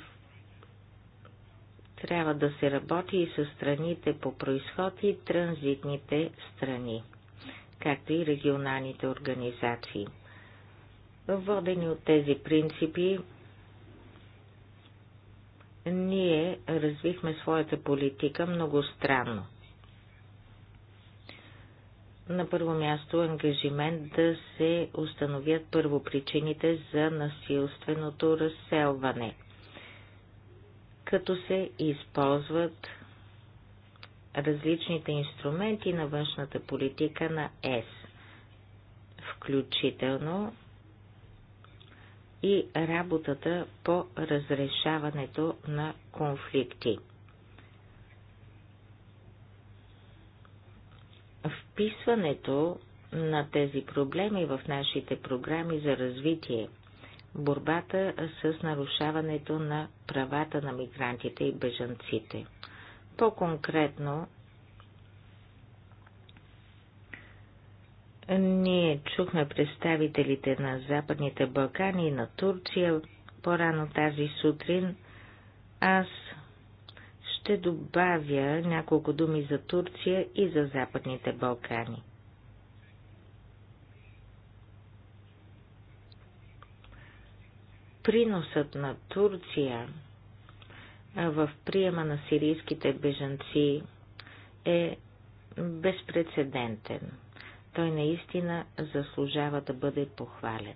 Трябва да се работи и с страните по происход и транзитните страни както и регионалните организации. Водени от тези принципи, ние развихме своята политика многостранно. На първо място ангажимент да се установят първопричините за насилственото разселване, като се използват различните инструменти на външната политика на ЕС, включително и работата по разрешаването на конфликти. Вписването на тези проблеми в нашите програми за развитие, борбата с нарушаването на правата на мигрантите и бежанците – по-конкретно, ние чухме представителите на Западните Балкани и на Турция по-рано тази сутрин. Аз ще добавя няколко думи за Турция и за Западните Балкани. Приносът на Турция в приема на сирийските бежанци е безпредседентен. Той наистина заслужава да бъде похвален.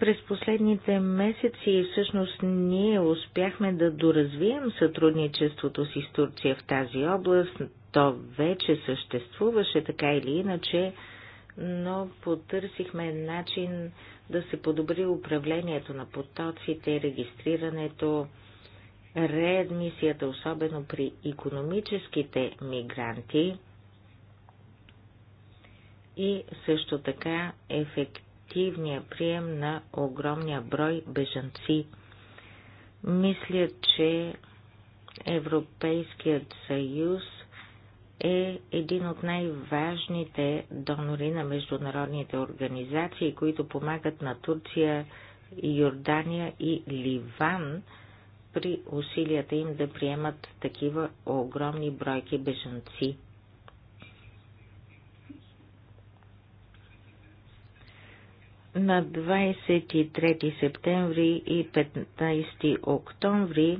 През последните месеци всъщност ние успяхме да доразвием сътрудничеството си с Турция в тази област. То вече съществуваше така или иначе но потърсихме начин да се подобри управлението на потоците, регистрирането, реадмисията, особено при економическите мигранти и също така ефективния прием на огромния брой бежанци. Мисля, че Европейският съюз е един от най-важните донори на международните организации, които помагат на Турция, Йордания и Ливан при усилията им да приемат такива огромни бройки бежанци. На 23 септември и 15 октомври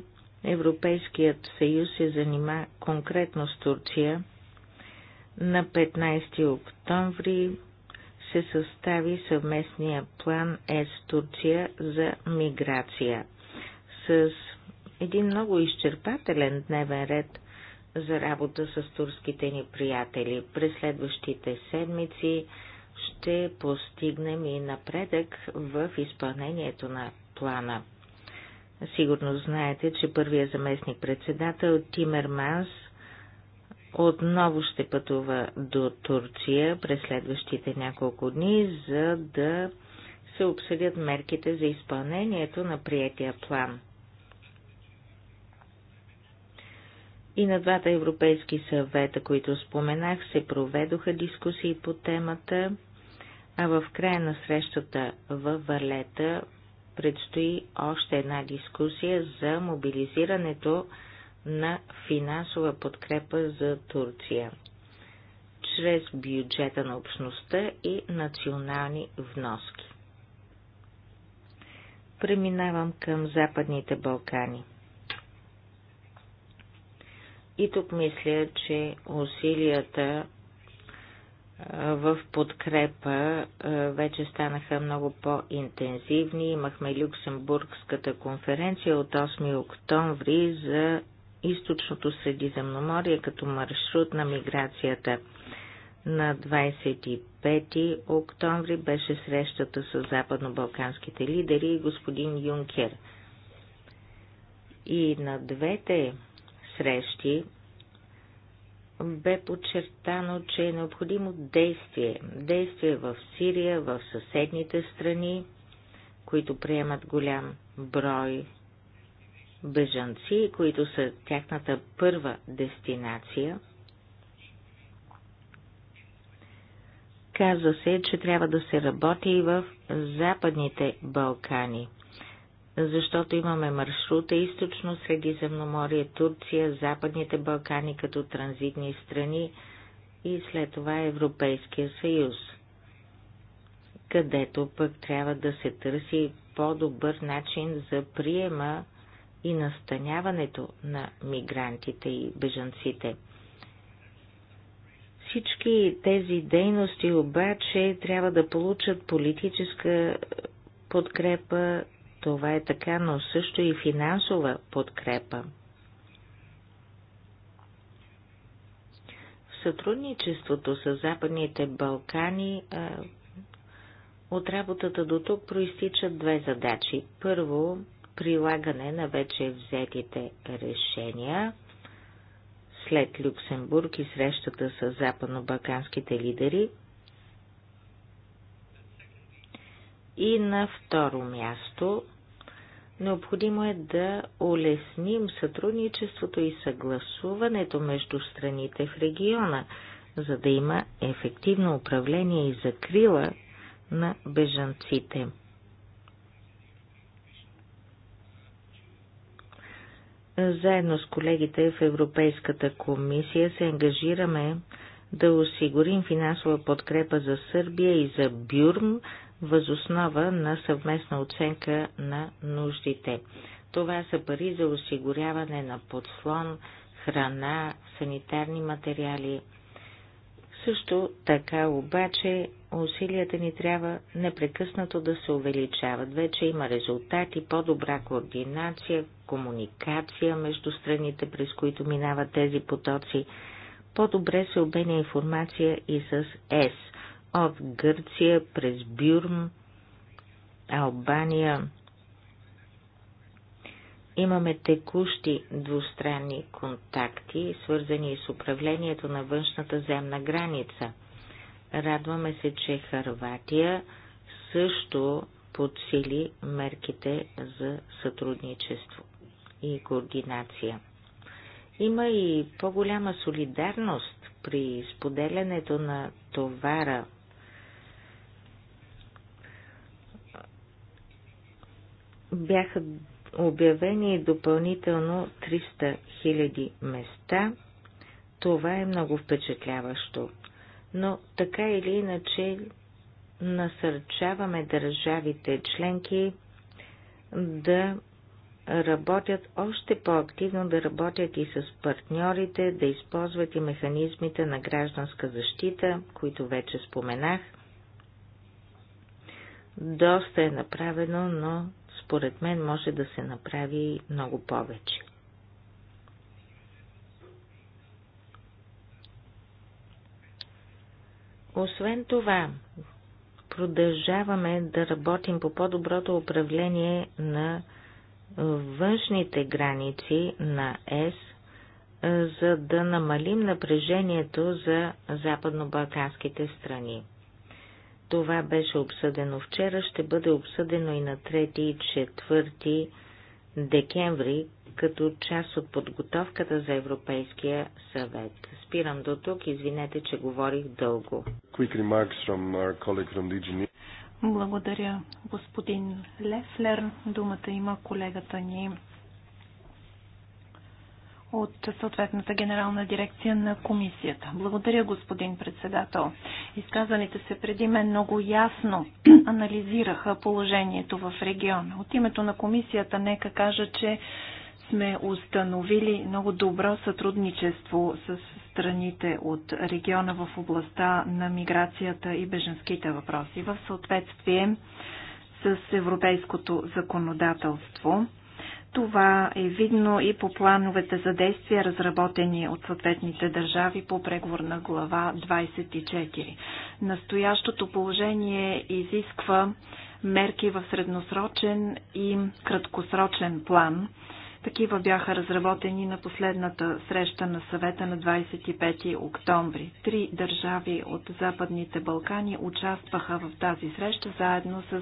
Европейският съюз се занима конкретно с Турция. На 15 октомври се състави съвместния план ЕС Турция за миграция с един много изчерпателен дневен ред за работа с турските ни приятели. През следващите седмици ще постигнем и напредък в изпълнението на плана. Сигурно знаете, че първия заместник председател Тимер Манс отново ще пътува до Турция през следващите няколко дни, за да се обсъдят мерките за изпълнението на приятия план. И на двата европейски съвета, които споменах, се проведоха дискусии по темата, а в края на срещата във Валета предстои още една дискусия за мобилизирането на финансова подкрепа за Турция чрез бюджета на общността и национални вноски. Преминавам към Западните Балкани. И тук мисля, че усилията в подкрепа вече станаха много по-интензивни. Имахме Люксембургската конференция от 8 октомври за източното Средиземноморие като маршрут на миграцията. На 25 октомври беше срещата с западно-балканските лидери и господин Юнкер. И на двете срещи бе подчертано, че е необходимо действие. Действие в Сирия, в съседните страни, които приемат голям брой бежанци, които са тяхната първа дестинация. Казва се, че трябва да се работи и в Западните Балкани – защото имаме маршрута източно Средиземноморие, Турция, Западните Балкани като транзитни страни и след това Европейския съюз, където пък трябва да се търси по-добър начин за приема и настаняването на мигрантите и бежанците. Всички тези дейности обаче трябва да получат политическа подкрепа това е така, но също и финансова подкрепа. В сътрудничеството с Западните Балкани от работата до тук проистичат две задачи. Първо, прилагане на вече взетите решения след Люксембург и срещата с западно-балканските лидери. И на второ място Необходимо е да улесним сътрудничеството и съгласуването между страните в региона, за да има ефективно управление и закрила на бежанците. Заедно с колегите в Европейската комисия се ангажираме да осигурим финансова подкрепа за Сърбия и за Бюрм, възоснова на съвместна оценка на нуждите. Това са пари за осигуряване на подслон, храна, санитарни материали. Също така обаче усилията ни трябва непрекъснато да се увеличават. Вече има резултати, по-добра координация, комуникация между страните, през които минават тези потоци. По-добре се обменя информация и с ЕС от Гърция през Бюрм, Албания. Имаме текущи двустранни контакти, свързани с управлението на външната земна граница. Радваме се, че Харватия също подсили мерките за сътрудничество и координация. Има и по-голяма солидарност при споделянето на товара бяха обявени допълнително 300 000 места. Това е много впечатляващо. Но така или иначе насърчаваме държавите членки да работят още по-активно, да работят и с партньорите, да използват и механизмите на гражданска защита, които вече споменах. Доста е направено, но според мен може да се направи много повече. Освен това, продължаваме да работим по по-доброто управление на външните граници на ЕС, за да намалим напрежението за западно-балканските страни. Това беше обсъдено вчера, ще бъде обсъдено и на 3 и 4 декември, като част от подготовката за Европейския съвет. Спирам до тук, извинете, че говорих дълго. Благодаря, господин Лефлер. Думата има колегата ни от съответната генерална дирекция на комисията. Благодаря, господин председател. Изказаните се преди мен много ясно анализираха положението в региона. От името на комисията нека кажа, че сме установили много добро сътрудничество с страните от региона в областта на миграцията и беженските въпроси в съответствие с европейското законодателство. Това е видно и по плановете за действия, разработени от съответните държави по преговор на глава 24. Настоящото положение изисква мерки в средносрочен и краткосрочен план – такива бяха разработени на последната среща на съвета на 25 октомври. Три държави от Западните Балкани участваха в тази среща заедно с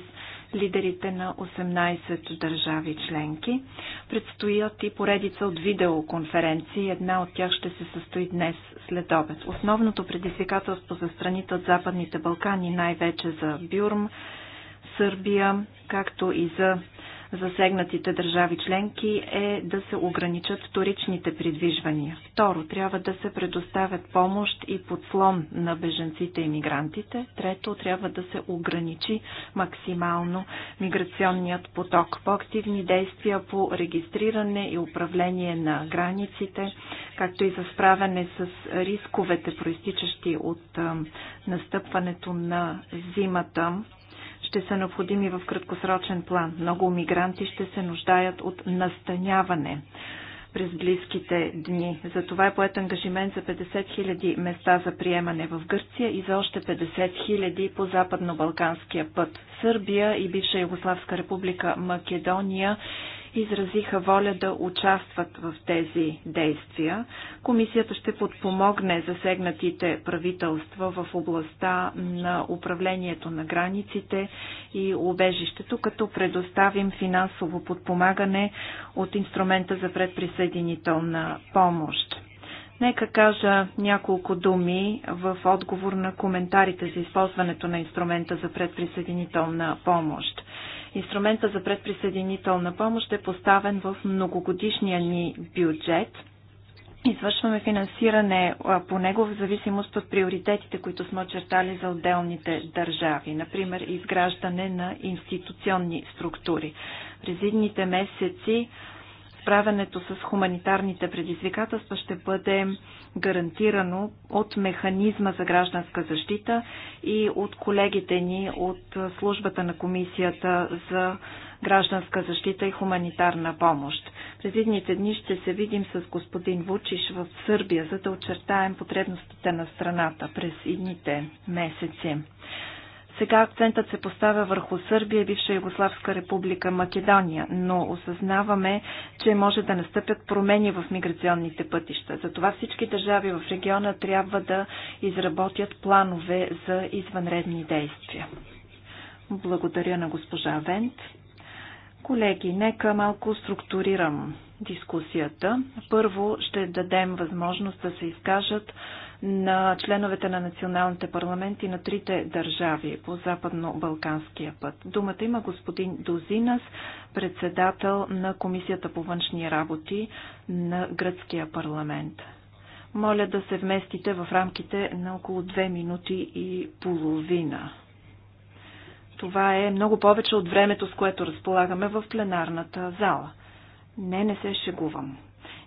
лидерите на 18 държави членки. Предстоят и поредица от видеоконференции. Една от тях ще се състои днес след обед. Основното предизвикателство за страните от Западните Балкани, най-вече за Бюрм, Сърбия, както и за засегнатите държави членки е да се ограничат вторичните придвижвания. Второ, трябва да се предоставят помощ и подслон на беженците и мигрантите. Трето, трябва да се ограничи максимално миграционният поток. По-активни действия по регистриране и управление на границите, както и за справяне с рисковете, проистичащи от настъпването на зимата ще са необходими в краткосрочен план. Много мигранти ще се нуждаят от настаняване през близките дни. Затова е поет ангажимент за 50 000 места за приемане в Гърция и за още 50 000 по западно-балканския път. Сърбия и бивша Югославска република Македония изразиха воля да участват в тези действия. Комисията ще подпомогне засегнатите правителства в областта на управлението на границите и убежището, като предоставим финансово подпомагане от инструмента за предприсъединителна помощ. Нека кажа няколко думи в отговор на коментарите за използването на инструмента за предприсъединителна помощ. Инструмента за предприсъединителна помощ е поставен в многогодишния ни бюджет. Извършваме финансиране по него в зависимост от приоритетите, които сме очертали за отделните държави. Например, изграждане на институционни структури. През идните месеци Справянето с хуманитарните предизвикателства ще бъде гарантирано от механизма за гражданска защита и от колегите ни от службата на Комисията за гражданска защита и хуманитарна помощ. През едните дни ще се видим с господин Вучиш в Сърбия, за да очертаем потребностите на страната през едните месеци. Сега акцентът се поставя върху Сърбия и бивша Югославска република Македония, но осъзнаваме, че може да настъпят промени в миграционните пътища. Затова всички държави в региона трябва да изработят планове за извънредни действия. Благодаря на госпожа Вент. Колеги, нека малко структурирам дискусията. Първо ще дадем възможност да се изкажат на членовете на националните парламенти на трите държави по западно-балканския път. Думата има господин Дозинас, председател на Комисията по външни работи на гръцкия парламент. Моля да се вместите в рамките на около две минути и половина. Това е много повече от времето, с което разполагаме в пленарната зала. Не, не се шегувам.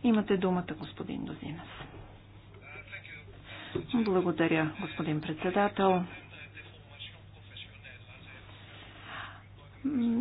Имате думата, господин Дозинас. Благодаря, господин председател.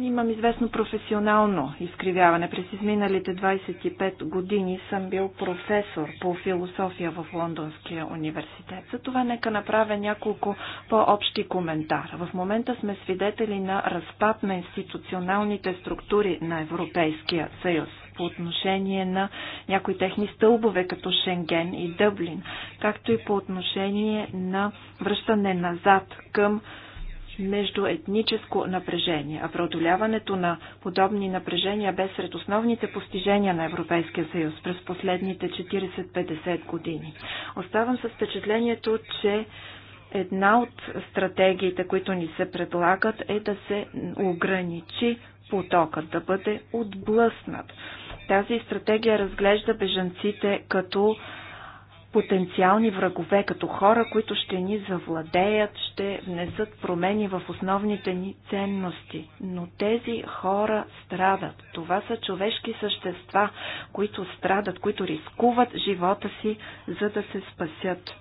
Имам известно професионално изкривяване. През изминалите 25 години съм бил професор по философия в Лондонския университет. За това нека направя няколко по-общи коментар. В момента сме свидетели на разпад на институционалните структури на Европейския съюз по отношение на някои техни стълбове, като Шенген и Дъблин, както и по отношение на връщане назад към между етническо напрежение, а преодоляването на подобни напрежения бе сред основните постижения на Европейския съюз през последните 40-50 години. Оставам с впечатлението, че една от стратегиите, които ни се предлагат, е да се ограничи потокът, да бъде отблъснат. Тази стратегия разглежда бежанците като потенциални врагове, като хора, които ще ни завладеят, ще внесат промени в основните ни ценности. Но тези хора страдат. Това са човешки същества, които страдат, които рискуват живота си, за да се спасят.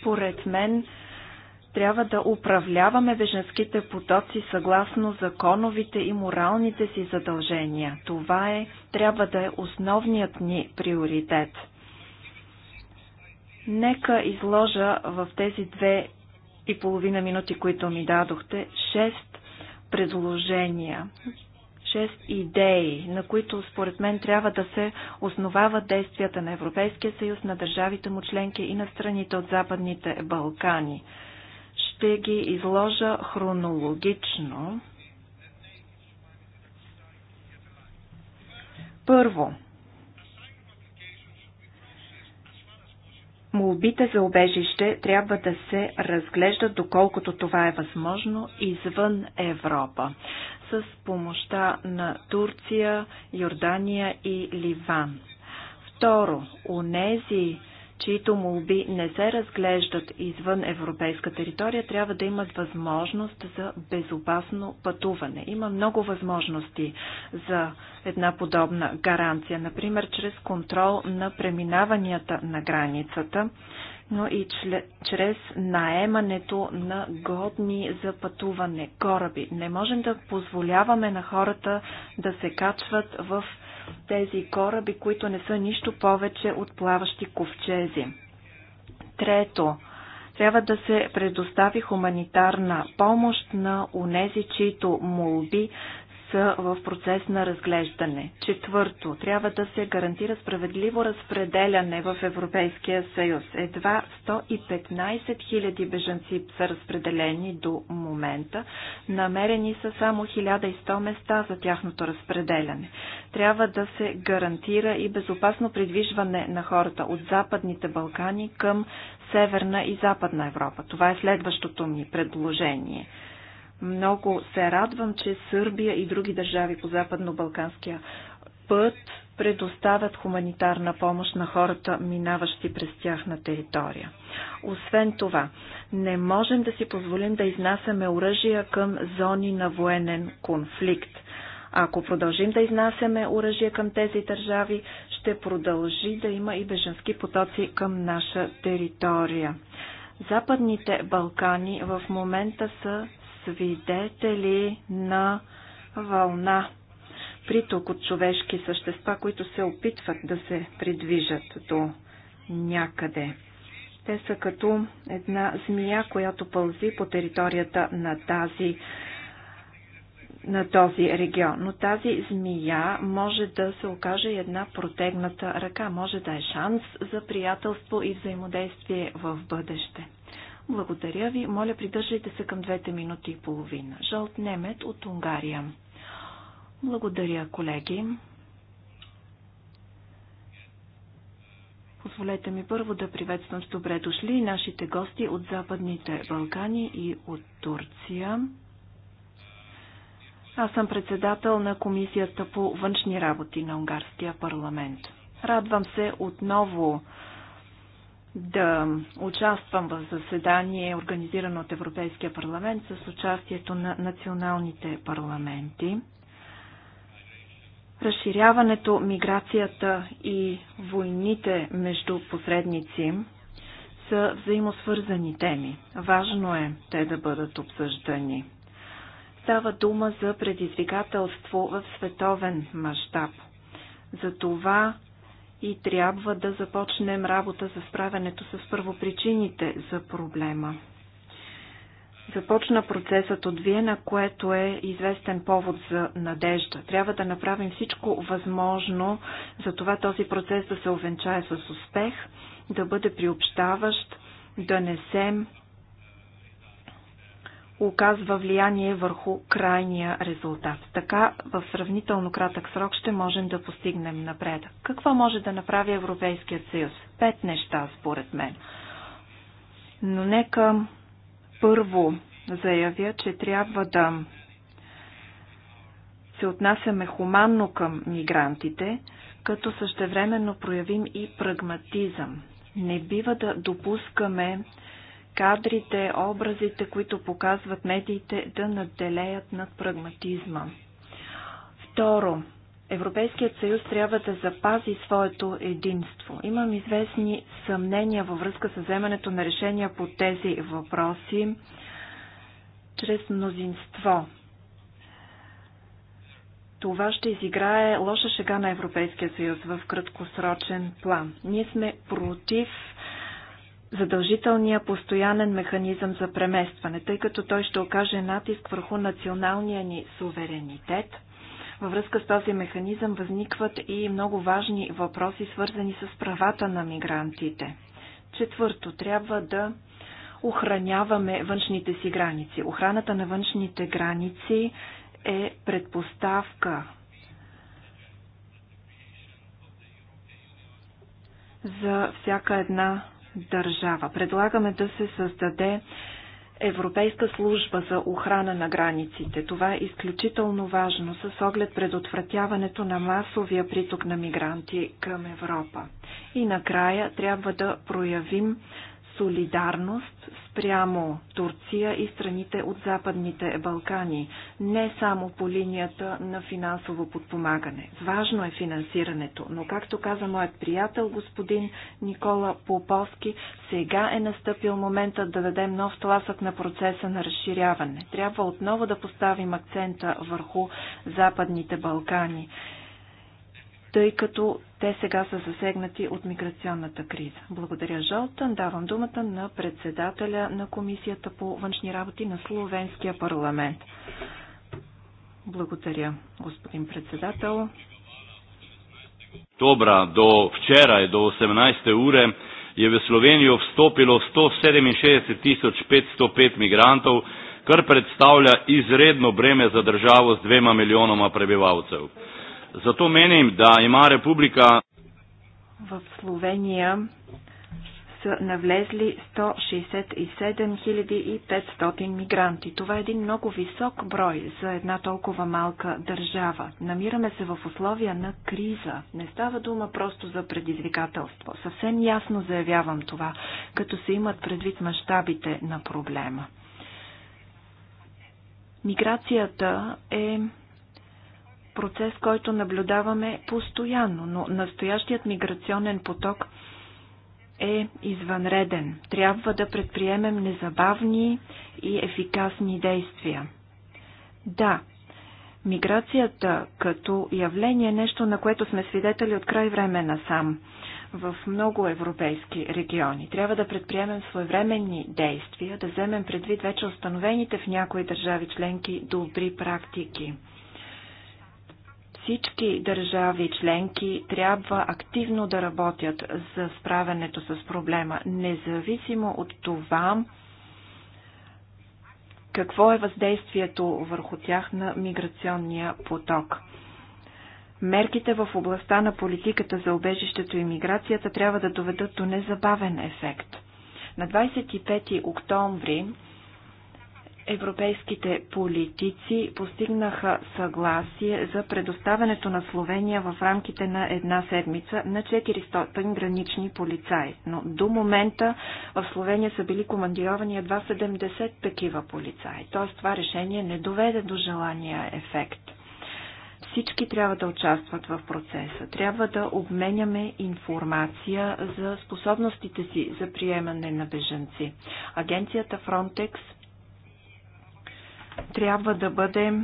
Според мен, трябва да управляваме беженските потоци съгласно законовите и моралните си задължения. Това е, трябва да е основният ни приоритет. Нека изложа в тези две и половина минути, които ми дадохте, шест предложения, шест идеи, на които според мен трябва да се основават действията на Европейския съюз, на държавите му членки и на страните от Западните Балкани – ще ги изложа хронологично. Първо, Молбите за обежище трябва да се разглеждат доколкото това е възможно извън Европа с помощта на Турция, Йордания и Ливан. Второ, унези чието молби не се разглеждат извън европейска територия, трябва да имат възможност за безопасно пътуване. Има много възможности за една подобна гаранция, например чрез контрол на преминаванията на границата, но и чрез наемането на годни за пътуване кораби. Не можем да позволяваме на хората да се качват в тези кораби, които не са нищо повече от плаващи ковчези. Трето, трябва да се предостави хуманитарна помощ на унези, чието молби са в процес на разглеждане. Четвърто, трябва да се гарантира справедливо разпределяне в Европейския съюз. Едва 115 000 бежанци са разпределени до момента. Намерени са само 1100 места за тяхното разпределяне. Трябва да се гарантира и безопасно придвижване на хората от Западните Балкани към Северна и Западна Европа. Това е следващото ми предложение. Много се радвам, че Сърбия и други държави по Западно-Балканския път предоставят хуманитарна помощ на хората, минаващи през тяхна територия. Освен това, не можем да си позволим да изнасяме оръжия към зони на военен конфликт. Ако продължим да изнасяме оръжие към тези държави, ще продължи да има и беженски потоци към наша територия. Западните Балкани в момента са свидетели на вълна приток от човешки същества, които се опитват да се придвижат до някъде. Те са като една змия, която пълзи по територията на тази на този регион. Но тази змия може да се окаже една протегната ръка, може да е шанс за приятелство и взаимодействие в бъдеще. Благодаря ви. Моля, придържайте се към двете минути и половина. Жълт Немет от Унгария. Благодаря, колеги. Позволете ми първо да приветствам с добре дошли нашите гости от Западните Балкани и от Турция. Аз съм председател на Комисията по външни работи на Унгарския парламент. Радвам се отново да участвам в заседание, организирано от Европейския парламент с участието на националните парламенти. Разширяването, миграцията и войните между посредници са взаимосвързани теми. Важно е те да бъдат обсъждани. Става дума за предизвикателство в световен мащаб. Затова и трябва да започнем работа за справянето с първопричините за проблема. Започна процесът от Виена, което е известен повод за надежда. Трябва да направим всичко възможно за това този процес да се овенчае с успех, да бъде приобщаващ, да не оказва влияние върху крайния резултат. Така в сравнително кратък срок ще можем да постигнем напредък. Какво може да направи Европейският съюз? Пет неща, според мен. Но нека първо заявя, че трябва да се отнасяме хуманно към мигрантите, като същевременно проявим и прагматизъм. Не бива да допускаме кадрите, образите, които показват медиите, да надделеят над прагматизма. Второ, Европейският съюз трябва да запази своето единство. Имам известни съмнения във връзка с вземането на решения по тези въпроси чрез мнозинство. Това ще изиграе лоша шега на Европейския съюз в краткосрочен план. Ние сме против задължителния постоянен механизъм за преместване, тъй като той ще окаже натиск върху националния ни суверенитет. Във връзка с този механизъм възникват и много важни въпроси, свързани с правата на мигрантите. Четвърто, трябва да охраняваме външните си граници. Охраната на външните граници е предпоставка за всяка една държава. Предлагаме да се създаде Европейска служба за охрана на границите. Това е изключително важно с оглед предотвратяването на масовия приток на мигранти към Европа. И накрая трябва да проявим солидарност спрямо Турция и страните от Западните Балкани, не само по линията на финансово подпомагане. Важно е финансирането, но както каза моят приятел господин Никола Поповски, сега е настъпил момента да дадем нов тласък на процеса на разширяване. Трябва отново да поставим акцента върху Западните Балкани тъй като те сега са засегнати от миграционната криза. Благодаря, Жолта. Давам думата на председателя на Комисията по външни работи на Словенския парламент. Благодаря, господин председател. Добра, до вчера, е, до 18 уре, je v Slovenijo vstopilo 167 505 migrantov, kar predstavlja izredno breme za državo z dvema milijonoma prebivalcev. Зато меним да, има република. В Словения са навлезли 167 500 мигранти. Това е един много висок брой за една толкова малка държава. Намираме се в условия на криза. Не става дума просто за предизвикателство. Съвсем ясно заявявам това, като се имат предвид мащабите на проблема. Миграцията е процес, който наблюдаваме постоянно, но настоящият миграционен поток е извънреден. Трябва да предприемем незабавни и ефикасни действия. Да, миграцията като явление е нещо, на което сме свидетели от край време насам в много европейски региони. Трябва да предприемем своевременни действия, да вземем предвид вече установените в някои държави членки добри практики – всички държави членки трябва активно да работят за справянето с проблема, независимо от това какво е въздействието върху тях на миграционния поток. Мерките в областта на политиката за обежището и миграцията трябва да доведат до незабавен ефект. На 25 октомври европейските политици постигнаха съгласие за предоставянето на Словения в рамките на една седмица на 400 гранични полицаи. Но до момента в Словения са били командировани едва 70 такива полицаи. Т.е. това решение не доведе до желания ефект. Всички трябва да участват в процеса. Трябва да обменяме информация за способностите си за приемане на бежанци. Агенцията Frontex трябва да бъде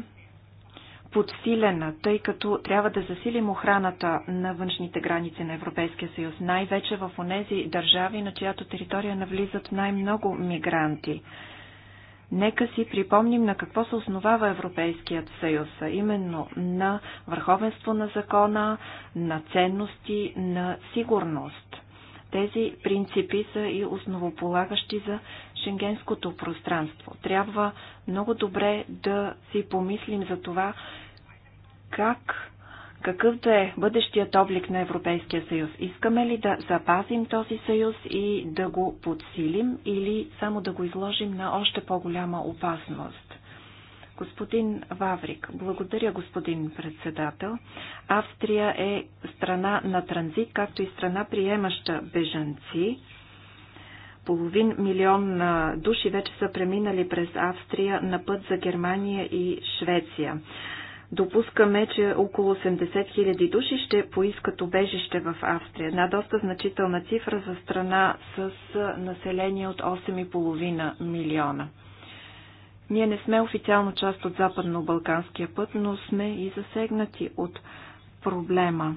подсилена, тъй като трябва да засилим охраната на външните граници на Европейския съюз, най-вече в онези държави, на чиято територия навлизат най-много мигранти. Нека си припомним на какво се основава Европейският съюз, а именно на върховенство на закона, на ценности, на сигурност. Тези принципи са и основополагащи за шенгенското пространство. Трябва много добре да си помислим за това как какъв да е бъдещият облик на Европейския съюз. Искаме ли да запазим този съюз и да го подсилим или само да го изложим на още по-голяма опасност? Господин Ваврик, благодаря господин председател. Австрия е страна на транзит, както и страна приемаща бежанци. Половин милион души вече са преминали през Австрия на път за Германия и Швеция. Допускаме, че около 80 хиляди души ще поискат убежище в Австрия. Една доста значителна цифра за страна с население от 8,5 милиона. Ние не сме официално част от Западно-Балканския път, но сме и засегнати от проблема.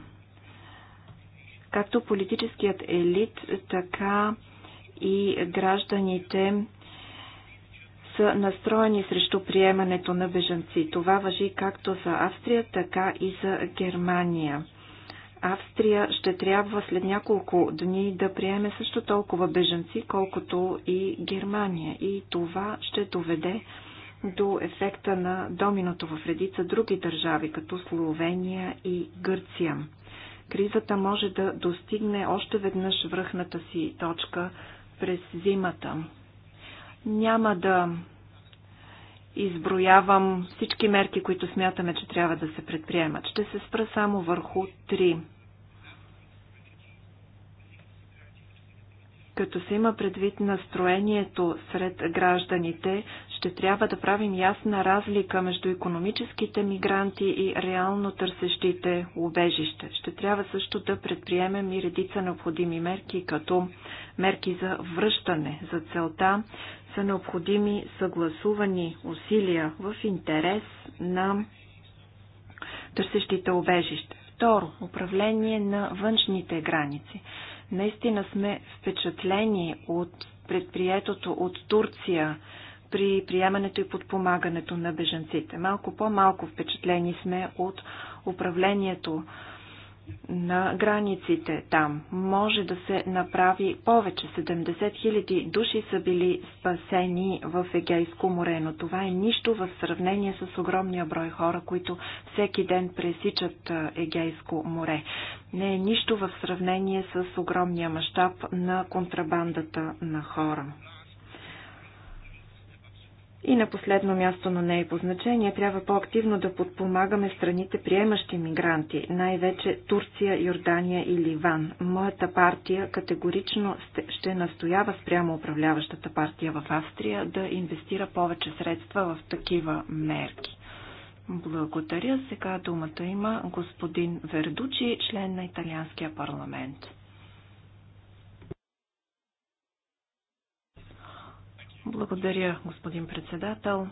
Както политическият елит, така и гражданите са настроени срещу приемането на бежанци. Това въжи както за Австрия, така и за Германия. Австрия ще трябва след няколко дни да приеме също толкова бежанци, колкото и Германия. И това ще доведе до ефекта на доминото в редица други държави, като Словения и Гърция. Кризата може да достигне още веднъж връхната си точка през зимата. Няма да изброявам всички мерки, които смятаме, че трябва да се предприемат. Ще се спра само върху три. Като се има предвид настроението сред гражданите, ще трябва да правим ясна разлика между економическите мигранти и реално търсещите убежище. Ще трябва също да предприемем и редица необходими мерки, като мерки за връщане. За целта са необходими съгласувани усилия в интерес на търсещите убежище. Второ, управление на външните граници. Наистина сме впечатлени от предприетото от Турция при приемането и подпомагането на бежанците. Малко по-малко впечатлени сме от управлението на границите там. Може да се направи повече. 70 хиляди души са били спасени в Егейско море, но това е нищо в сравнение с огромния брой хора, които всеки ден пресичат Егейско море. Не е нищо в сравнение с огромния мащаб на контрабандата на хора. И на последно място, но не е по значение, трябва по-активно да подпомагаме страните приемащи мигранти, най-вече Турция, Йордания и Ливан. Моята партия категорично ще настоява спрямо управляващата партия в Австрия да инвестира повече средства в такива мерки. Благодаря. Сега думата има господин Вердучи, член на Италианския парламент. Благодаря, господин председател.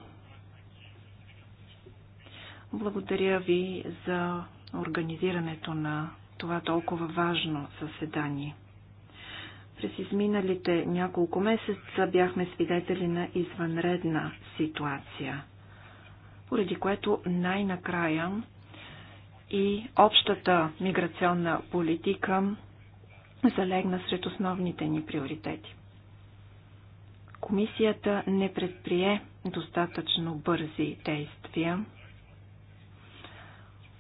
Благодаря ви за организирането на това толкова важно съседание. През изминалите няколко месеца бяхме свидетели на извънредна ситуация, поради което най-накрая и общата миграционна политика залегна сред основните ни приоритети. Комисията не предприе достатъчно бързи действия.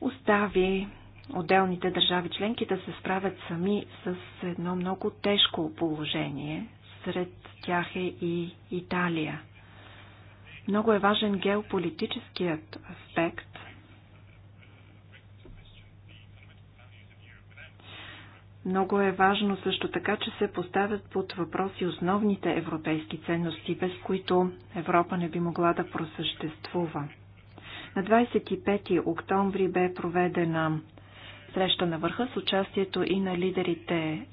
Остави отделните държави членки да се справят сами с едно много тежко положение. Сред тях е и Италия. Много е важен геополитическият аспект, Много е важно също така, че се поставят под въпроси основните европейски ценности, без които Европа не би могла да просъществува. На 25 октомври бе проведена среща на върха с участието и на лидерите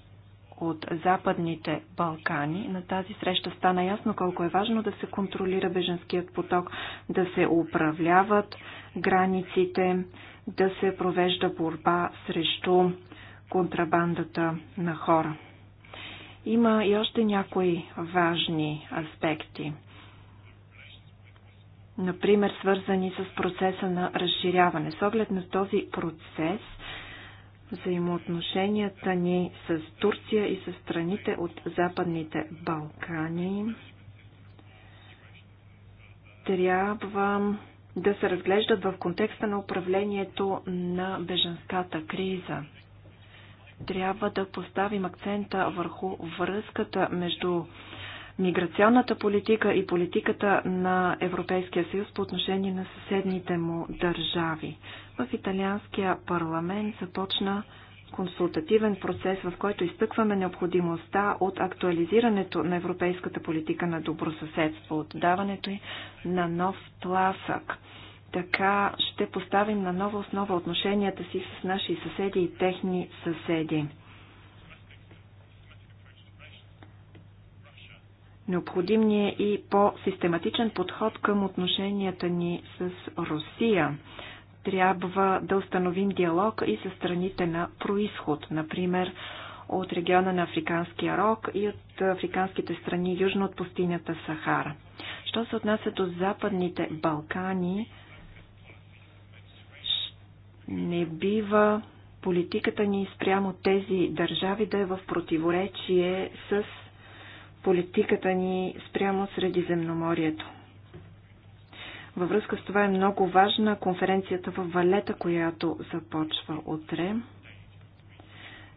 от Западните Балкани. На тази среща стана ясно колко е важно да се контролира беженският поток, да се управляват границите, да се провежда борба срещу контрабандата на хора. Има и още някои важни аспекти. Например, свързани с процеса на разширяване. С оглед на този процес, взаимоотношенията ни с Турция и с страните от Западните Балкани трябва да се разглеждат в контекста на управлението на беженската криза. Трябва да поставим акцента върху връзката между миграционната политика и политиката на Европейския съюз по отношение на съседните му държави. В италианския парламент започна консултативен процес, в който изтъкваме необходимостта от актуализирането на европейската политика на добросъседство, от даването й на нов тласък. Така ще поставим на нова основа отношенията си с наши съседи и техни съседи. Необходим ни е и по-систематичен подход към отношенията ни с Русия. Трябва да установим диалог и с страните на происход, например от региона на Африканския рог и от африканските страни южно от пустинята Сахара. Що се отнася до Западните Балкани, не бива политиката ни спрямо тези държави да е в противоречие с политиката ни спрямо Средиземноморието. Във връзка с това е много важна конференцията в Валета, която започва утре.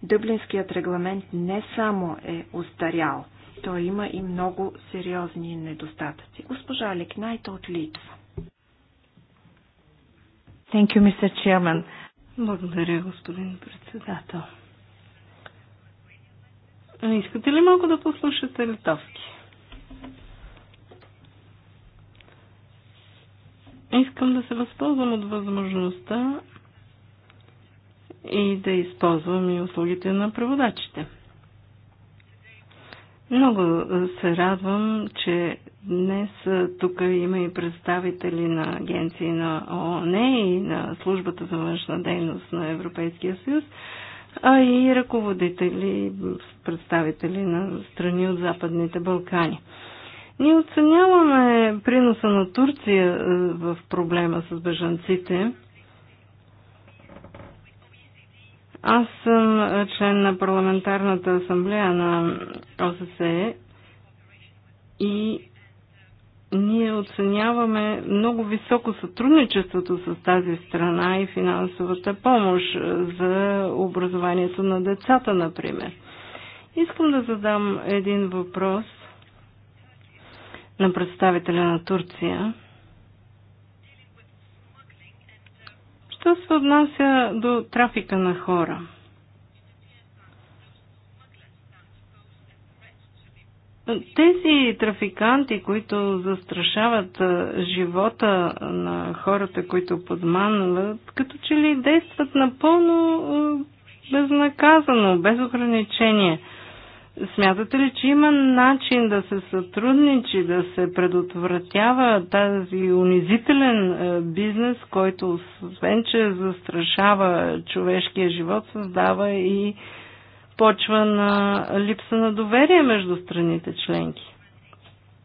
Дъблинският регламент не само е устарял, той има и много сериозни недостатъци. Госпожа Ликнайта от Литва. Thank you, Mr. Chairman. Благодаря, господин председател. Искате ли малко да послушате литовски? Искам да се възползвам от възможността и да използвам и услугите на преводачите. Много се радвам, че Днес тук има и представители на агенции на ООН и на Службата за външна дейност на Европейския съюз, а и ръководители, представители на страни от Западните Балкани. Ние оценяваме приноса на Турция в проблема с бежанците. Аз съм член на парламентарната асамблея на ОССЕ и ние оценяваме много високо сътрудничеството с тази страна и финансовата помощ е, за образованието на децата, например. Искам да задам един въпрос на представителя на Турция. Що се отнася до трафика на хора? Тези трафиканти, които застрашават живота на хората, които подманват, като че ли действат напълно безнаказано, без ограничение. Смятате ли, че има начин да се сътрудничи, да се предотвратява тази унизителен бизнес, който освен, че застрашава човешкия живот, създава и почва на липса на доверие между страните членки.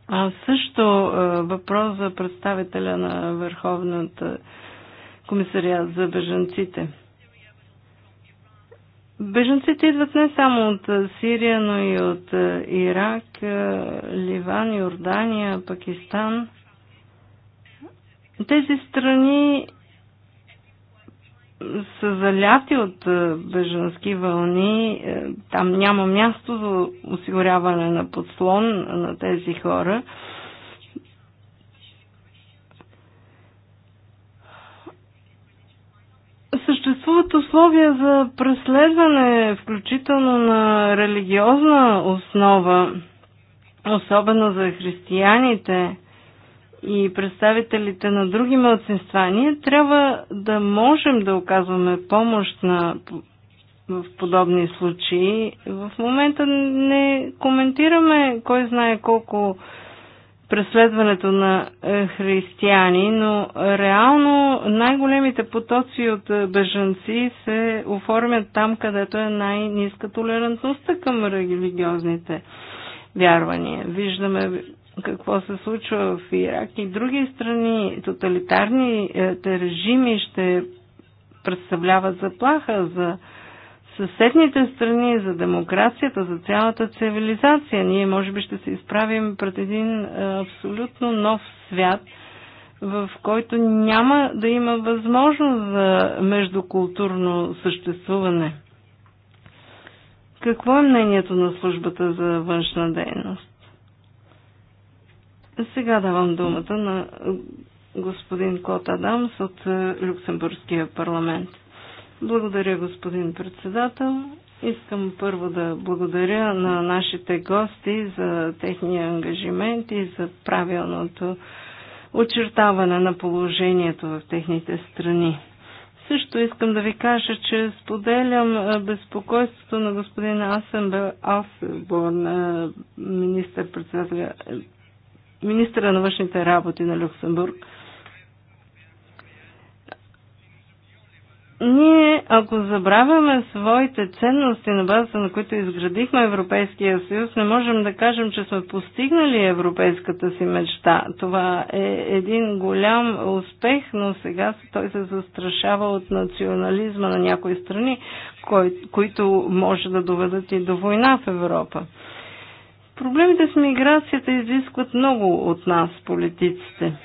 А също е, въпрос за представителя на Върховната комисария за бежанците. Бежанците идват не само от е, Сирия, но и от е, Ирак, Ливан, Йордания, Пакистан. Тези страни са заляти от е, бежански вълни. Е, там няма място за осигуряване на подслон на тези хора. Съществуват условия за преследване, включително на религиозна основа, особено за християните и представителите на други младсинства, ние трябва да можем да оказваме помощ на, в подобни случаи. В момента не коментираме кой знае колко преследването на е, християни, но реално най-големите потоци от е, бежанци се оформят там, където е най-низка толерантността към религиозните вярвания. Виждаме какво се случва в Ирак и други страни, тоталитарните режими ще представляват заплаха за съседните страни, за демокрацията, за цялата цивилизация. Ние може би ще се изправим пред един е, абсолютно нов свят, в който няма да има възможност за междукултурно съществуване. Какво е мнението на службата за външна дейност? Сега давам думата на е, господин Кот Адамс от е, Люксембургския парламент. Благодаря, господин председател. Искам първо да благодаря на нашите гости за техния ангажимент и за правилното очертаване на положението в техните страни. Също искам да ви кажа, че споделям е, безпокойството на господин Асенборн, министър-председателя министра на външните работи на Люксембург. Ние, ако забравяме своите ценности на базата, на които изградихме Европейския съюз, не можем да кажем, че сме постигнали европейската си мечта. Това е един голям успех, но сега той се застрашава от национализма на някои страни, които може да доведат и до война в Европа. Проблемите с миграцията изискват много от нас, политиците.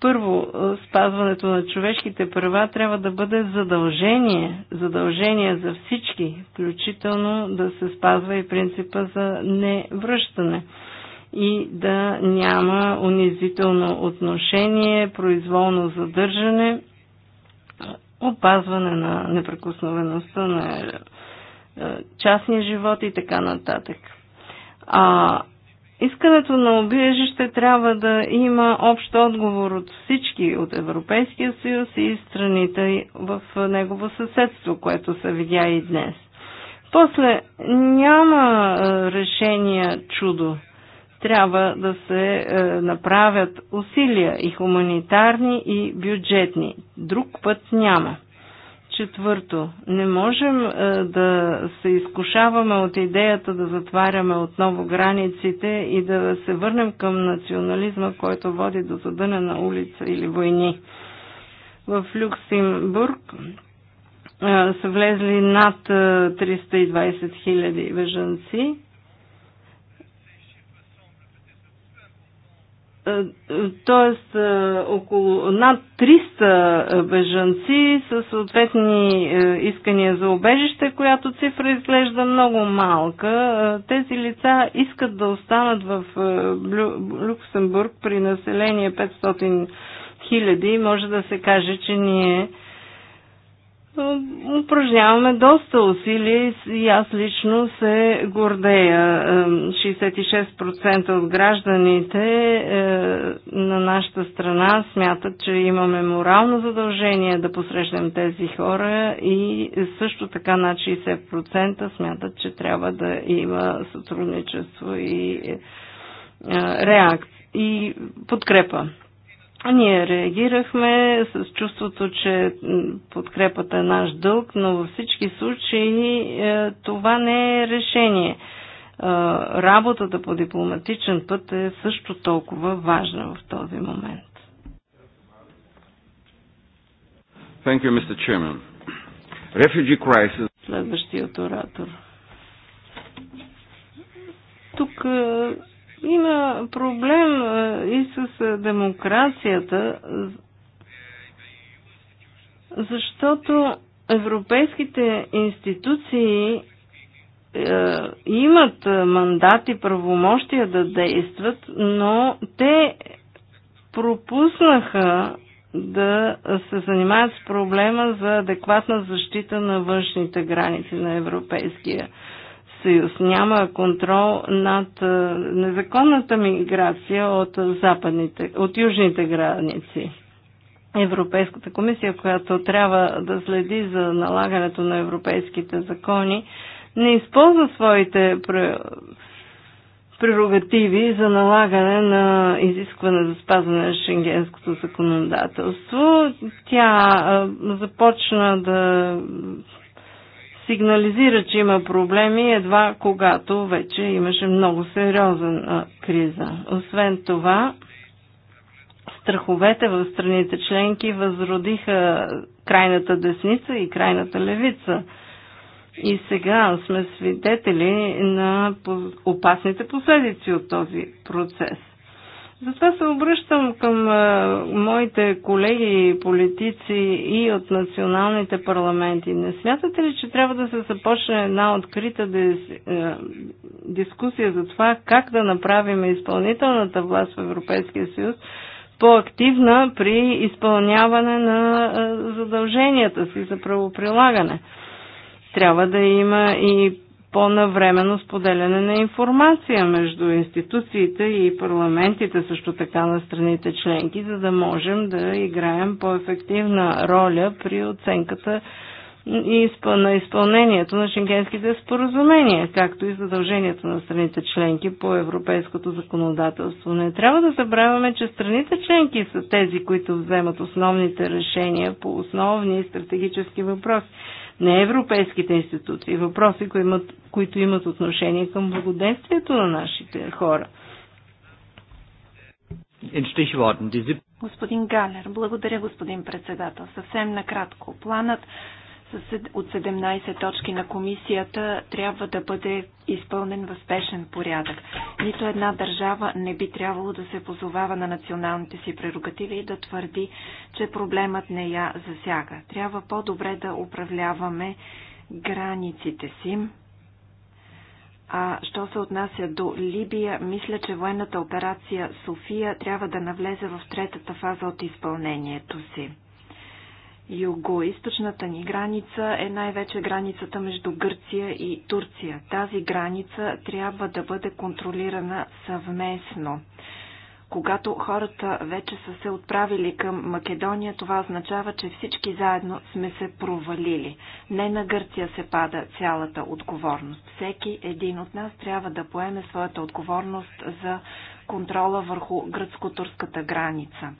Първо, е, спазването на човешките права трябва да бъде задължение, задължение за всички, включително да се спазва и принципа за невръщане и да няма унизително отношение, произволно задържане, опазване на непрекосновеността на е, частния живот и така нататък. А искането на обижище трябва да има общ отговор от всички, от Европейския съюз и страните в негово съседство, което се видя и днес. После няма решения чудо. Трябва да се е, направят усилия и хуманитарни, и бюджетни. Друг път няма. Четвърто, не можем е, да се изкушаваме от идеята да затваряме отново границите и да се върнем към национализма, който води до задъна на улица или войни. В Люксембург е, са влезли над 320 е, хиляди бежанци т.е. около над 300 бежанци с съответни е, искания за обежище, която цифра изглежда много малка. Е, тези лица искат да останат в е, Люксембург при население 500 хиляди. Може да се каже, че ние упражняваме доста усилия и аз лично се гордея. 66% от гражданите е, на нашата страна смятат, че имаме морално задължение да посрещнем тези хора и също така на 60% смятат, че трябва да има сътрудничество и е, реакция и подкрепа. Ние реагирахме с чувството, че подкрепата е наш дълг, но във всички случаи е, това не е решение. Е, работата по дипломатичен път е също толкова важна в този момент. Thank you, Mr. Chairman. Refugee crisis. Следващият оратор. Тук е, има проблем и с демокрацията, защото европейските институции имат мандат и правомощия да действат, но те пропуснаха да се занимават с проблема за адекватна защита на външните граници на Европейския съюз, няма контрол над е, незаконната миграция от, западните, от южните граници. Европейската комисия, която трябва да следи за налагането на европейските закони, не използва своите прерогативи за налагане на изискване за спазване на шенгенското законодателство. Тя е, започна да сигнализира, че има проблеми едва когато вече имаше много сериозна криза. Освен това, страховете в страните членки възродиха крайната десница и крайната левица. И сега сме свидетели на опасните последици от този процес. Затова се обръщам към моите колеги политици и от националните парламенти. Не смятате ли, че трябва да се започне една открита дис, е, дискусия за това как да направим изпълнителната власт в Европейския съюз по-активна при изпълняване на задълженията си за правоприлагане? Трябва да има и по-навременно споделяне на информация между институциите и парламентите, също така на страните членки, за да можем да играем по-ефективна роля при оценката на изпълнението на шенгенските споразумения, както и задължението на страните членки по европейското законодателство. Не трябва да забравяме, че страните членки са тези, които вземат основните решения по основни стратегически въпроси на европейските институции, въпроси, които имат, които имат отношение към благоденствието на нашите хора. Господин Галер, благодаря господин председател. Съвсем накратко. Планът от 17 точки на комисията трябва да бъде изпълнен в спешен порядък. Нито една държава не би трябвало да се позовава на националните си прерогативи и да твърди, че проблемът не я засяга. Трябва по-добре да управляваме границите си. А що се отнася до Либия, мисля, че военната операция София трябва да навлезе в третата фаза от изпълнението си. Юго-источната ни граница е най-вече границата между Гърция и Турция. Тази граница трябва да бъде контролирана съвместно. Когато хората вече са се отправили към Македония, това означава, че всички заедно сме се провалили. Не на Гърция се пада цялата отговорност. Всеки един от нас трябва да поеме своята отговорност за контрола върху гръцко-турската граница.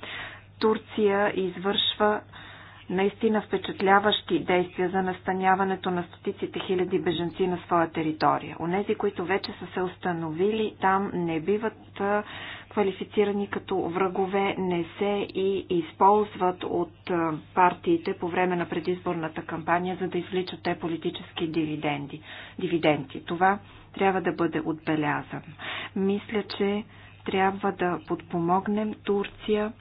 Турция извършва наистина впечатляващи действия за настаняването на стотиците хиляди беженци на своя територия. Онези, които вече са се установили там, не биват квалифицирани като врагове, не се и използват от партиите по време на предизборната кампания, за да извличат те политически дивиденди. дивиденти. Това трябва да бъде отбелязано. Мисля, че трябва да подпомогнем Турция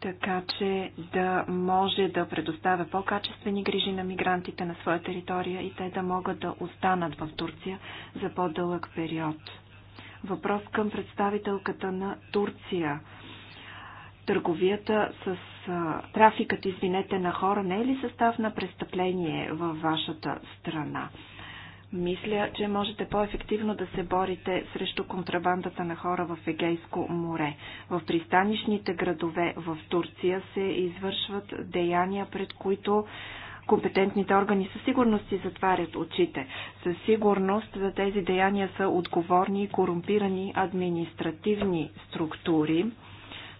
така че да може да предоставя по-качествени грижи на мигрантите на своя територия и те да могат да останат в Турция за по-дълъг период. Въпрос към представителката на Турция. Търговията с трафикът, извинете, на хора не е ли състав на престъпление във вашата страна? Мисля, че можете по-ефективно да се борите срещу контрабандата на хора в Егейско море. В пристанищните градове в Турция се извършват деяния, пред които компетентните органи със сигурност си затварят очите. Със сигурност за тези деяния са отговорни и корумпирани административни структури.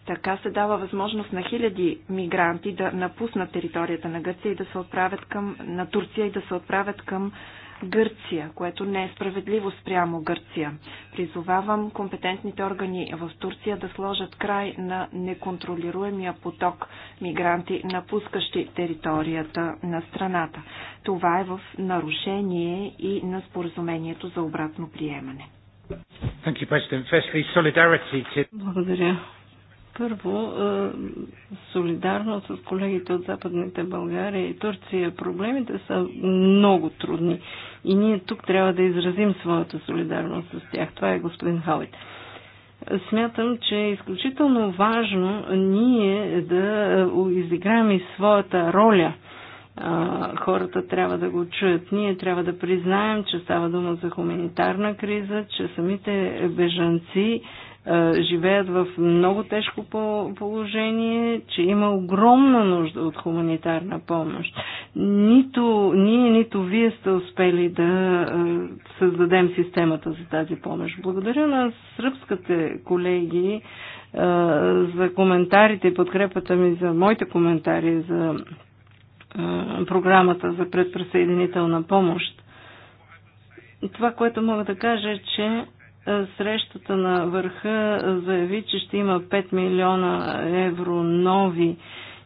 Така се дава възможност на хиляди мигранти да напуснат територията на Гърция и да се отправят към, на Турция и да се отправят към Гърция, което не е справедливо спрямо Гърция. Призовавам компетентните органи в Турция да сложат край на неконтролируемия поток мигранти, напускащи територията на страната. Това е в нарушение и на споразумението за обратно приемане. Благодаря. Първо, е, солидарно с колегите от Западните България и Турция, проблемите са много трудни и ние тук трябва да изразим своята солидарност с тях. Това е господин Халит. Смятам, че е изключително важно ние да е, изиграем и своята роля е, – хората трябва да го чуят. Ние трябва да признаем, че става дума за хуманитарна криза, че самите бежанци живеят в много тежко положение, че има огромна нужда от хуманитарна помощ. Нито ние, нито вие сте успели да създадем системата за тази помощ. Благодаря на сръбските колеги за коментарите и подкрепата ми за моите коментари за програмата за предприсъединителна помощ. Това, което мога да кажа е, че срещата на върха заяви, че ще има 5 милиона евро нови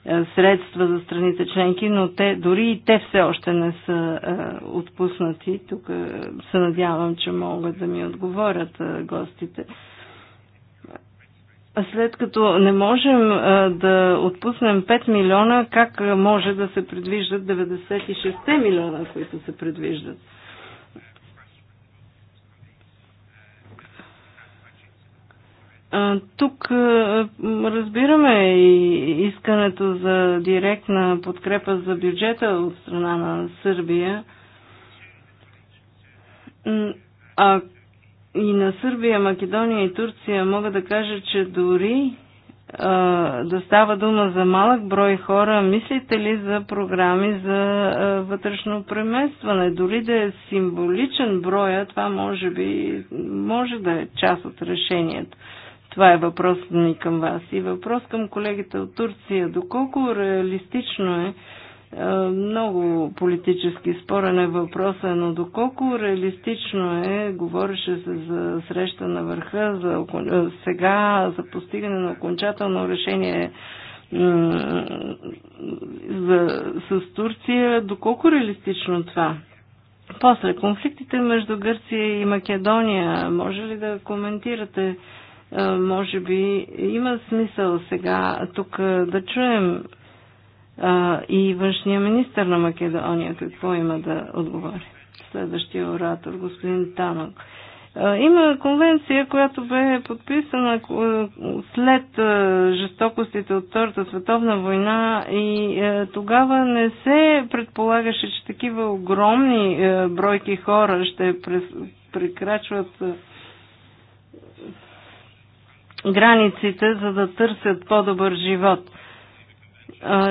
е, средства за страните членки, но те, дори и те все още не са е, отпуснати. Тук е, се надявам, че могат да ми отговорят гостите. След като не можем да отпуснем 5 милиона, как може да се предвиждат 96 милиона, които се предвиждат? Тук разбираме и искането за директна подкрепа за бюджета от страна на Сърбия. А и на Сърбия, Македония и Турция мога да кажа, че дори да става дума за малък брой хора, мислите ли за програми за вътрешно преместване? Дори да е символичен броя, това може би може да е част от решението. Това е въпрос ми към вас. И въпрос към колегите от Турция. Доколко реалистично е много политически спорен е въпроса, но доколко реалистично е, говореше се за среща на върха, за, сега за постигане на окончателно решение за, с Турция, доколко реалистично това? После конфликтите между Гърция и Македония, може ли да коментирате? Е, може би има смисъл сега тук да чуем е, и външния министр на Македония какво има да отговори. Следващия оратор, господин Танок. Е, има конвенция, която бе подписана след жестокостите от Втората световна война и тогава не се предполагаше, че такива огромни бройки хора ще прекрачват границите, за да търсят по-добър живот.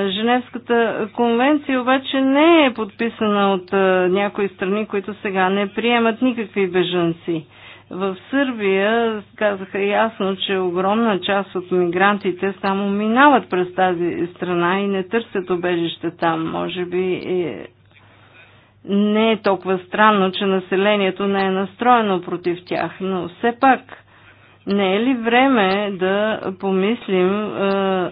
Женевската конвенция обаче не е подписана от някои страни, които сега не приемат никакви бежанци. В Сърбия казаха ясно, че огромна част от мигрантите само минават през тази страна и не търсят обежище там. Може би е... не е толкова странно, че населението не е настроено против тях, но все пак не е ли време да помислим е,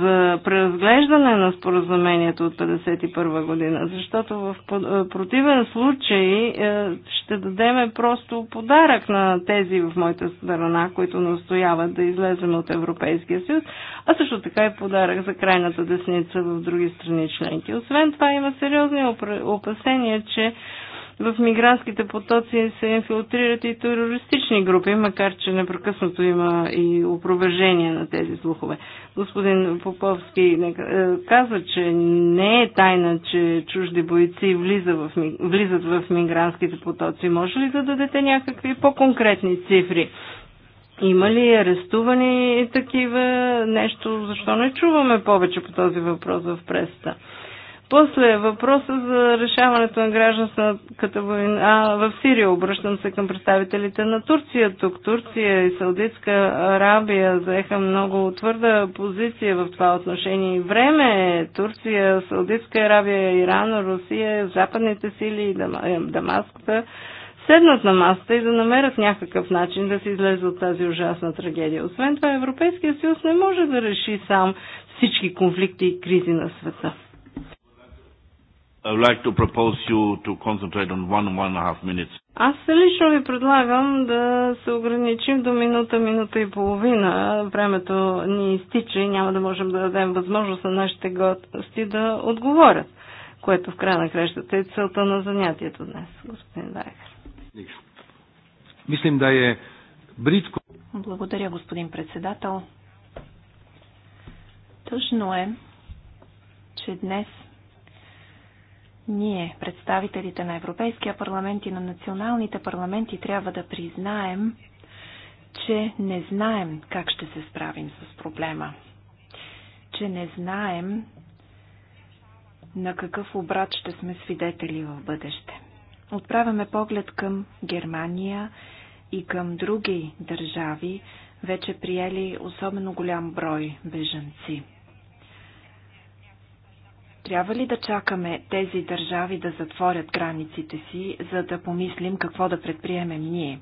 за преразглеждане на споразумението от 1951 година, защото в е, противен случай е, ще дадеме просто подарък на тези в моята страна, които настояват да излезем от Европейския съюз, а също така и подарък за крайната десница в други страни членки. Освен това има сериозни опасения, че в мигрантските потоци се инфилтрират и терористични групи, макар че непрекъснато има и опровержение на тези слухове. Господин Поповски е, каза, че не е тайна, че чужди бойци влиза в, влизат в мигрантските потоци. Може ли да дадете някакви по-конкретни цифри? Има ли арестувани такива нещо? Защо не чуваме повече по този въпрос в пресата? После въпроса за решаването на гражданската война в Сирия. Обръщам се към представителите на Турция. Тук Турция и Саудитска Арабия заеха много твърда позиция в това отношение. Време е Турция, Саудитска Арабия, Иран, Русия, Западните сили и е, Дамаската седнат на масата и да намерят някакъв начин да се излезе от тази ужасна трагедия. Освен това, Европейския съюз не може да реши сам всички конфликти и кризи на света like to propose you to concentrate on one, one and a half minutes. Аз лично ви предлагам да се ограничим до минута, минута и половина. Времето ни изтича и няма да можем да дадем възможност на нашите гости да отговорят, което в края на крещата е целта на занятието днес, господин Дайхер. Мислим да е бритко. Благодаря, господин председател. Тъжно е, че днес ние, представителите на Европейския парламент и на националните парламенти, трябва да признаем, че не знаем как ще се справим с проблема. Че не знаем на какъв обрат ще сме свидетели в бъдеще. Отправяме поглед към Германия и към други държави, вече приели особено голям брой бежанци. Трябва ли да чакаме тези държави да затворят границите си, за да помислим какво да предприемем ние?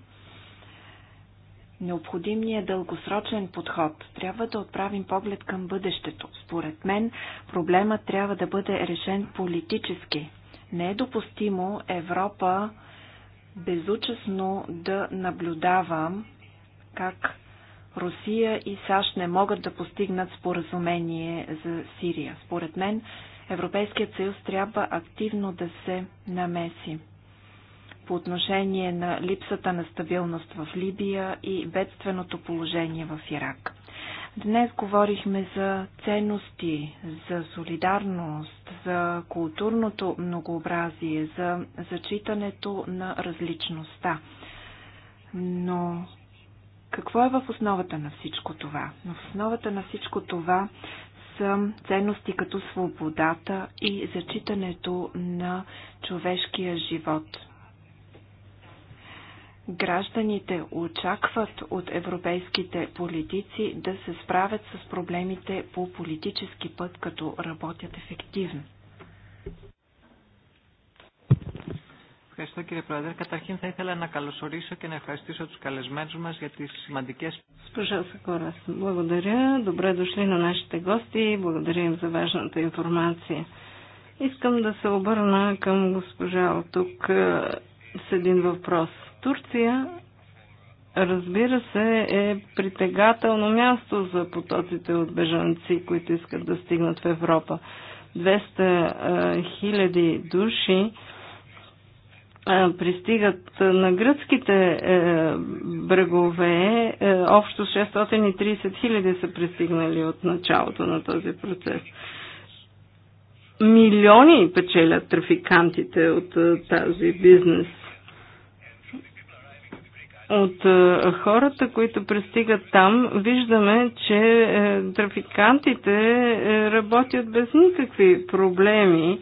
Необходим ни е дългосрочен подход. Трябва да отправим поглед към бъдещето. Според мен проблемът трябва да бъде решен политически. Не е допустимо Европа безучастно да наблюдава как Русия и САЩ не могат да постигнат споразумение за Сирия. Според мен Европейският съюз трябва активно да се намеси по отношение на липсата на стабилност в Либия и бедственото положение в Ирак. Днес говорихме за ценности, за солидарност, за културното многообразие, за зачитането на различността. Но какво е в основата на всичко това? В основата на всичко това ценности като свободата и зачитането на човешкия живот. Гражданите очакват от европейските политици да се справят с проблемите по политически път, като работят ефективно. Ευχαριστώ κύριε Πρόεδρε. Καταρχήν θα ήθελα να καλωσορίσω και να ευχαριστήσω τους καλεσμένους μας για τις σημαντικές... благодаря. Добре дошли на нашите гости и благодаря им за важната информация. Искам да се обърна към госпожа от тук е, с един въпрос. Турция, разбира се, е притегателно място за потоците от бежанци, които искат да стигнат в Европа. 200 е, хиляди души е, пристигат на гръцките е, брегове. Е, общо 630 хиляди са пристигнали от началото на този процес. Милиони печелят трафикантите от тази бизнес. От хората, които пристигат там, виждаме, че трафикантите работят без никакви проблеми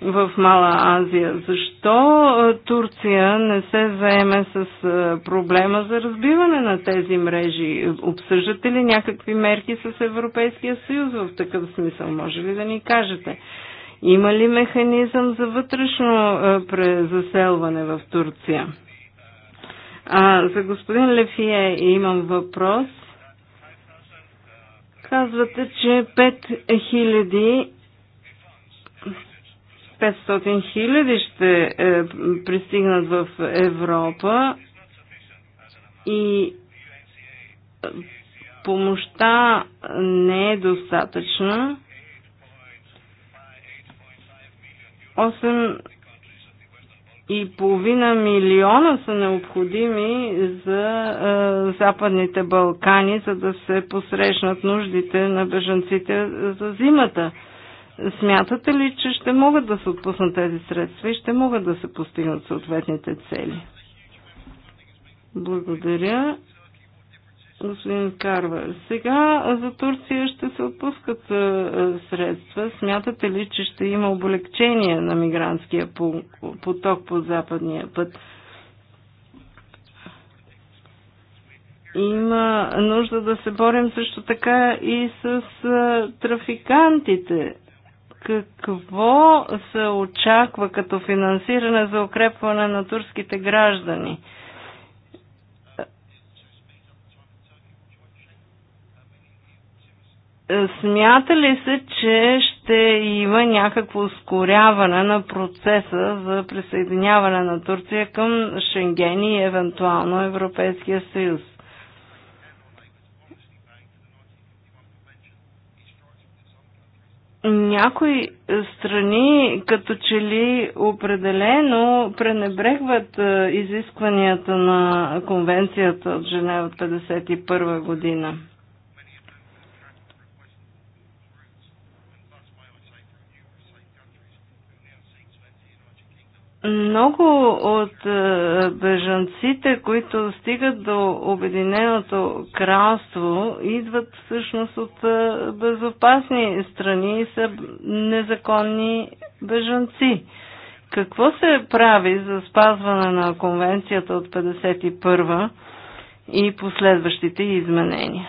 в Мала Азия. Защо Турция не се заеме с проблема за разбиване на тези мрежи? Обсъждате ли някакви мерки с Европейския съюз в такъв смисъл? Може ли да ни кажете? Има ли механизъм за вътрешно презаселване в Турция? А, за господин Лефие имам въпрос. Казвате, че 5000 500 хиляди ще е, пристигнат в Европа и е, помощта не е достатъчна. 8 и половина милиона са необходими за е, Западните Балкани, за да се посрещнат нуждите на бежанците за зимата. Е, Смятате ли, че ще могат да се отпуснат тези средства и ще могат да се постигнат съответните цели? Благодаря. Господин Карва, сега за Турция ще се отпускат средства. Смятате ли, че ще има облегчение на мигрантския поток по западния път? Има нужда да се борим също така и с трафикантите какво се очаква като финансиране за укрепване на турските граждани? Смята ли се, че ще има някакво ускоряване на процеса за присъединяване на Турция към Шенген и евентуално Европейския съюз? някои страни като че ли определено пренебрегват е, изискванията на конвенцията от Женева от 1951 година. Много от е, бежанците, които стигат до Обединеното кралство, идват всъщност от е, безопасни страни и са незаконни бежанци. Какво се прави за спазване на конвенцията от 51 и последващите изменения?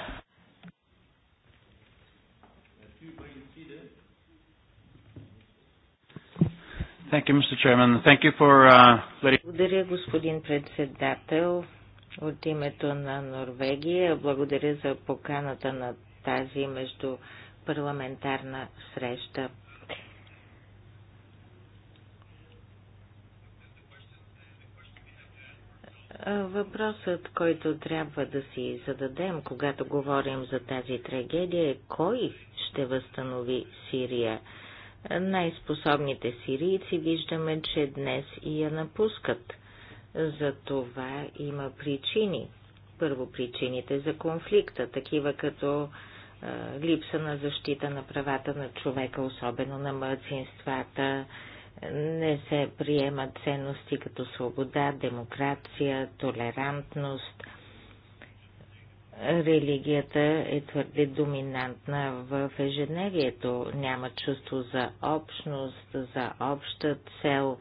Uh, благодаря, господин председател. От името на Норвегия благодаря за поканата на тази между парламентарна среща. Въпросът, който трябва да си зададем, когато говорим за тази трагедия е кой ще възстанови Сирия? най-способните сирийци виждаме, че днес и я напускат. За това има причини. Първо причините за конфликта, такива като е, липса на защита на правата на човека, особено на младсинствата, не се приемат ценности като свобода, демокрация, толерантност – религията е твърде доминантна в ежедневието. Няма чувство за общност, за обща цел.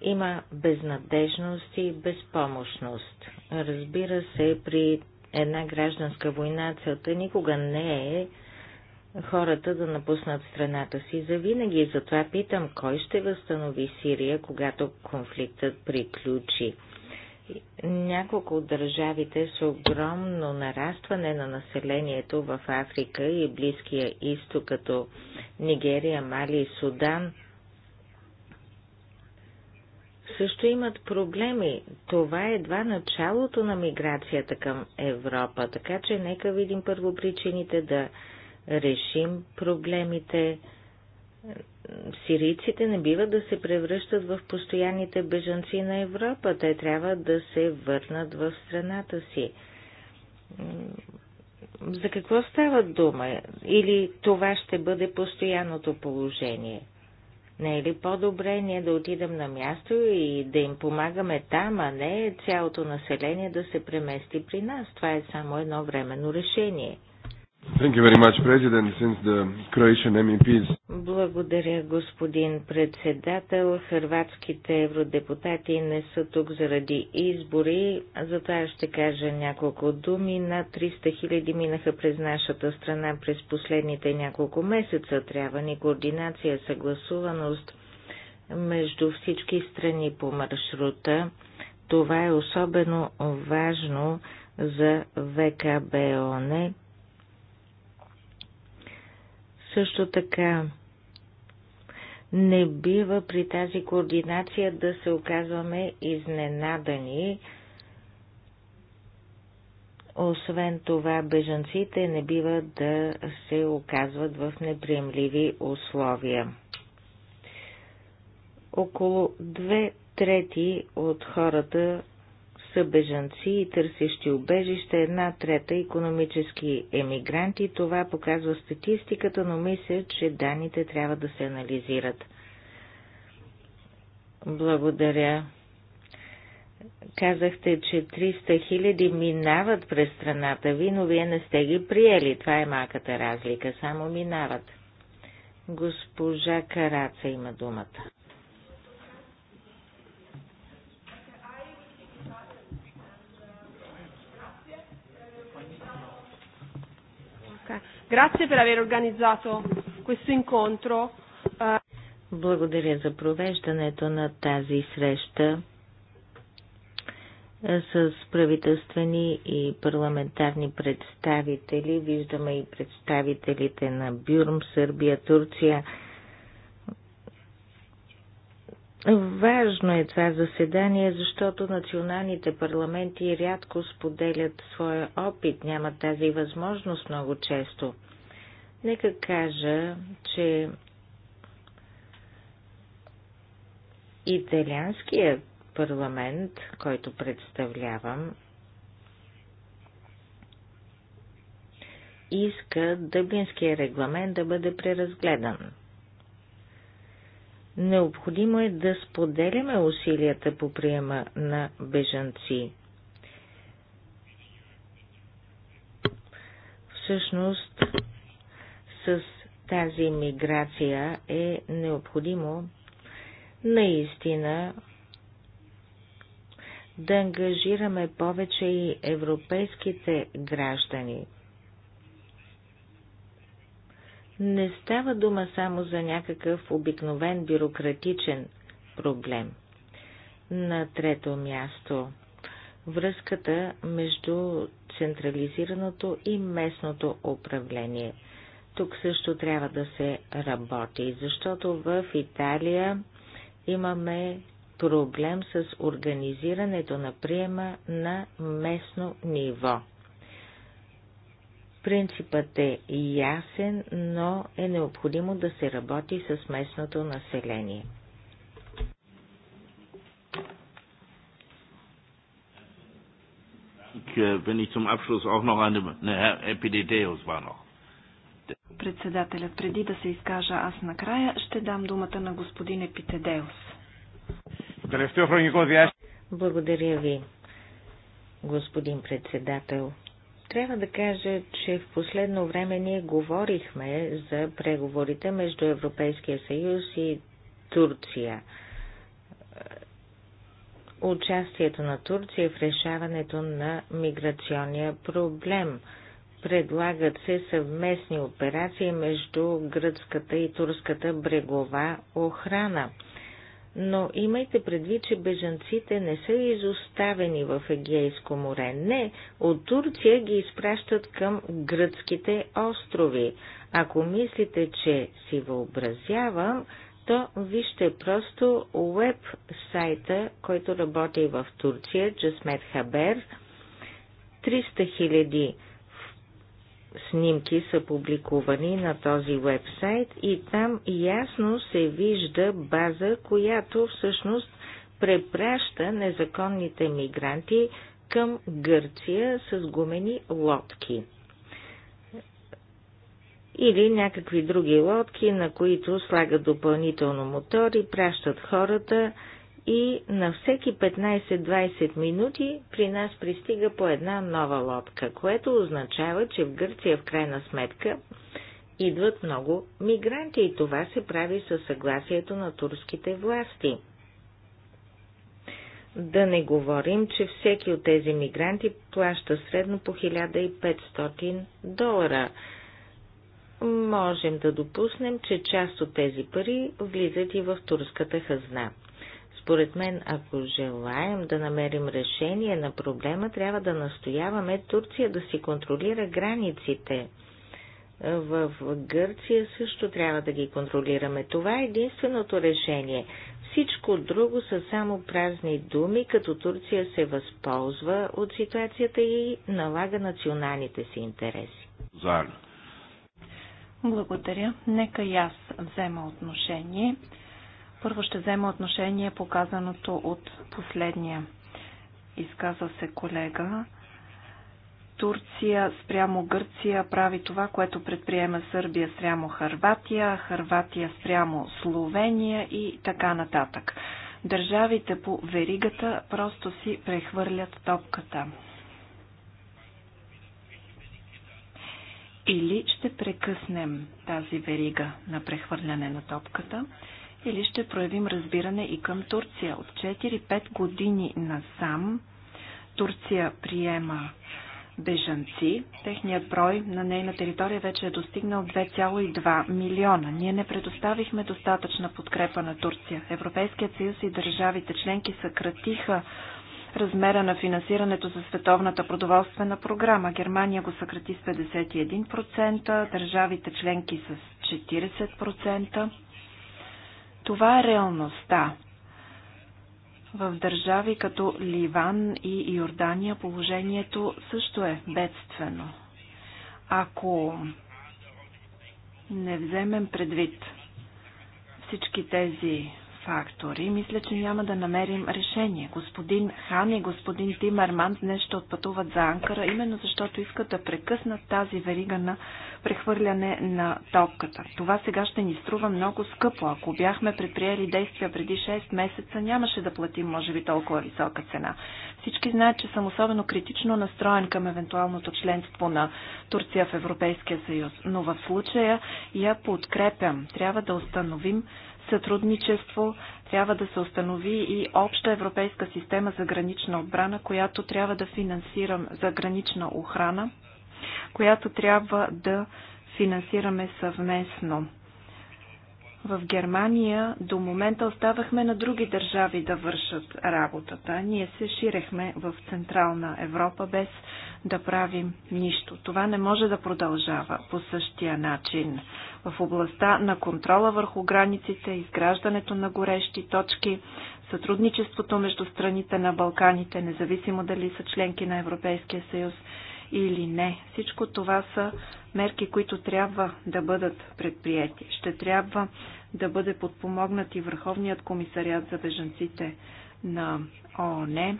Има безнадежност и безпомощност. Разбира се, при една гражданска война целта никога не е хората да напуснат страната си за винаги. Затова питам, кой ще възстанови Сирия, когато конфликтът приключи? Няколко от държавите с огромно нарастване на населението в Африка и Близкия изток, като Нигерия, Мали и Судан, също имат проблеми. Това е едва началото на миграцията към Европа, така че нека видим първо причините да решим проблемите, сирийците не бива да се превръщат в постоянните бежанци на Европа. Те трябва да се върнат в страната си. За какво става дума? Или това ще бъде постоянното положение? Не е ли по-добре ние да отидем на място и да им помагаме там, а не цялото население да се премести при нас? Това е само едно временно решение – Thank you very much, President, since the Croatian MEPs. Благодаря, господин председател. Хрватските евродепутати не са тук заради избори, затова ще кажа няколко думи. На 300 хиляди минаха през нашата страна през последните няколко месеца. Трябва ни координация, съгласуваност между всички страни по маршрута. Това е особено важно за ВКБОНЕ. Също така, не бива при тази координация да се оказваме изненадани. Освен това, бежанците не бива да се оказват в неприемливи условия. Около две трети от хората са бежанци и търсещи убежище, една трета економически емигранти. Това показва статистиката, но мисля, че данните трябва да се анализират. Благодаря. Казахте, че 300 хиляди минават през страната ви, но вие не сте ги приели. Това е малката разлика. Само минават. Госпожа Караца има думата. Grazie per aver organizzato questo incontro. Eh, Благодаря за провеждането на тази среща е, с правителствени и парламентарни представители. Виждаме и представителите на Бюрм, Сърбия, Турция. Важно е това заседание, защото националните парламенти рядко споделят своя опит, нямат тази възможност много често. Нека кажа, че италианският парламент, който представлявам, иска дъблинския регламент да бъде преразгледан. Необходимо е да споделяме усилията по приема на бежанци. Всъщност, с тази миграция е необходимо наистина да ангажираме повече и европейските граждани – не става дума само за някакъв обикновен бюрократичен проблем. На трето място връзката между централизираното и местното управление. Тук също трябва да се работи, защото в Италия имаме проблем с организирането на приема на местно ниво. Принципът е ясен, но е необходимо да се работи с местното население. Eh, Председателя, преди да се изкажа аз накрая, ще дам думата на господин Епитедеус. Благодаря ви, господин председател. Трябва да кажа, че в последно време ние говорихме за преговорите между Европейския съюз и Турция. Участието на Турция в решаването на миграционния проблем. Предлагат се съвместни операции между гръцката и турската брегова охрана но имайте предвид, че бежанците не са изоставени в Егейско море. Не, от Турция ги изпращат към гръцките острови. Ако мислите, че си въобразявам, то вижте просто веб-сайта, който работи в Турция, Джасмет Хабер, 300 000 снимки са публикувани на този вебсайт и там ясно се вижда база, която всъщност препраща незаконните мигранти към Гърция с гумени лодки. Или някакви други лодки, на които слагат допълнително мотори, пращат хората и на всеки 15-20 минути при нас пристига по една нова лодка, което означава, че в Гърция в крайна сметка идват много мигранти и това се прави със съгласието на турските власти. Да не говорим, че всеки от тези мигранти плаща средно по 1500 долара. Можем да допуснем, че част от тези пари влизат и в турската хазна. Според мен, ако желаем да намерим решение на проблема, трябва да настояваме Турция да си контролира границите. В Гърция също трябва да ги контролираме. Това е единственото решение. Всичко друго са само празни думи, като Турция се възползва от ситуацията и налага националните си интереси. Заедно. Благодаря. Нека и аз взема отношение. Първо ще взема отношение по казаното от последния Изказа се колега. Турция спрямо Гърция прави това, което предприема Сърбия спрямо Харватия, Харватия спрямо Словения и така нататък. Държавите по веригата просто си прехвърлят топката. Или ще прекъснем тази верига на прехвърляне на топката, или ще проявим разбиране и към Турция. От 4-5 години насам Турция приема бежанци. Техният брой на нейна територия вече е достигнал 2,2 милиона. Ние не предоставихме достатъчна подкрепа на Турция. Европейският съюз и държавите членки съкратиха размера на финансирането за Световната продоволствена програма. Германия го съкрати с 51%, държавите членки с 40%. Това е реалността. В държави като Ливан и Йордания положението също е бедствено. Ако не вземем предвид всички тези фактори, мисля, че няма да намерим решение. Господин Хан и господин Тимарман днес ще отпътуват за Анкара, именно защото искат да прекъснат тази верига на прехвърляне на топката. Това сега ще ни струва много скъпо. Ако бяхме предприели действия преди 6 месеца, нямаше да платим, може би, толкова висока цена. Всички знаят, че съм особено критично настроен към евентуалното членство на Турция в Европейския съюз, но в случая я подкрепям. Трябва да установим сътрудничество, трябва да се установи и обща европейска система за гранична отбрана, която трябва да финансирам за гранична охрана, която трябва да финансираме съвместно. В Германия до момента оставахме на други държави да вършат работата. Ние се ширехме в Централна Европа без да правим нищо. Това не може да продължава по същия начин. В областта на контрола върху границите, изграждането на горещи точки, сътрудничеството между страните на Балканите, независимо дали са членки на Европейския съюз – или не. Всичко това са мерки, които трябва да бъдат предприяти. Ще трябва да бъде подпомогнат и Върховният комисариат за бежанците на ООН.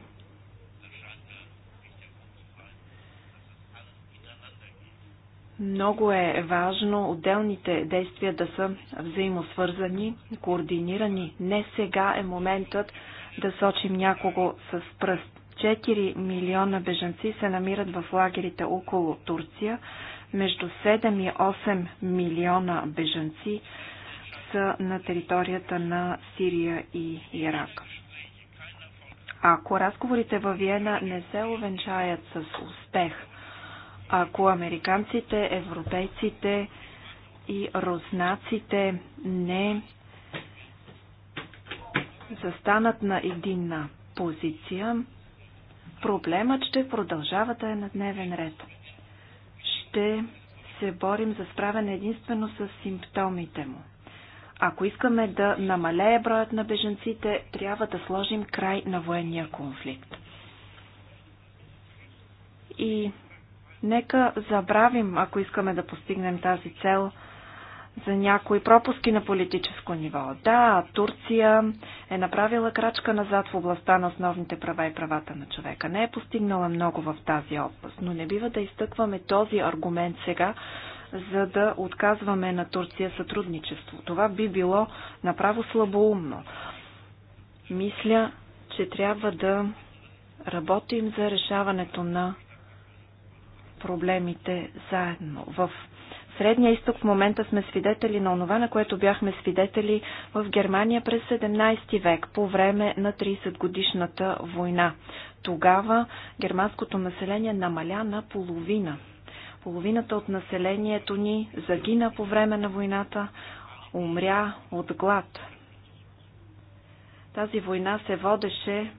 Много е важно отделните действия да са взаимосвързани, координирани. Не сега е моментът да сочим някого с пръст. 4 милиона бежанци се намират в лагерите около Турция. Между 7 и 8 милиона бежанци са на територията на Сирия и Ирак. Ако разговорите във Виена не се увенчаят с успех, ако американците, европейците и руснаците не застанат на единна позиция, проблемът ще продължава да е на дневен ред. Ще се борим за справяне единствено с симптомите му. Ако искаме да намалее броят на беженците, трябва да сложим край на военния конфликт. И нека забравим, ако искаме да постигнем тази цел – за някои пропуски на политическо ниво. Да, Турция е направила крачка назад в областта на основните права и правата на човека. Не е постигнала много в тази област, но не бива да изтъкваме този аргумент сега, за да отказваме на Турция сътрудничество. Това би било направо слабоумно. Мисля, че трябва да работим за решаването на проблемите заедно. В Средния изток в момента сме свидетели на онова, на което бяхме свидетели в Германия през 17 век, по време на 30-годишната война. Тогава германското население намаля на половина. Половината от населението ни загина по време на войната, умря от глад. Тази война се водеше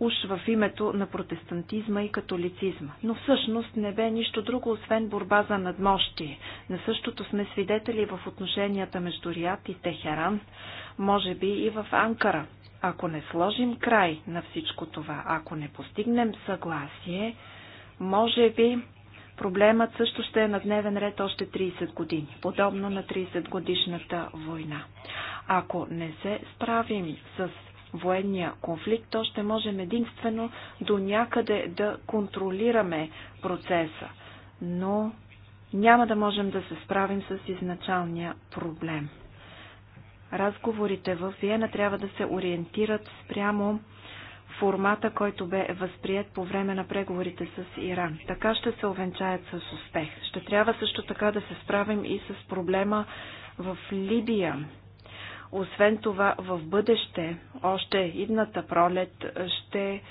уж в името на протестантизма и католицизма. Но всъщност не бе нищо друго, освен борба за надмощие. На същото сме свидетели в отношенията между Риад и Техеран, може би и в Анкара. Ако не сложим край на всичко това, ако не постигнем съгласие, може би проблемът също ще е на дневен ред още 30 години, подобно на 30 годишната война. Ако не се справим с военния конфликт, то ще можем единствено до някъде да контролираме процеса. Но няма да можем да се справим с изначалния проблем. Разговорите в Виена трябва да се ориентират спрямо формата, който бе възприят по време на преговорите с Иран. Така ще се овенчаят с успех. Ще трябва също така да се справим и с проблема в Либия. Освен това, в бъдеще, още идната пролет, ще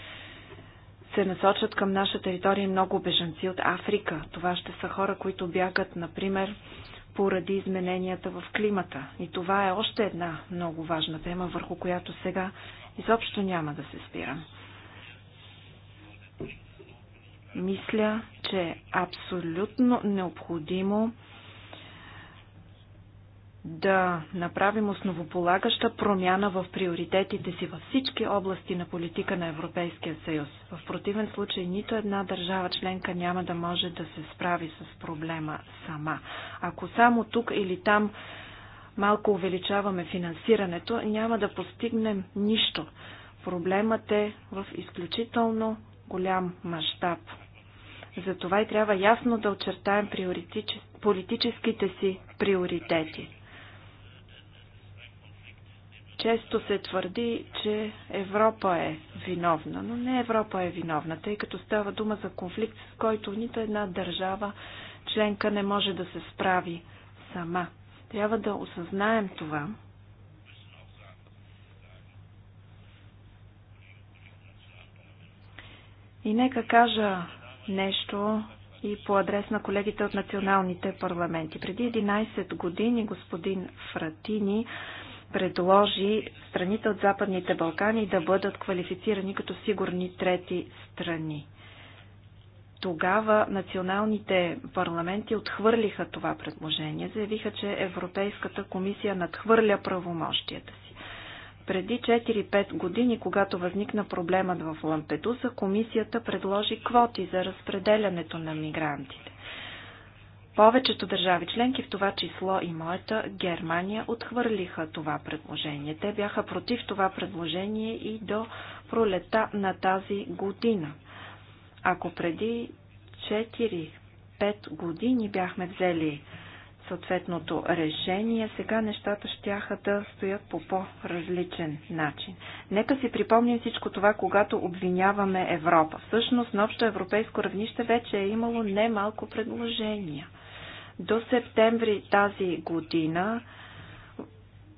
се насочат към наша територия много бежанци от Африка. Това ще са хора, които бягат, например, поради измененията в климата. И това е още една много важна тема, върху която сега изобщо няма да се спирам. Мисля, че е абсолютно необходимо да направим основополагаща промяна в приоритетите си във всички области на политика на Европейския съюз. В противен случай нито една държава членка няма да може да се справи с проблема сама. Ако само тук или там малко увеличаваме финансирането, няма да постигнем нищо. Проблемът е в изключително голям мащаб. Затова и трябва ясно да очертаем политическите си приоритети. Често се твърди, че Европа е виновна, но не Европа е виновна, тъй като става дума за конфликт, с който нито една държава членка не може да се справи сама. Трябва да осъзнаем това. И нека кажа нещо и по адрес на колегите от националните парламенти. Преди 11 години господин Фратини предложи страните от Западните Балкани да бъдат квалифицирани като сигурни трети страни. Тогава националните парламенти отхвърлиха това предложение, заявиха, че Европейската комисия надхвърля правомощията си. Преди 4-5 години, когато възникна проблемът в Лампедуса, комисията предложи квоти за разпределянето на мигрантите. Повечето държави членки, в това число и моята Германия, отхвърлиха това предложение. Те бяха против това предложение и до пролета на тази година. Ако преди 4-5 години бяхме взели съответното решение, сега нещата ще да стоят по по-различен начин. Нека си припомним всичко това, когато обвиняваме Европа. Всъщност на общо европейско равнище вече е имало немалко предложения. До септември тази година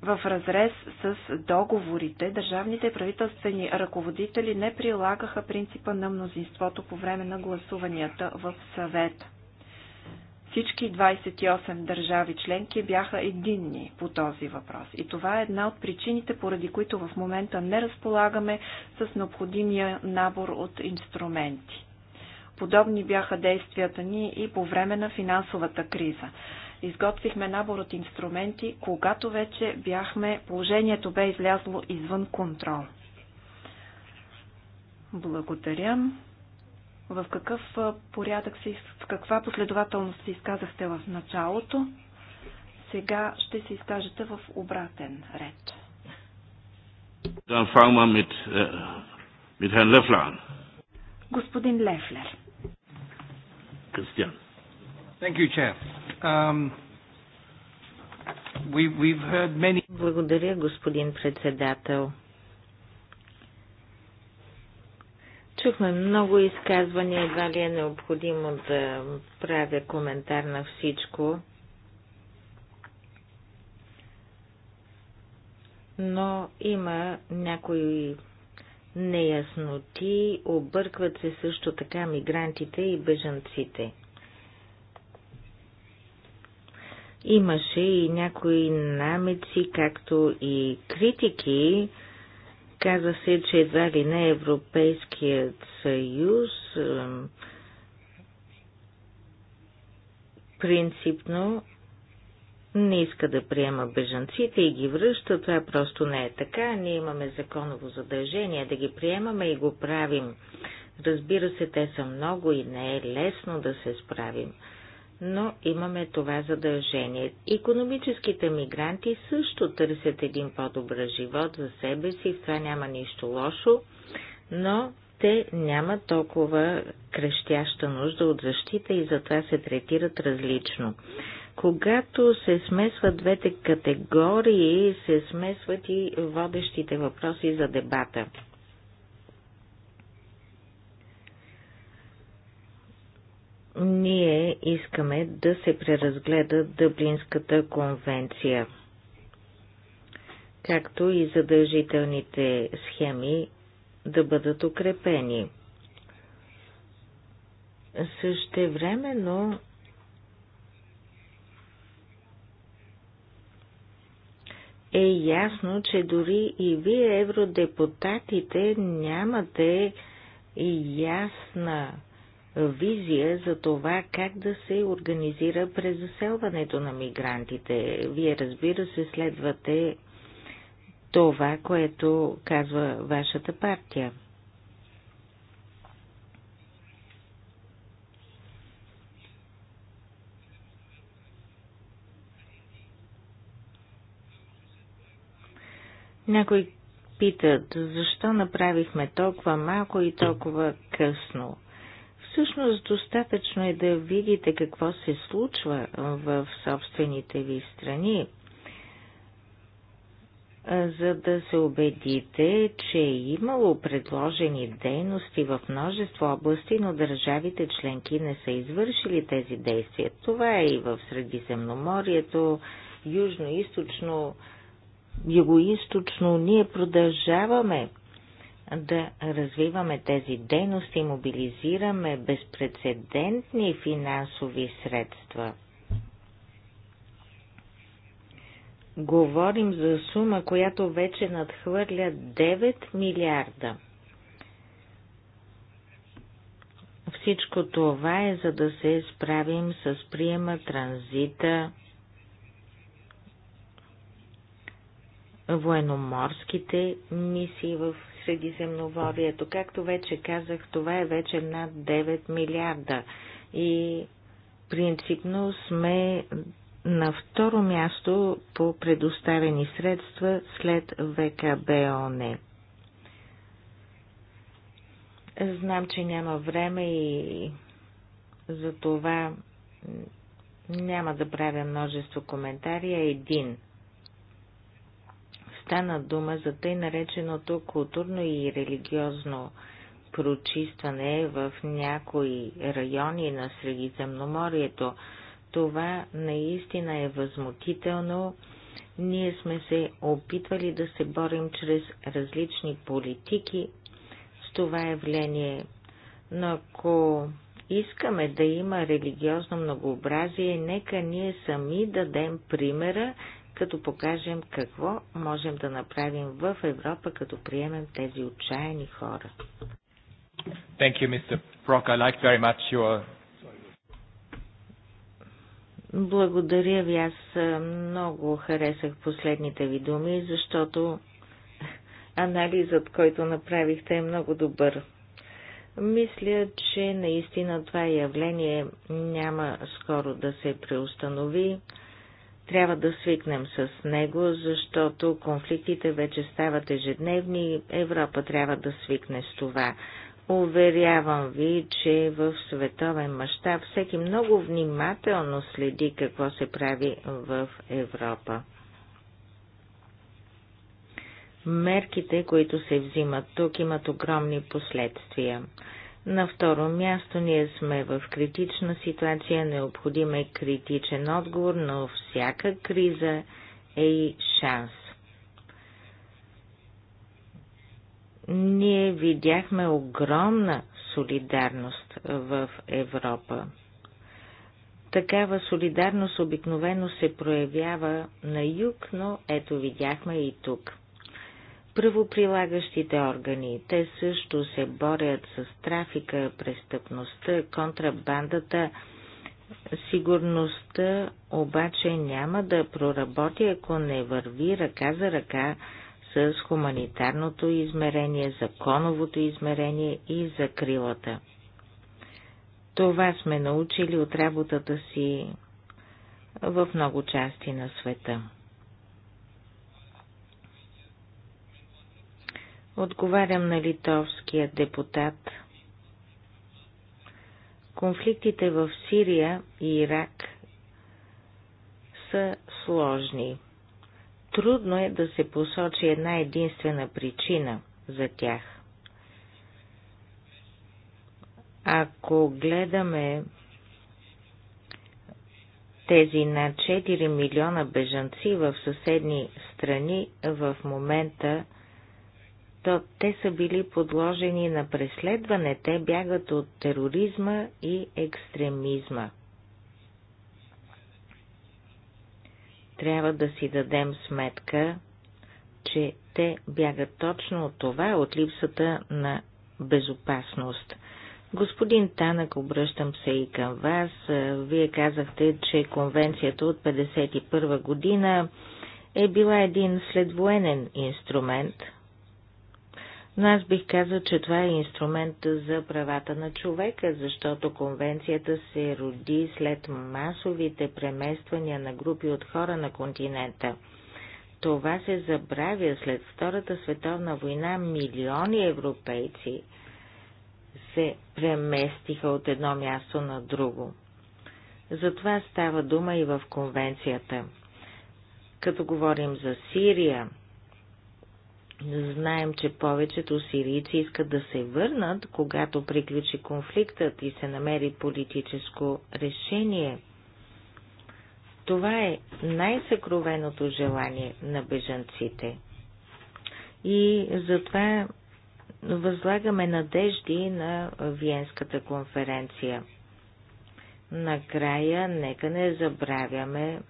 в разрез с договорите, държавните правителствени ръководители не прилагаха принципа на мнозинството по време на гласуванията в съвет. Всички 28 държави членки бяха единни по този въпрос. И това е една от причините, поради които в момента не разполагаме с необходимия набор от инструменти. Подобни бяха действията ни и по време на финансовата криза. Изготвихме набор от инструменти, когато вече бяхме, положението бе излязло извън контрол. Благодаря. В какъв порядък си, в каква последователност си изказахте в началото? Сега ще се изкажете в обратен ред. Äh, Господин Лефлер. Christian. Thank you, Chair. Um, we, we've heard many... Благодаря, господин председател. Чухме много изказвания, едва ли е необходимо да правя коментар на всичко. Но има някои неясноти, объркват се също така мигрантите и бежанците. Имаше и някои намеци, както и критики. Каза се, че едва ли не Европейският съюз принципно не иска да приема бежанците и ги връща, това просто не е така. Ние имаме законово задължение да ги приемаме и го правим. Разбира се, те са много и не е лесно да се справим, но имаме това задължение. Економическите мигранти също търсят един по-добър живот за себе си, в това няма нищо лошо, но те няма толкова крещяща нужда от защита и затова се третират различно. Когато се смесват двете категории, се смесват и водещите въпроси за дебата. Ние искаме да се преразгледа Дъблинската конвенция, както и задължителните схеми да бъдат укрепени. Същевременно е ясно, че дори и вие, евродепутатите, нямате ясна визия за това как да се организира презаселването на мигрантите. Вие, разбира се, следвате това, което казва вашата партия. Някои питат, защо направихме толкова малко и толкова късно. Всъщност достатъчно е да видите какво се случва в собствените ви страни, за да се убедите, че е имало предложени дейности в множество области, но държавите членки не са извършили тези действия. Това е и в Средиземноморието, Южно-Източно югоисточно, ние продължаваме да развиваме тези дейности, мобилизираме безпредседентни финансови средства. Говорим за сума, която вече надхвърля 9 милиарда. Всичко това е за да се справим с приема, транзита, военноморските мисии в Средиземноморието. Както вече казах, това е вече над 9 милиарда и принципно сме на второ място по предоставени средства след ВКБОН. Знам, че няма време и за това няма да правя множество коментари, един – стана дума за тъй нареченото културно и религиозно прочистване в някои райони на Средиземноморието. Това наистина е възмутително. Ние сме се опитвали да се борим чрез различни политики с това явление, но ако искаме да има религиозно многообразие, нека ние сами дадем примера като покажем какво можем да направим в Европа, като приемем тези отчаяни хора. Thank you, Mr. Brock. I like very much your... Благодаря ви. Аз много харесах последните ви думи, защото анализът, който направихте е много добър. Мисля, че наистина това явление няма скоро да се преустанови. Трябва да свикнем с него, защото конфликтите вече стават ежедневни и Европа трябва да свикне с това. Уверявам ви, че в световен мащаб всеки много внимателно следи какво се прави в Европа. Мерките, които се взимат тук, имат огромни последствия. На второ място ние сме в критична ситуация, необходим е критичен отговор, но всяка криза е и шанс. Ние видяхме огромна солидарност в Европа. Такава солидарност обикновено се проявява на юг, но ето видяхме и тук правоприлагащите органи. Те също се борят с трафика, престъпността, контрабандата. Сигурността обаче няма да проработи, ако не върви ръка за ръка с хуманитарното измерение, законовото измерение и закрилата. Това сме научили от работата си в много части на света. Отговарям на литовския депутат. Конфликтите в Сирия и Ирак са сложни. Трудно е да се посочи една единствена причина за тях. Ако гледаме тези над 4 милиона бежанци в съседни страни в момента то те са били подложени на преследване, те бягат от тероризма и екстремизма. Трябва да си дадем сметка, че те бягат точно от това, от липсата на безопасност. Господин Танък, обръщам се и към вас. Вие казахте, че конвенцията от 1951 година е била един следвоенен инструмент – но аз бих казал, че това е инструмент за правата на човека, защото конвенцията се роди след масовите премествания на групи от хора на континента. Това се забравя след Втората световна война. Милиони европейци се преместиха от едно място на друго. За това става дума и в конвенцията. Като говорим за Сирия, Знаем, че повечето сирийци искат да се върнат, когато приключи конфликтът и се намери политическо решение. Това е най-съкровеното желание на бежанците. И затова възлагаме надежди на Виенската конференция. Накрая, нека не забравяме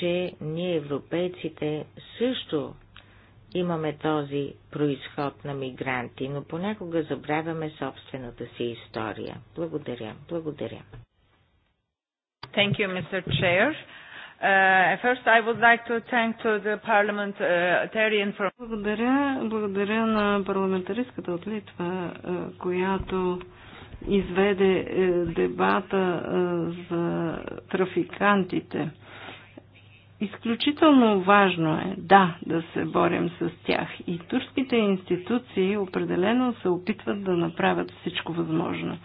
че ние европейците също имаме този происход на мигранти, но понякога забравяме собствената си история. Благодаря, благодаря. Thank you, Mr. Chair. Uh, first, I would like to thank to the parliamentarian for... Благодаря, благодаря на парламентаристката от Литва, uh, която изведе uh, дебата uh, за трафикантите. Изключително важно е, да, да се борим с тях. И турските институции определено се опитват да направят всичко възможно.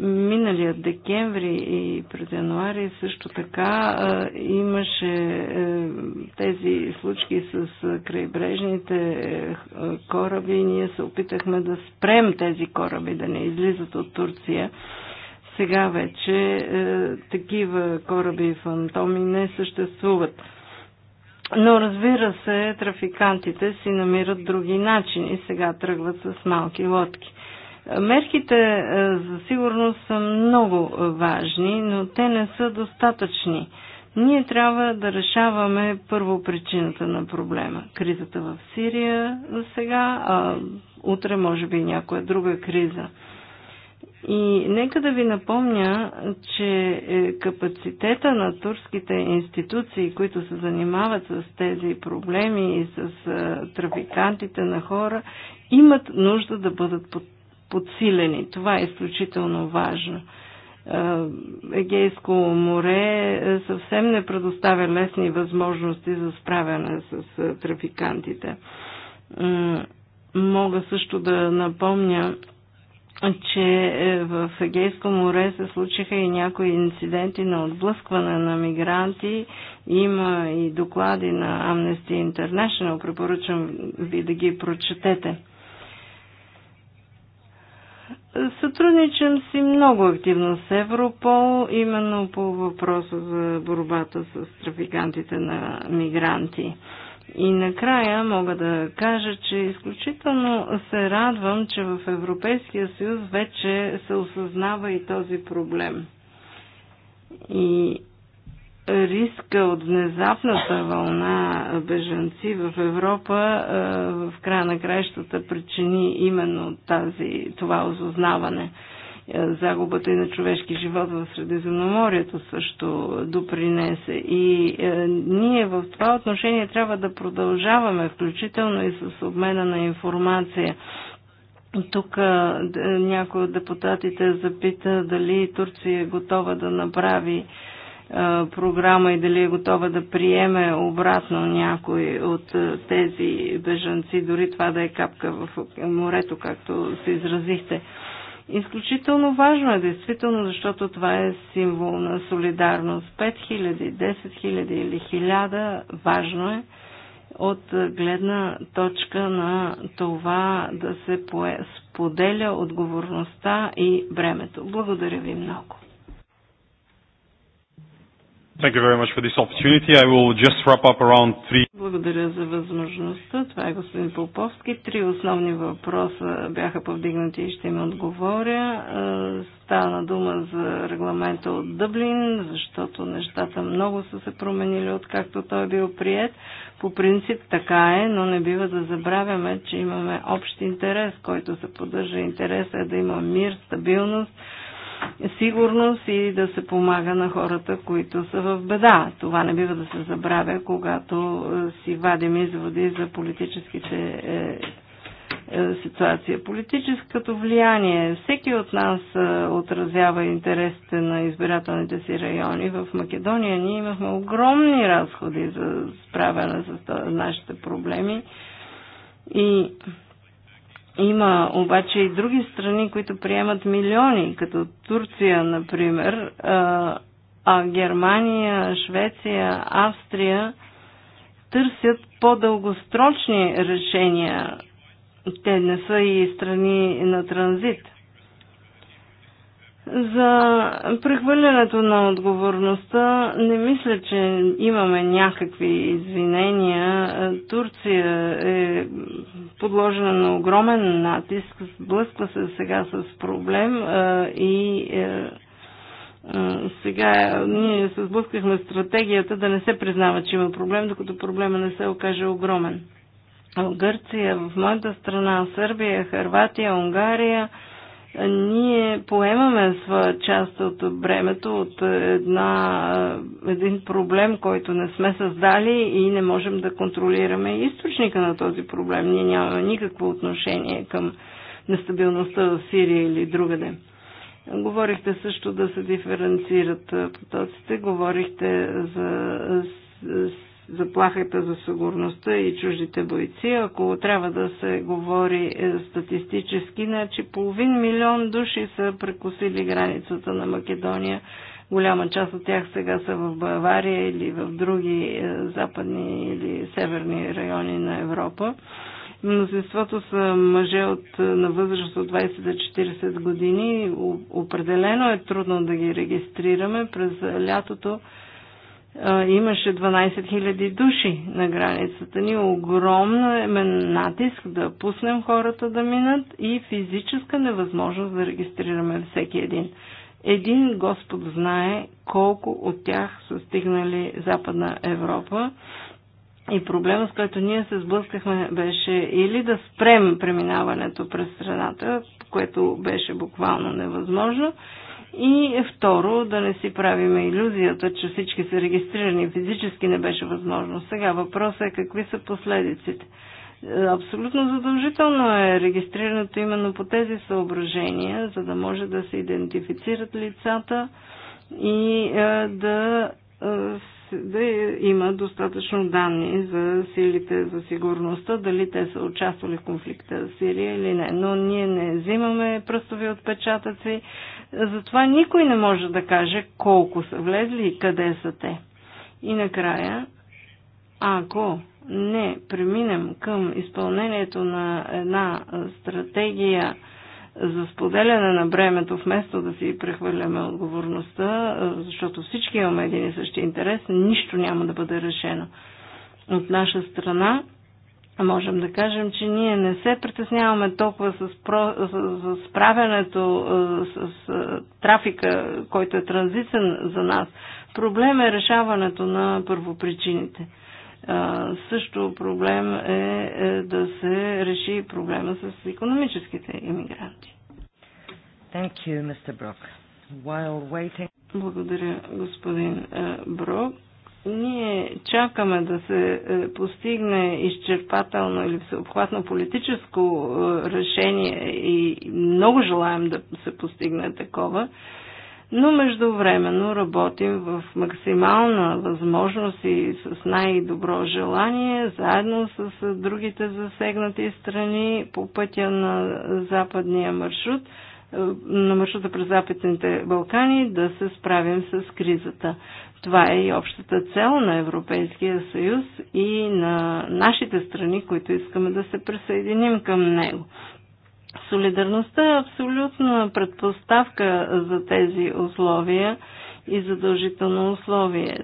Миналия декември и през януари също така е, имаше е, тези случки с е, крайбрежните е, кораби. Ние се опитахме да спрем тези кораби да не излизат от Турция. Сега вече е, такива кораби и фантоми не съществуват. Но разбира се, трафикантите си намират други начини. Сега тръгват с малки лодки. Мерките е, за сигурност са много важни, но те не са достатъчни. Ние трябва да решаваме първо причината на проблема. Кризата в Сирия за сега, а утре може би някоя друга криза. И нека да ви напомня, че е, капацитета на турските институции, които се занимават с тези проблеми и с е, трафикантите на хора, имат нужда да бъдат подсилени. Това е изключително важно. Е, Егейско море съвсем не предоставя лесни възможности за справяне с трафикантите. Мога също да напомня, че е, в Егейско море се случиха и някои инциденти на отблъскване на мигранти. Има и доклади на Amnesty International. Препоръчвам ви да ги прочетете. Сътрудничам си много активно с Европол, именно по въпроса за борбата с трафикантите на мигранти. И накрая мога да кажа, че изключително се радвам, че в Европейския съюз вече се осъзнава и този проблем. И риска от внезапната вълна бежанци в Европа е, в края на краищата причини именно тази, това осъзнаване загубата и на човешки живот в Средиземноморието също допринесе. И е, ние в това отношение трябва да продължаваме, включително и с обмена на информация. Тук е, някой от депутатите запита дали Турция е готова да направи е, програма и дали е готова да приеме обратно някой от е, тези бежанци, дори това да е капка в морето, както се изразихте. Изключително важно е, действително, защото това е символ на солидарност. 5000, 10 000 или 1000 важно е от гледна точка на това да се поделя отговорността и бремето. Благодаря ви много. Thank you very much for this opportunity. I will just wrap up around three. Благодаря за възможността. Това е господин Поповски. Три основни въпроса бяха повдигнати и ще им отговоря. Е, стана дума за регламента от Дъблин, защото нещата много са се променили откакто той е бил прият. По принцип така е, но не бива да забравяме, че имаме общ интерес, който се поддържа. интереса е да има мир, стабилност, сигурност и да се помага на хората, които са в беда. Това не бива да се забравя, когато е, си вадим изводи за политическите е, е, ситуации. Политическото влияние. Всеки от нас отразява интересите на избирателните си райони. В Македония ние имахме огромни разходи за справяне с нашите проблеми. И има обаче и други страни, които приемат милиони, като Турция, например, а Германия, Швеция, Австрия търсят по-дългосрочни решения. Те не са и страни на транзит. За прехвърлянето на отговорността не мисля, че имаме някакви извинения. Турция е подложена на огромен натиск, сблъсква се сега с проблем и е, сега ние се сблъскахме стратегията да не се признава, че има проблем, докато проблема не се окаже огромен. Гърция, в моята страна, Сърбия, Харватия, Унгария – ние поемаме своя част от бремето от една, един проблем, който не сме създали и не можем да контролираме източника на този проблем. Ние нямаме никакво отношение към нестабилността в Сирия или другаде. Говорихте също да се диференцират потоците, говорихте за заплахата за сигурността и чуждите бойци. Ако трябва да се говори е, статистически, значи половин милион души са прекусили границата на Македония. Голяма част от тях сега са в Бавария или в други е, западни или северни райони на Европа. Мнозинството са мъже от, на възраст от 20 до 40 години. Определено е трудно да ги регистрираме. През лятото имаше 12 000 души на границата ни. е натиск да пуснем хората да минат и физическа невъзможност да регистрираме всеки един. Един Господ знае колко от тях са стигнали Западна Европа. И проблема, с който ние се сблъскахме, беше или да спрем преминаването през страната, което беше буквално невъзможно, и второ, да не си правиме иллюзията, че всички са регистрирани. Физически не беше възможно. Сега въпросът е какви са последиците. Е, абсолютно задължително е регистрирането именно по тези съображения, за да може да се идентифицират лицата и е, да, е, да има достатъчно данни за силите за сигурността, дали те са участвали в конфликта в Сирия или не. Но ние не взимаме пръстови отпечатъци, затова никой не може да каже колко са влезли и къде са те. И накрая, ако не преминем към изпълнението на една стратегия за споделяне на бремето, вместо да си прехвърляме отговорността, защото всички имаме един и същи интерес, нищо няма да бъде решено. От наша страна можем да кажем, че ние не се притесняваме толкова с, про, с, с правенето, с, с трафика, който е транзитен за нас. Проблем е решаването на първопричините. също проблем е, е, да се реши проблема с економическите иммигранти. Благодаря, господин Брок ние чакаме да се е, постигне изчерпателно или всеобхватно политическо е, решение и много желаем да се постигне такова, но междувременно работим в максимална възможност и с най-добро желание, заедно с е, другите засегнати страни по пътя на западния маршрут, на маршрута през Западните Балкани да се справим с кризата. Това е и общата цел на Европейския съюз и на нашите страни, които искаме да се присъединим към него. Солидарността е абсолютна предпоставка за тези условия и задължително условие.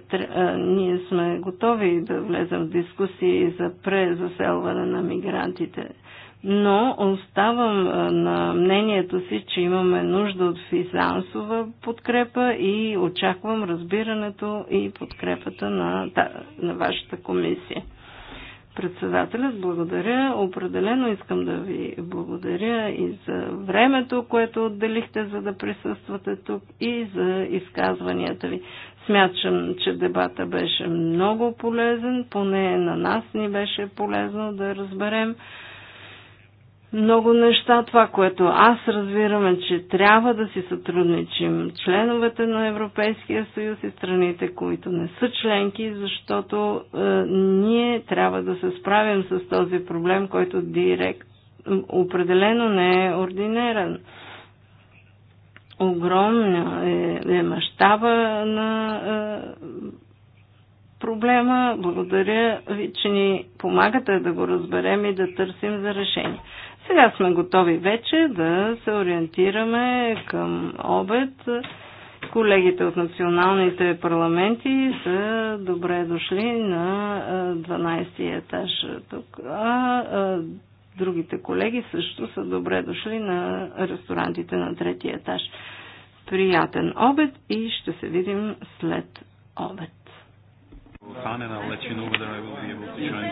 Ние сме готови да влезем в дискусии за презаселване на мигрантите но оставам на мнението си, че имаме нужда от финансова подкрепа и очаквам разбирането и подкрепата на, да, на вашата комисия. Председателят, благодаря. Определено искам да ви благодаря и за времето, което отделихте, за да присъствате тук и за изказванията ви. Смятам, че дебата беше много полезен, поне на нас ни беше полезно да разберем много неща. Това, което аз разбирам е, че трябва да си сътрудничим членовете на Европейския съюз и страните, които не са членки, защото е, ние трябва да се справим с този проблем, който директ определено не е ординерен. Огромна е, е мащаба на е, проблема. Благодаря ви, че ни помагате да го разберем и да търсим за решение. Сега сме готови вече да се ориентираме към обед. Колегите от националните парламенти са добре дошли на 12 етаж тук. А другите колеги също са добре дошли на ресторантите на третия етаж. Приятен обед и ще се видим след обед. Fine, and I'll let да know whether I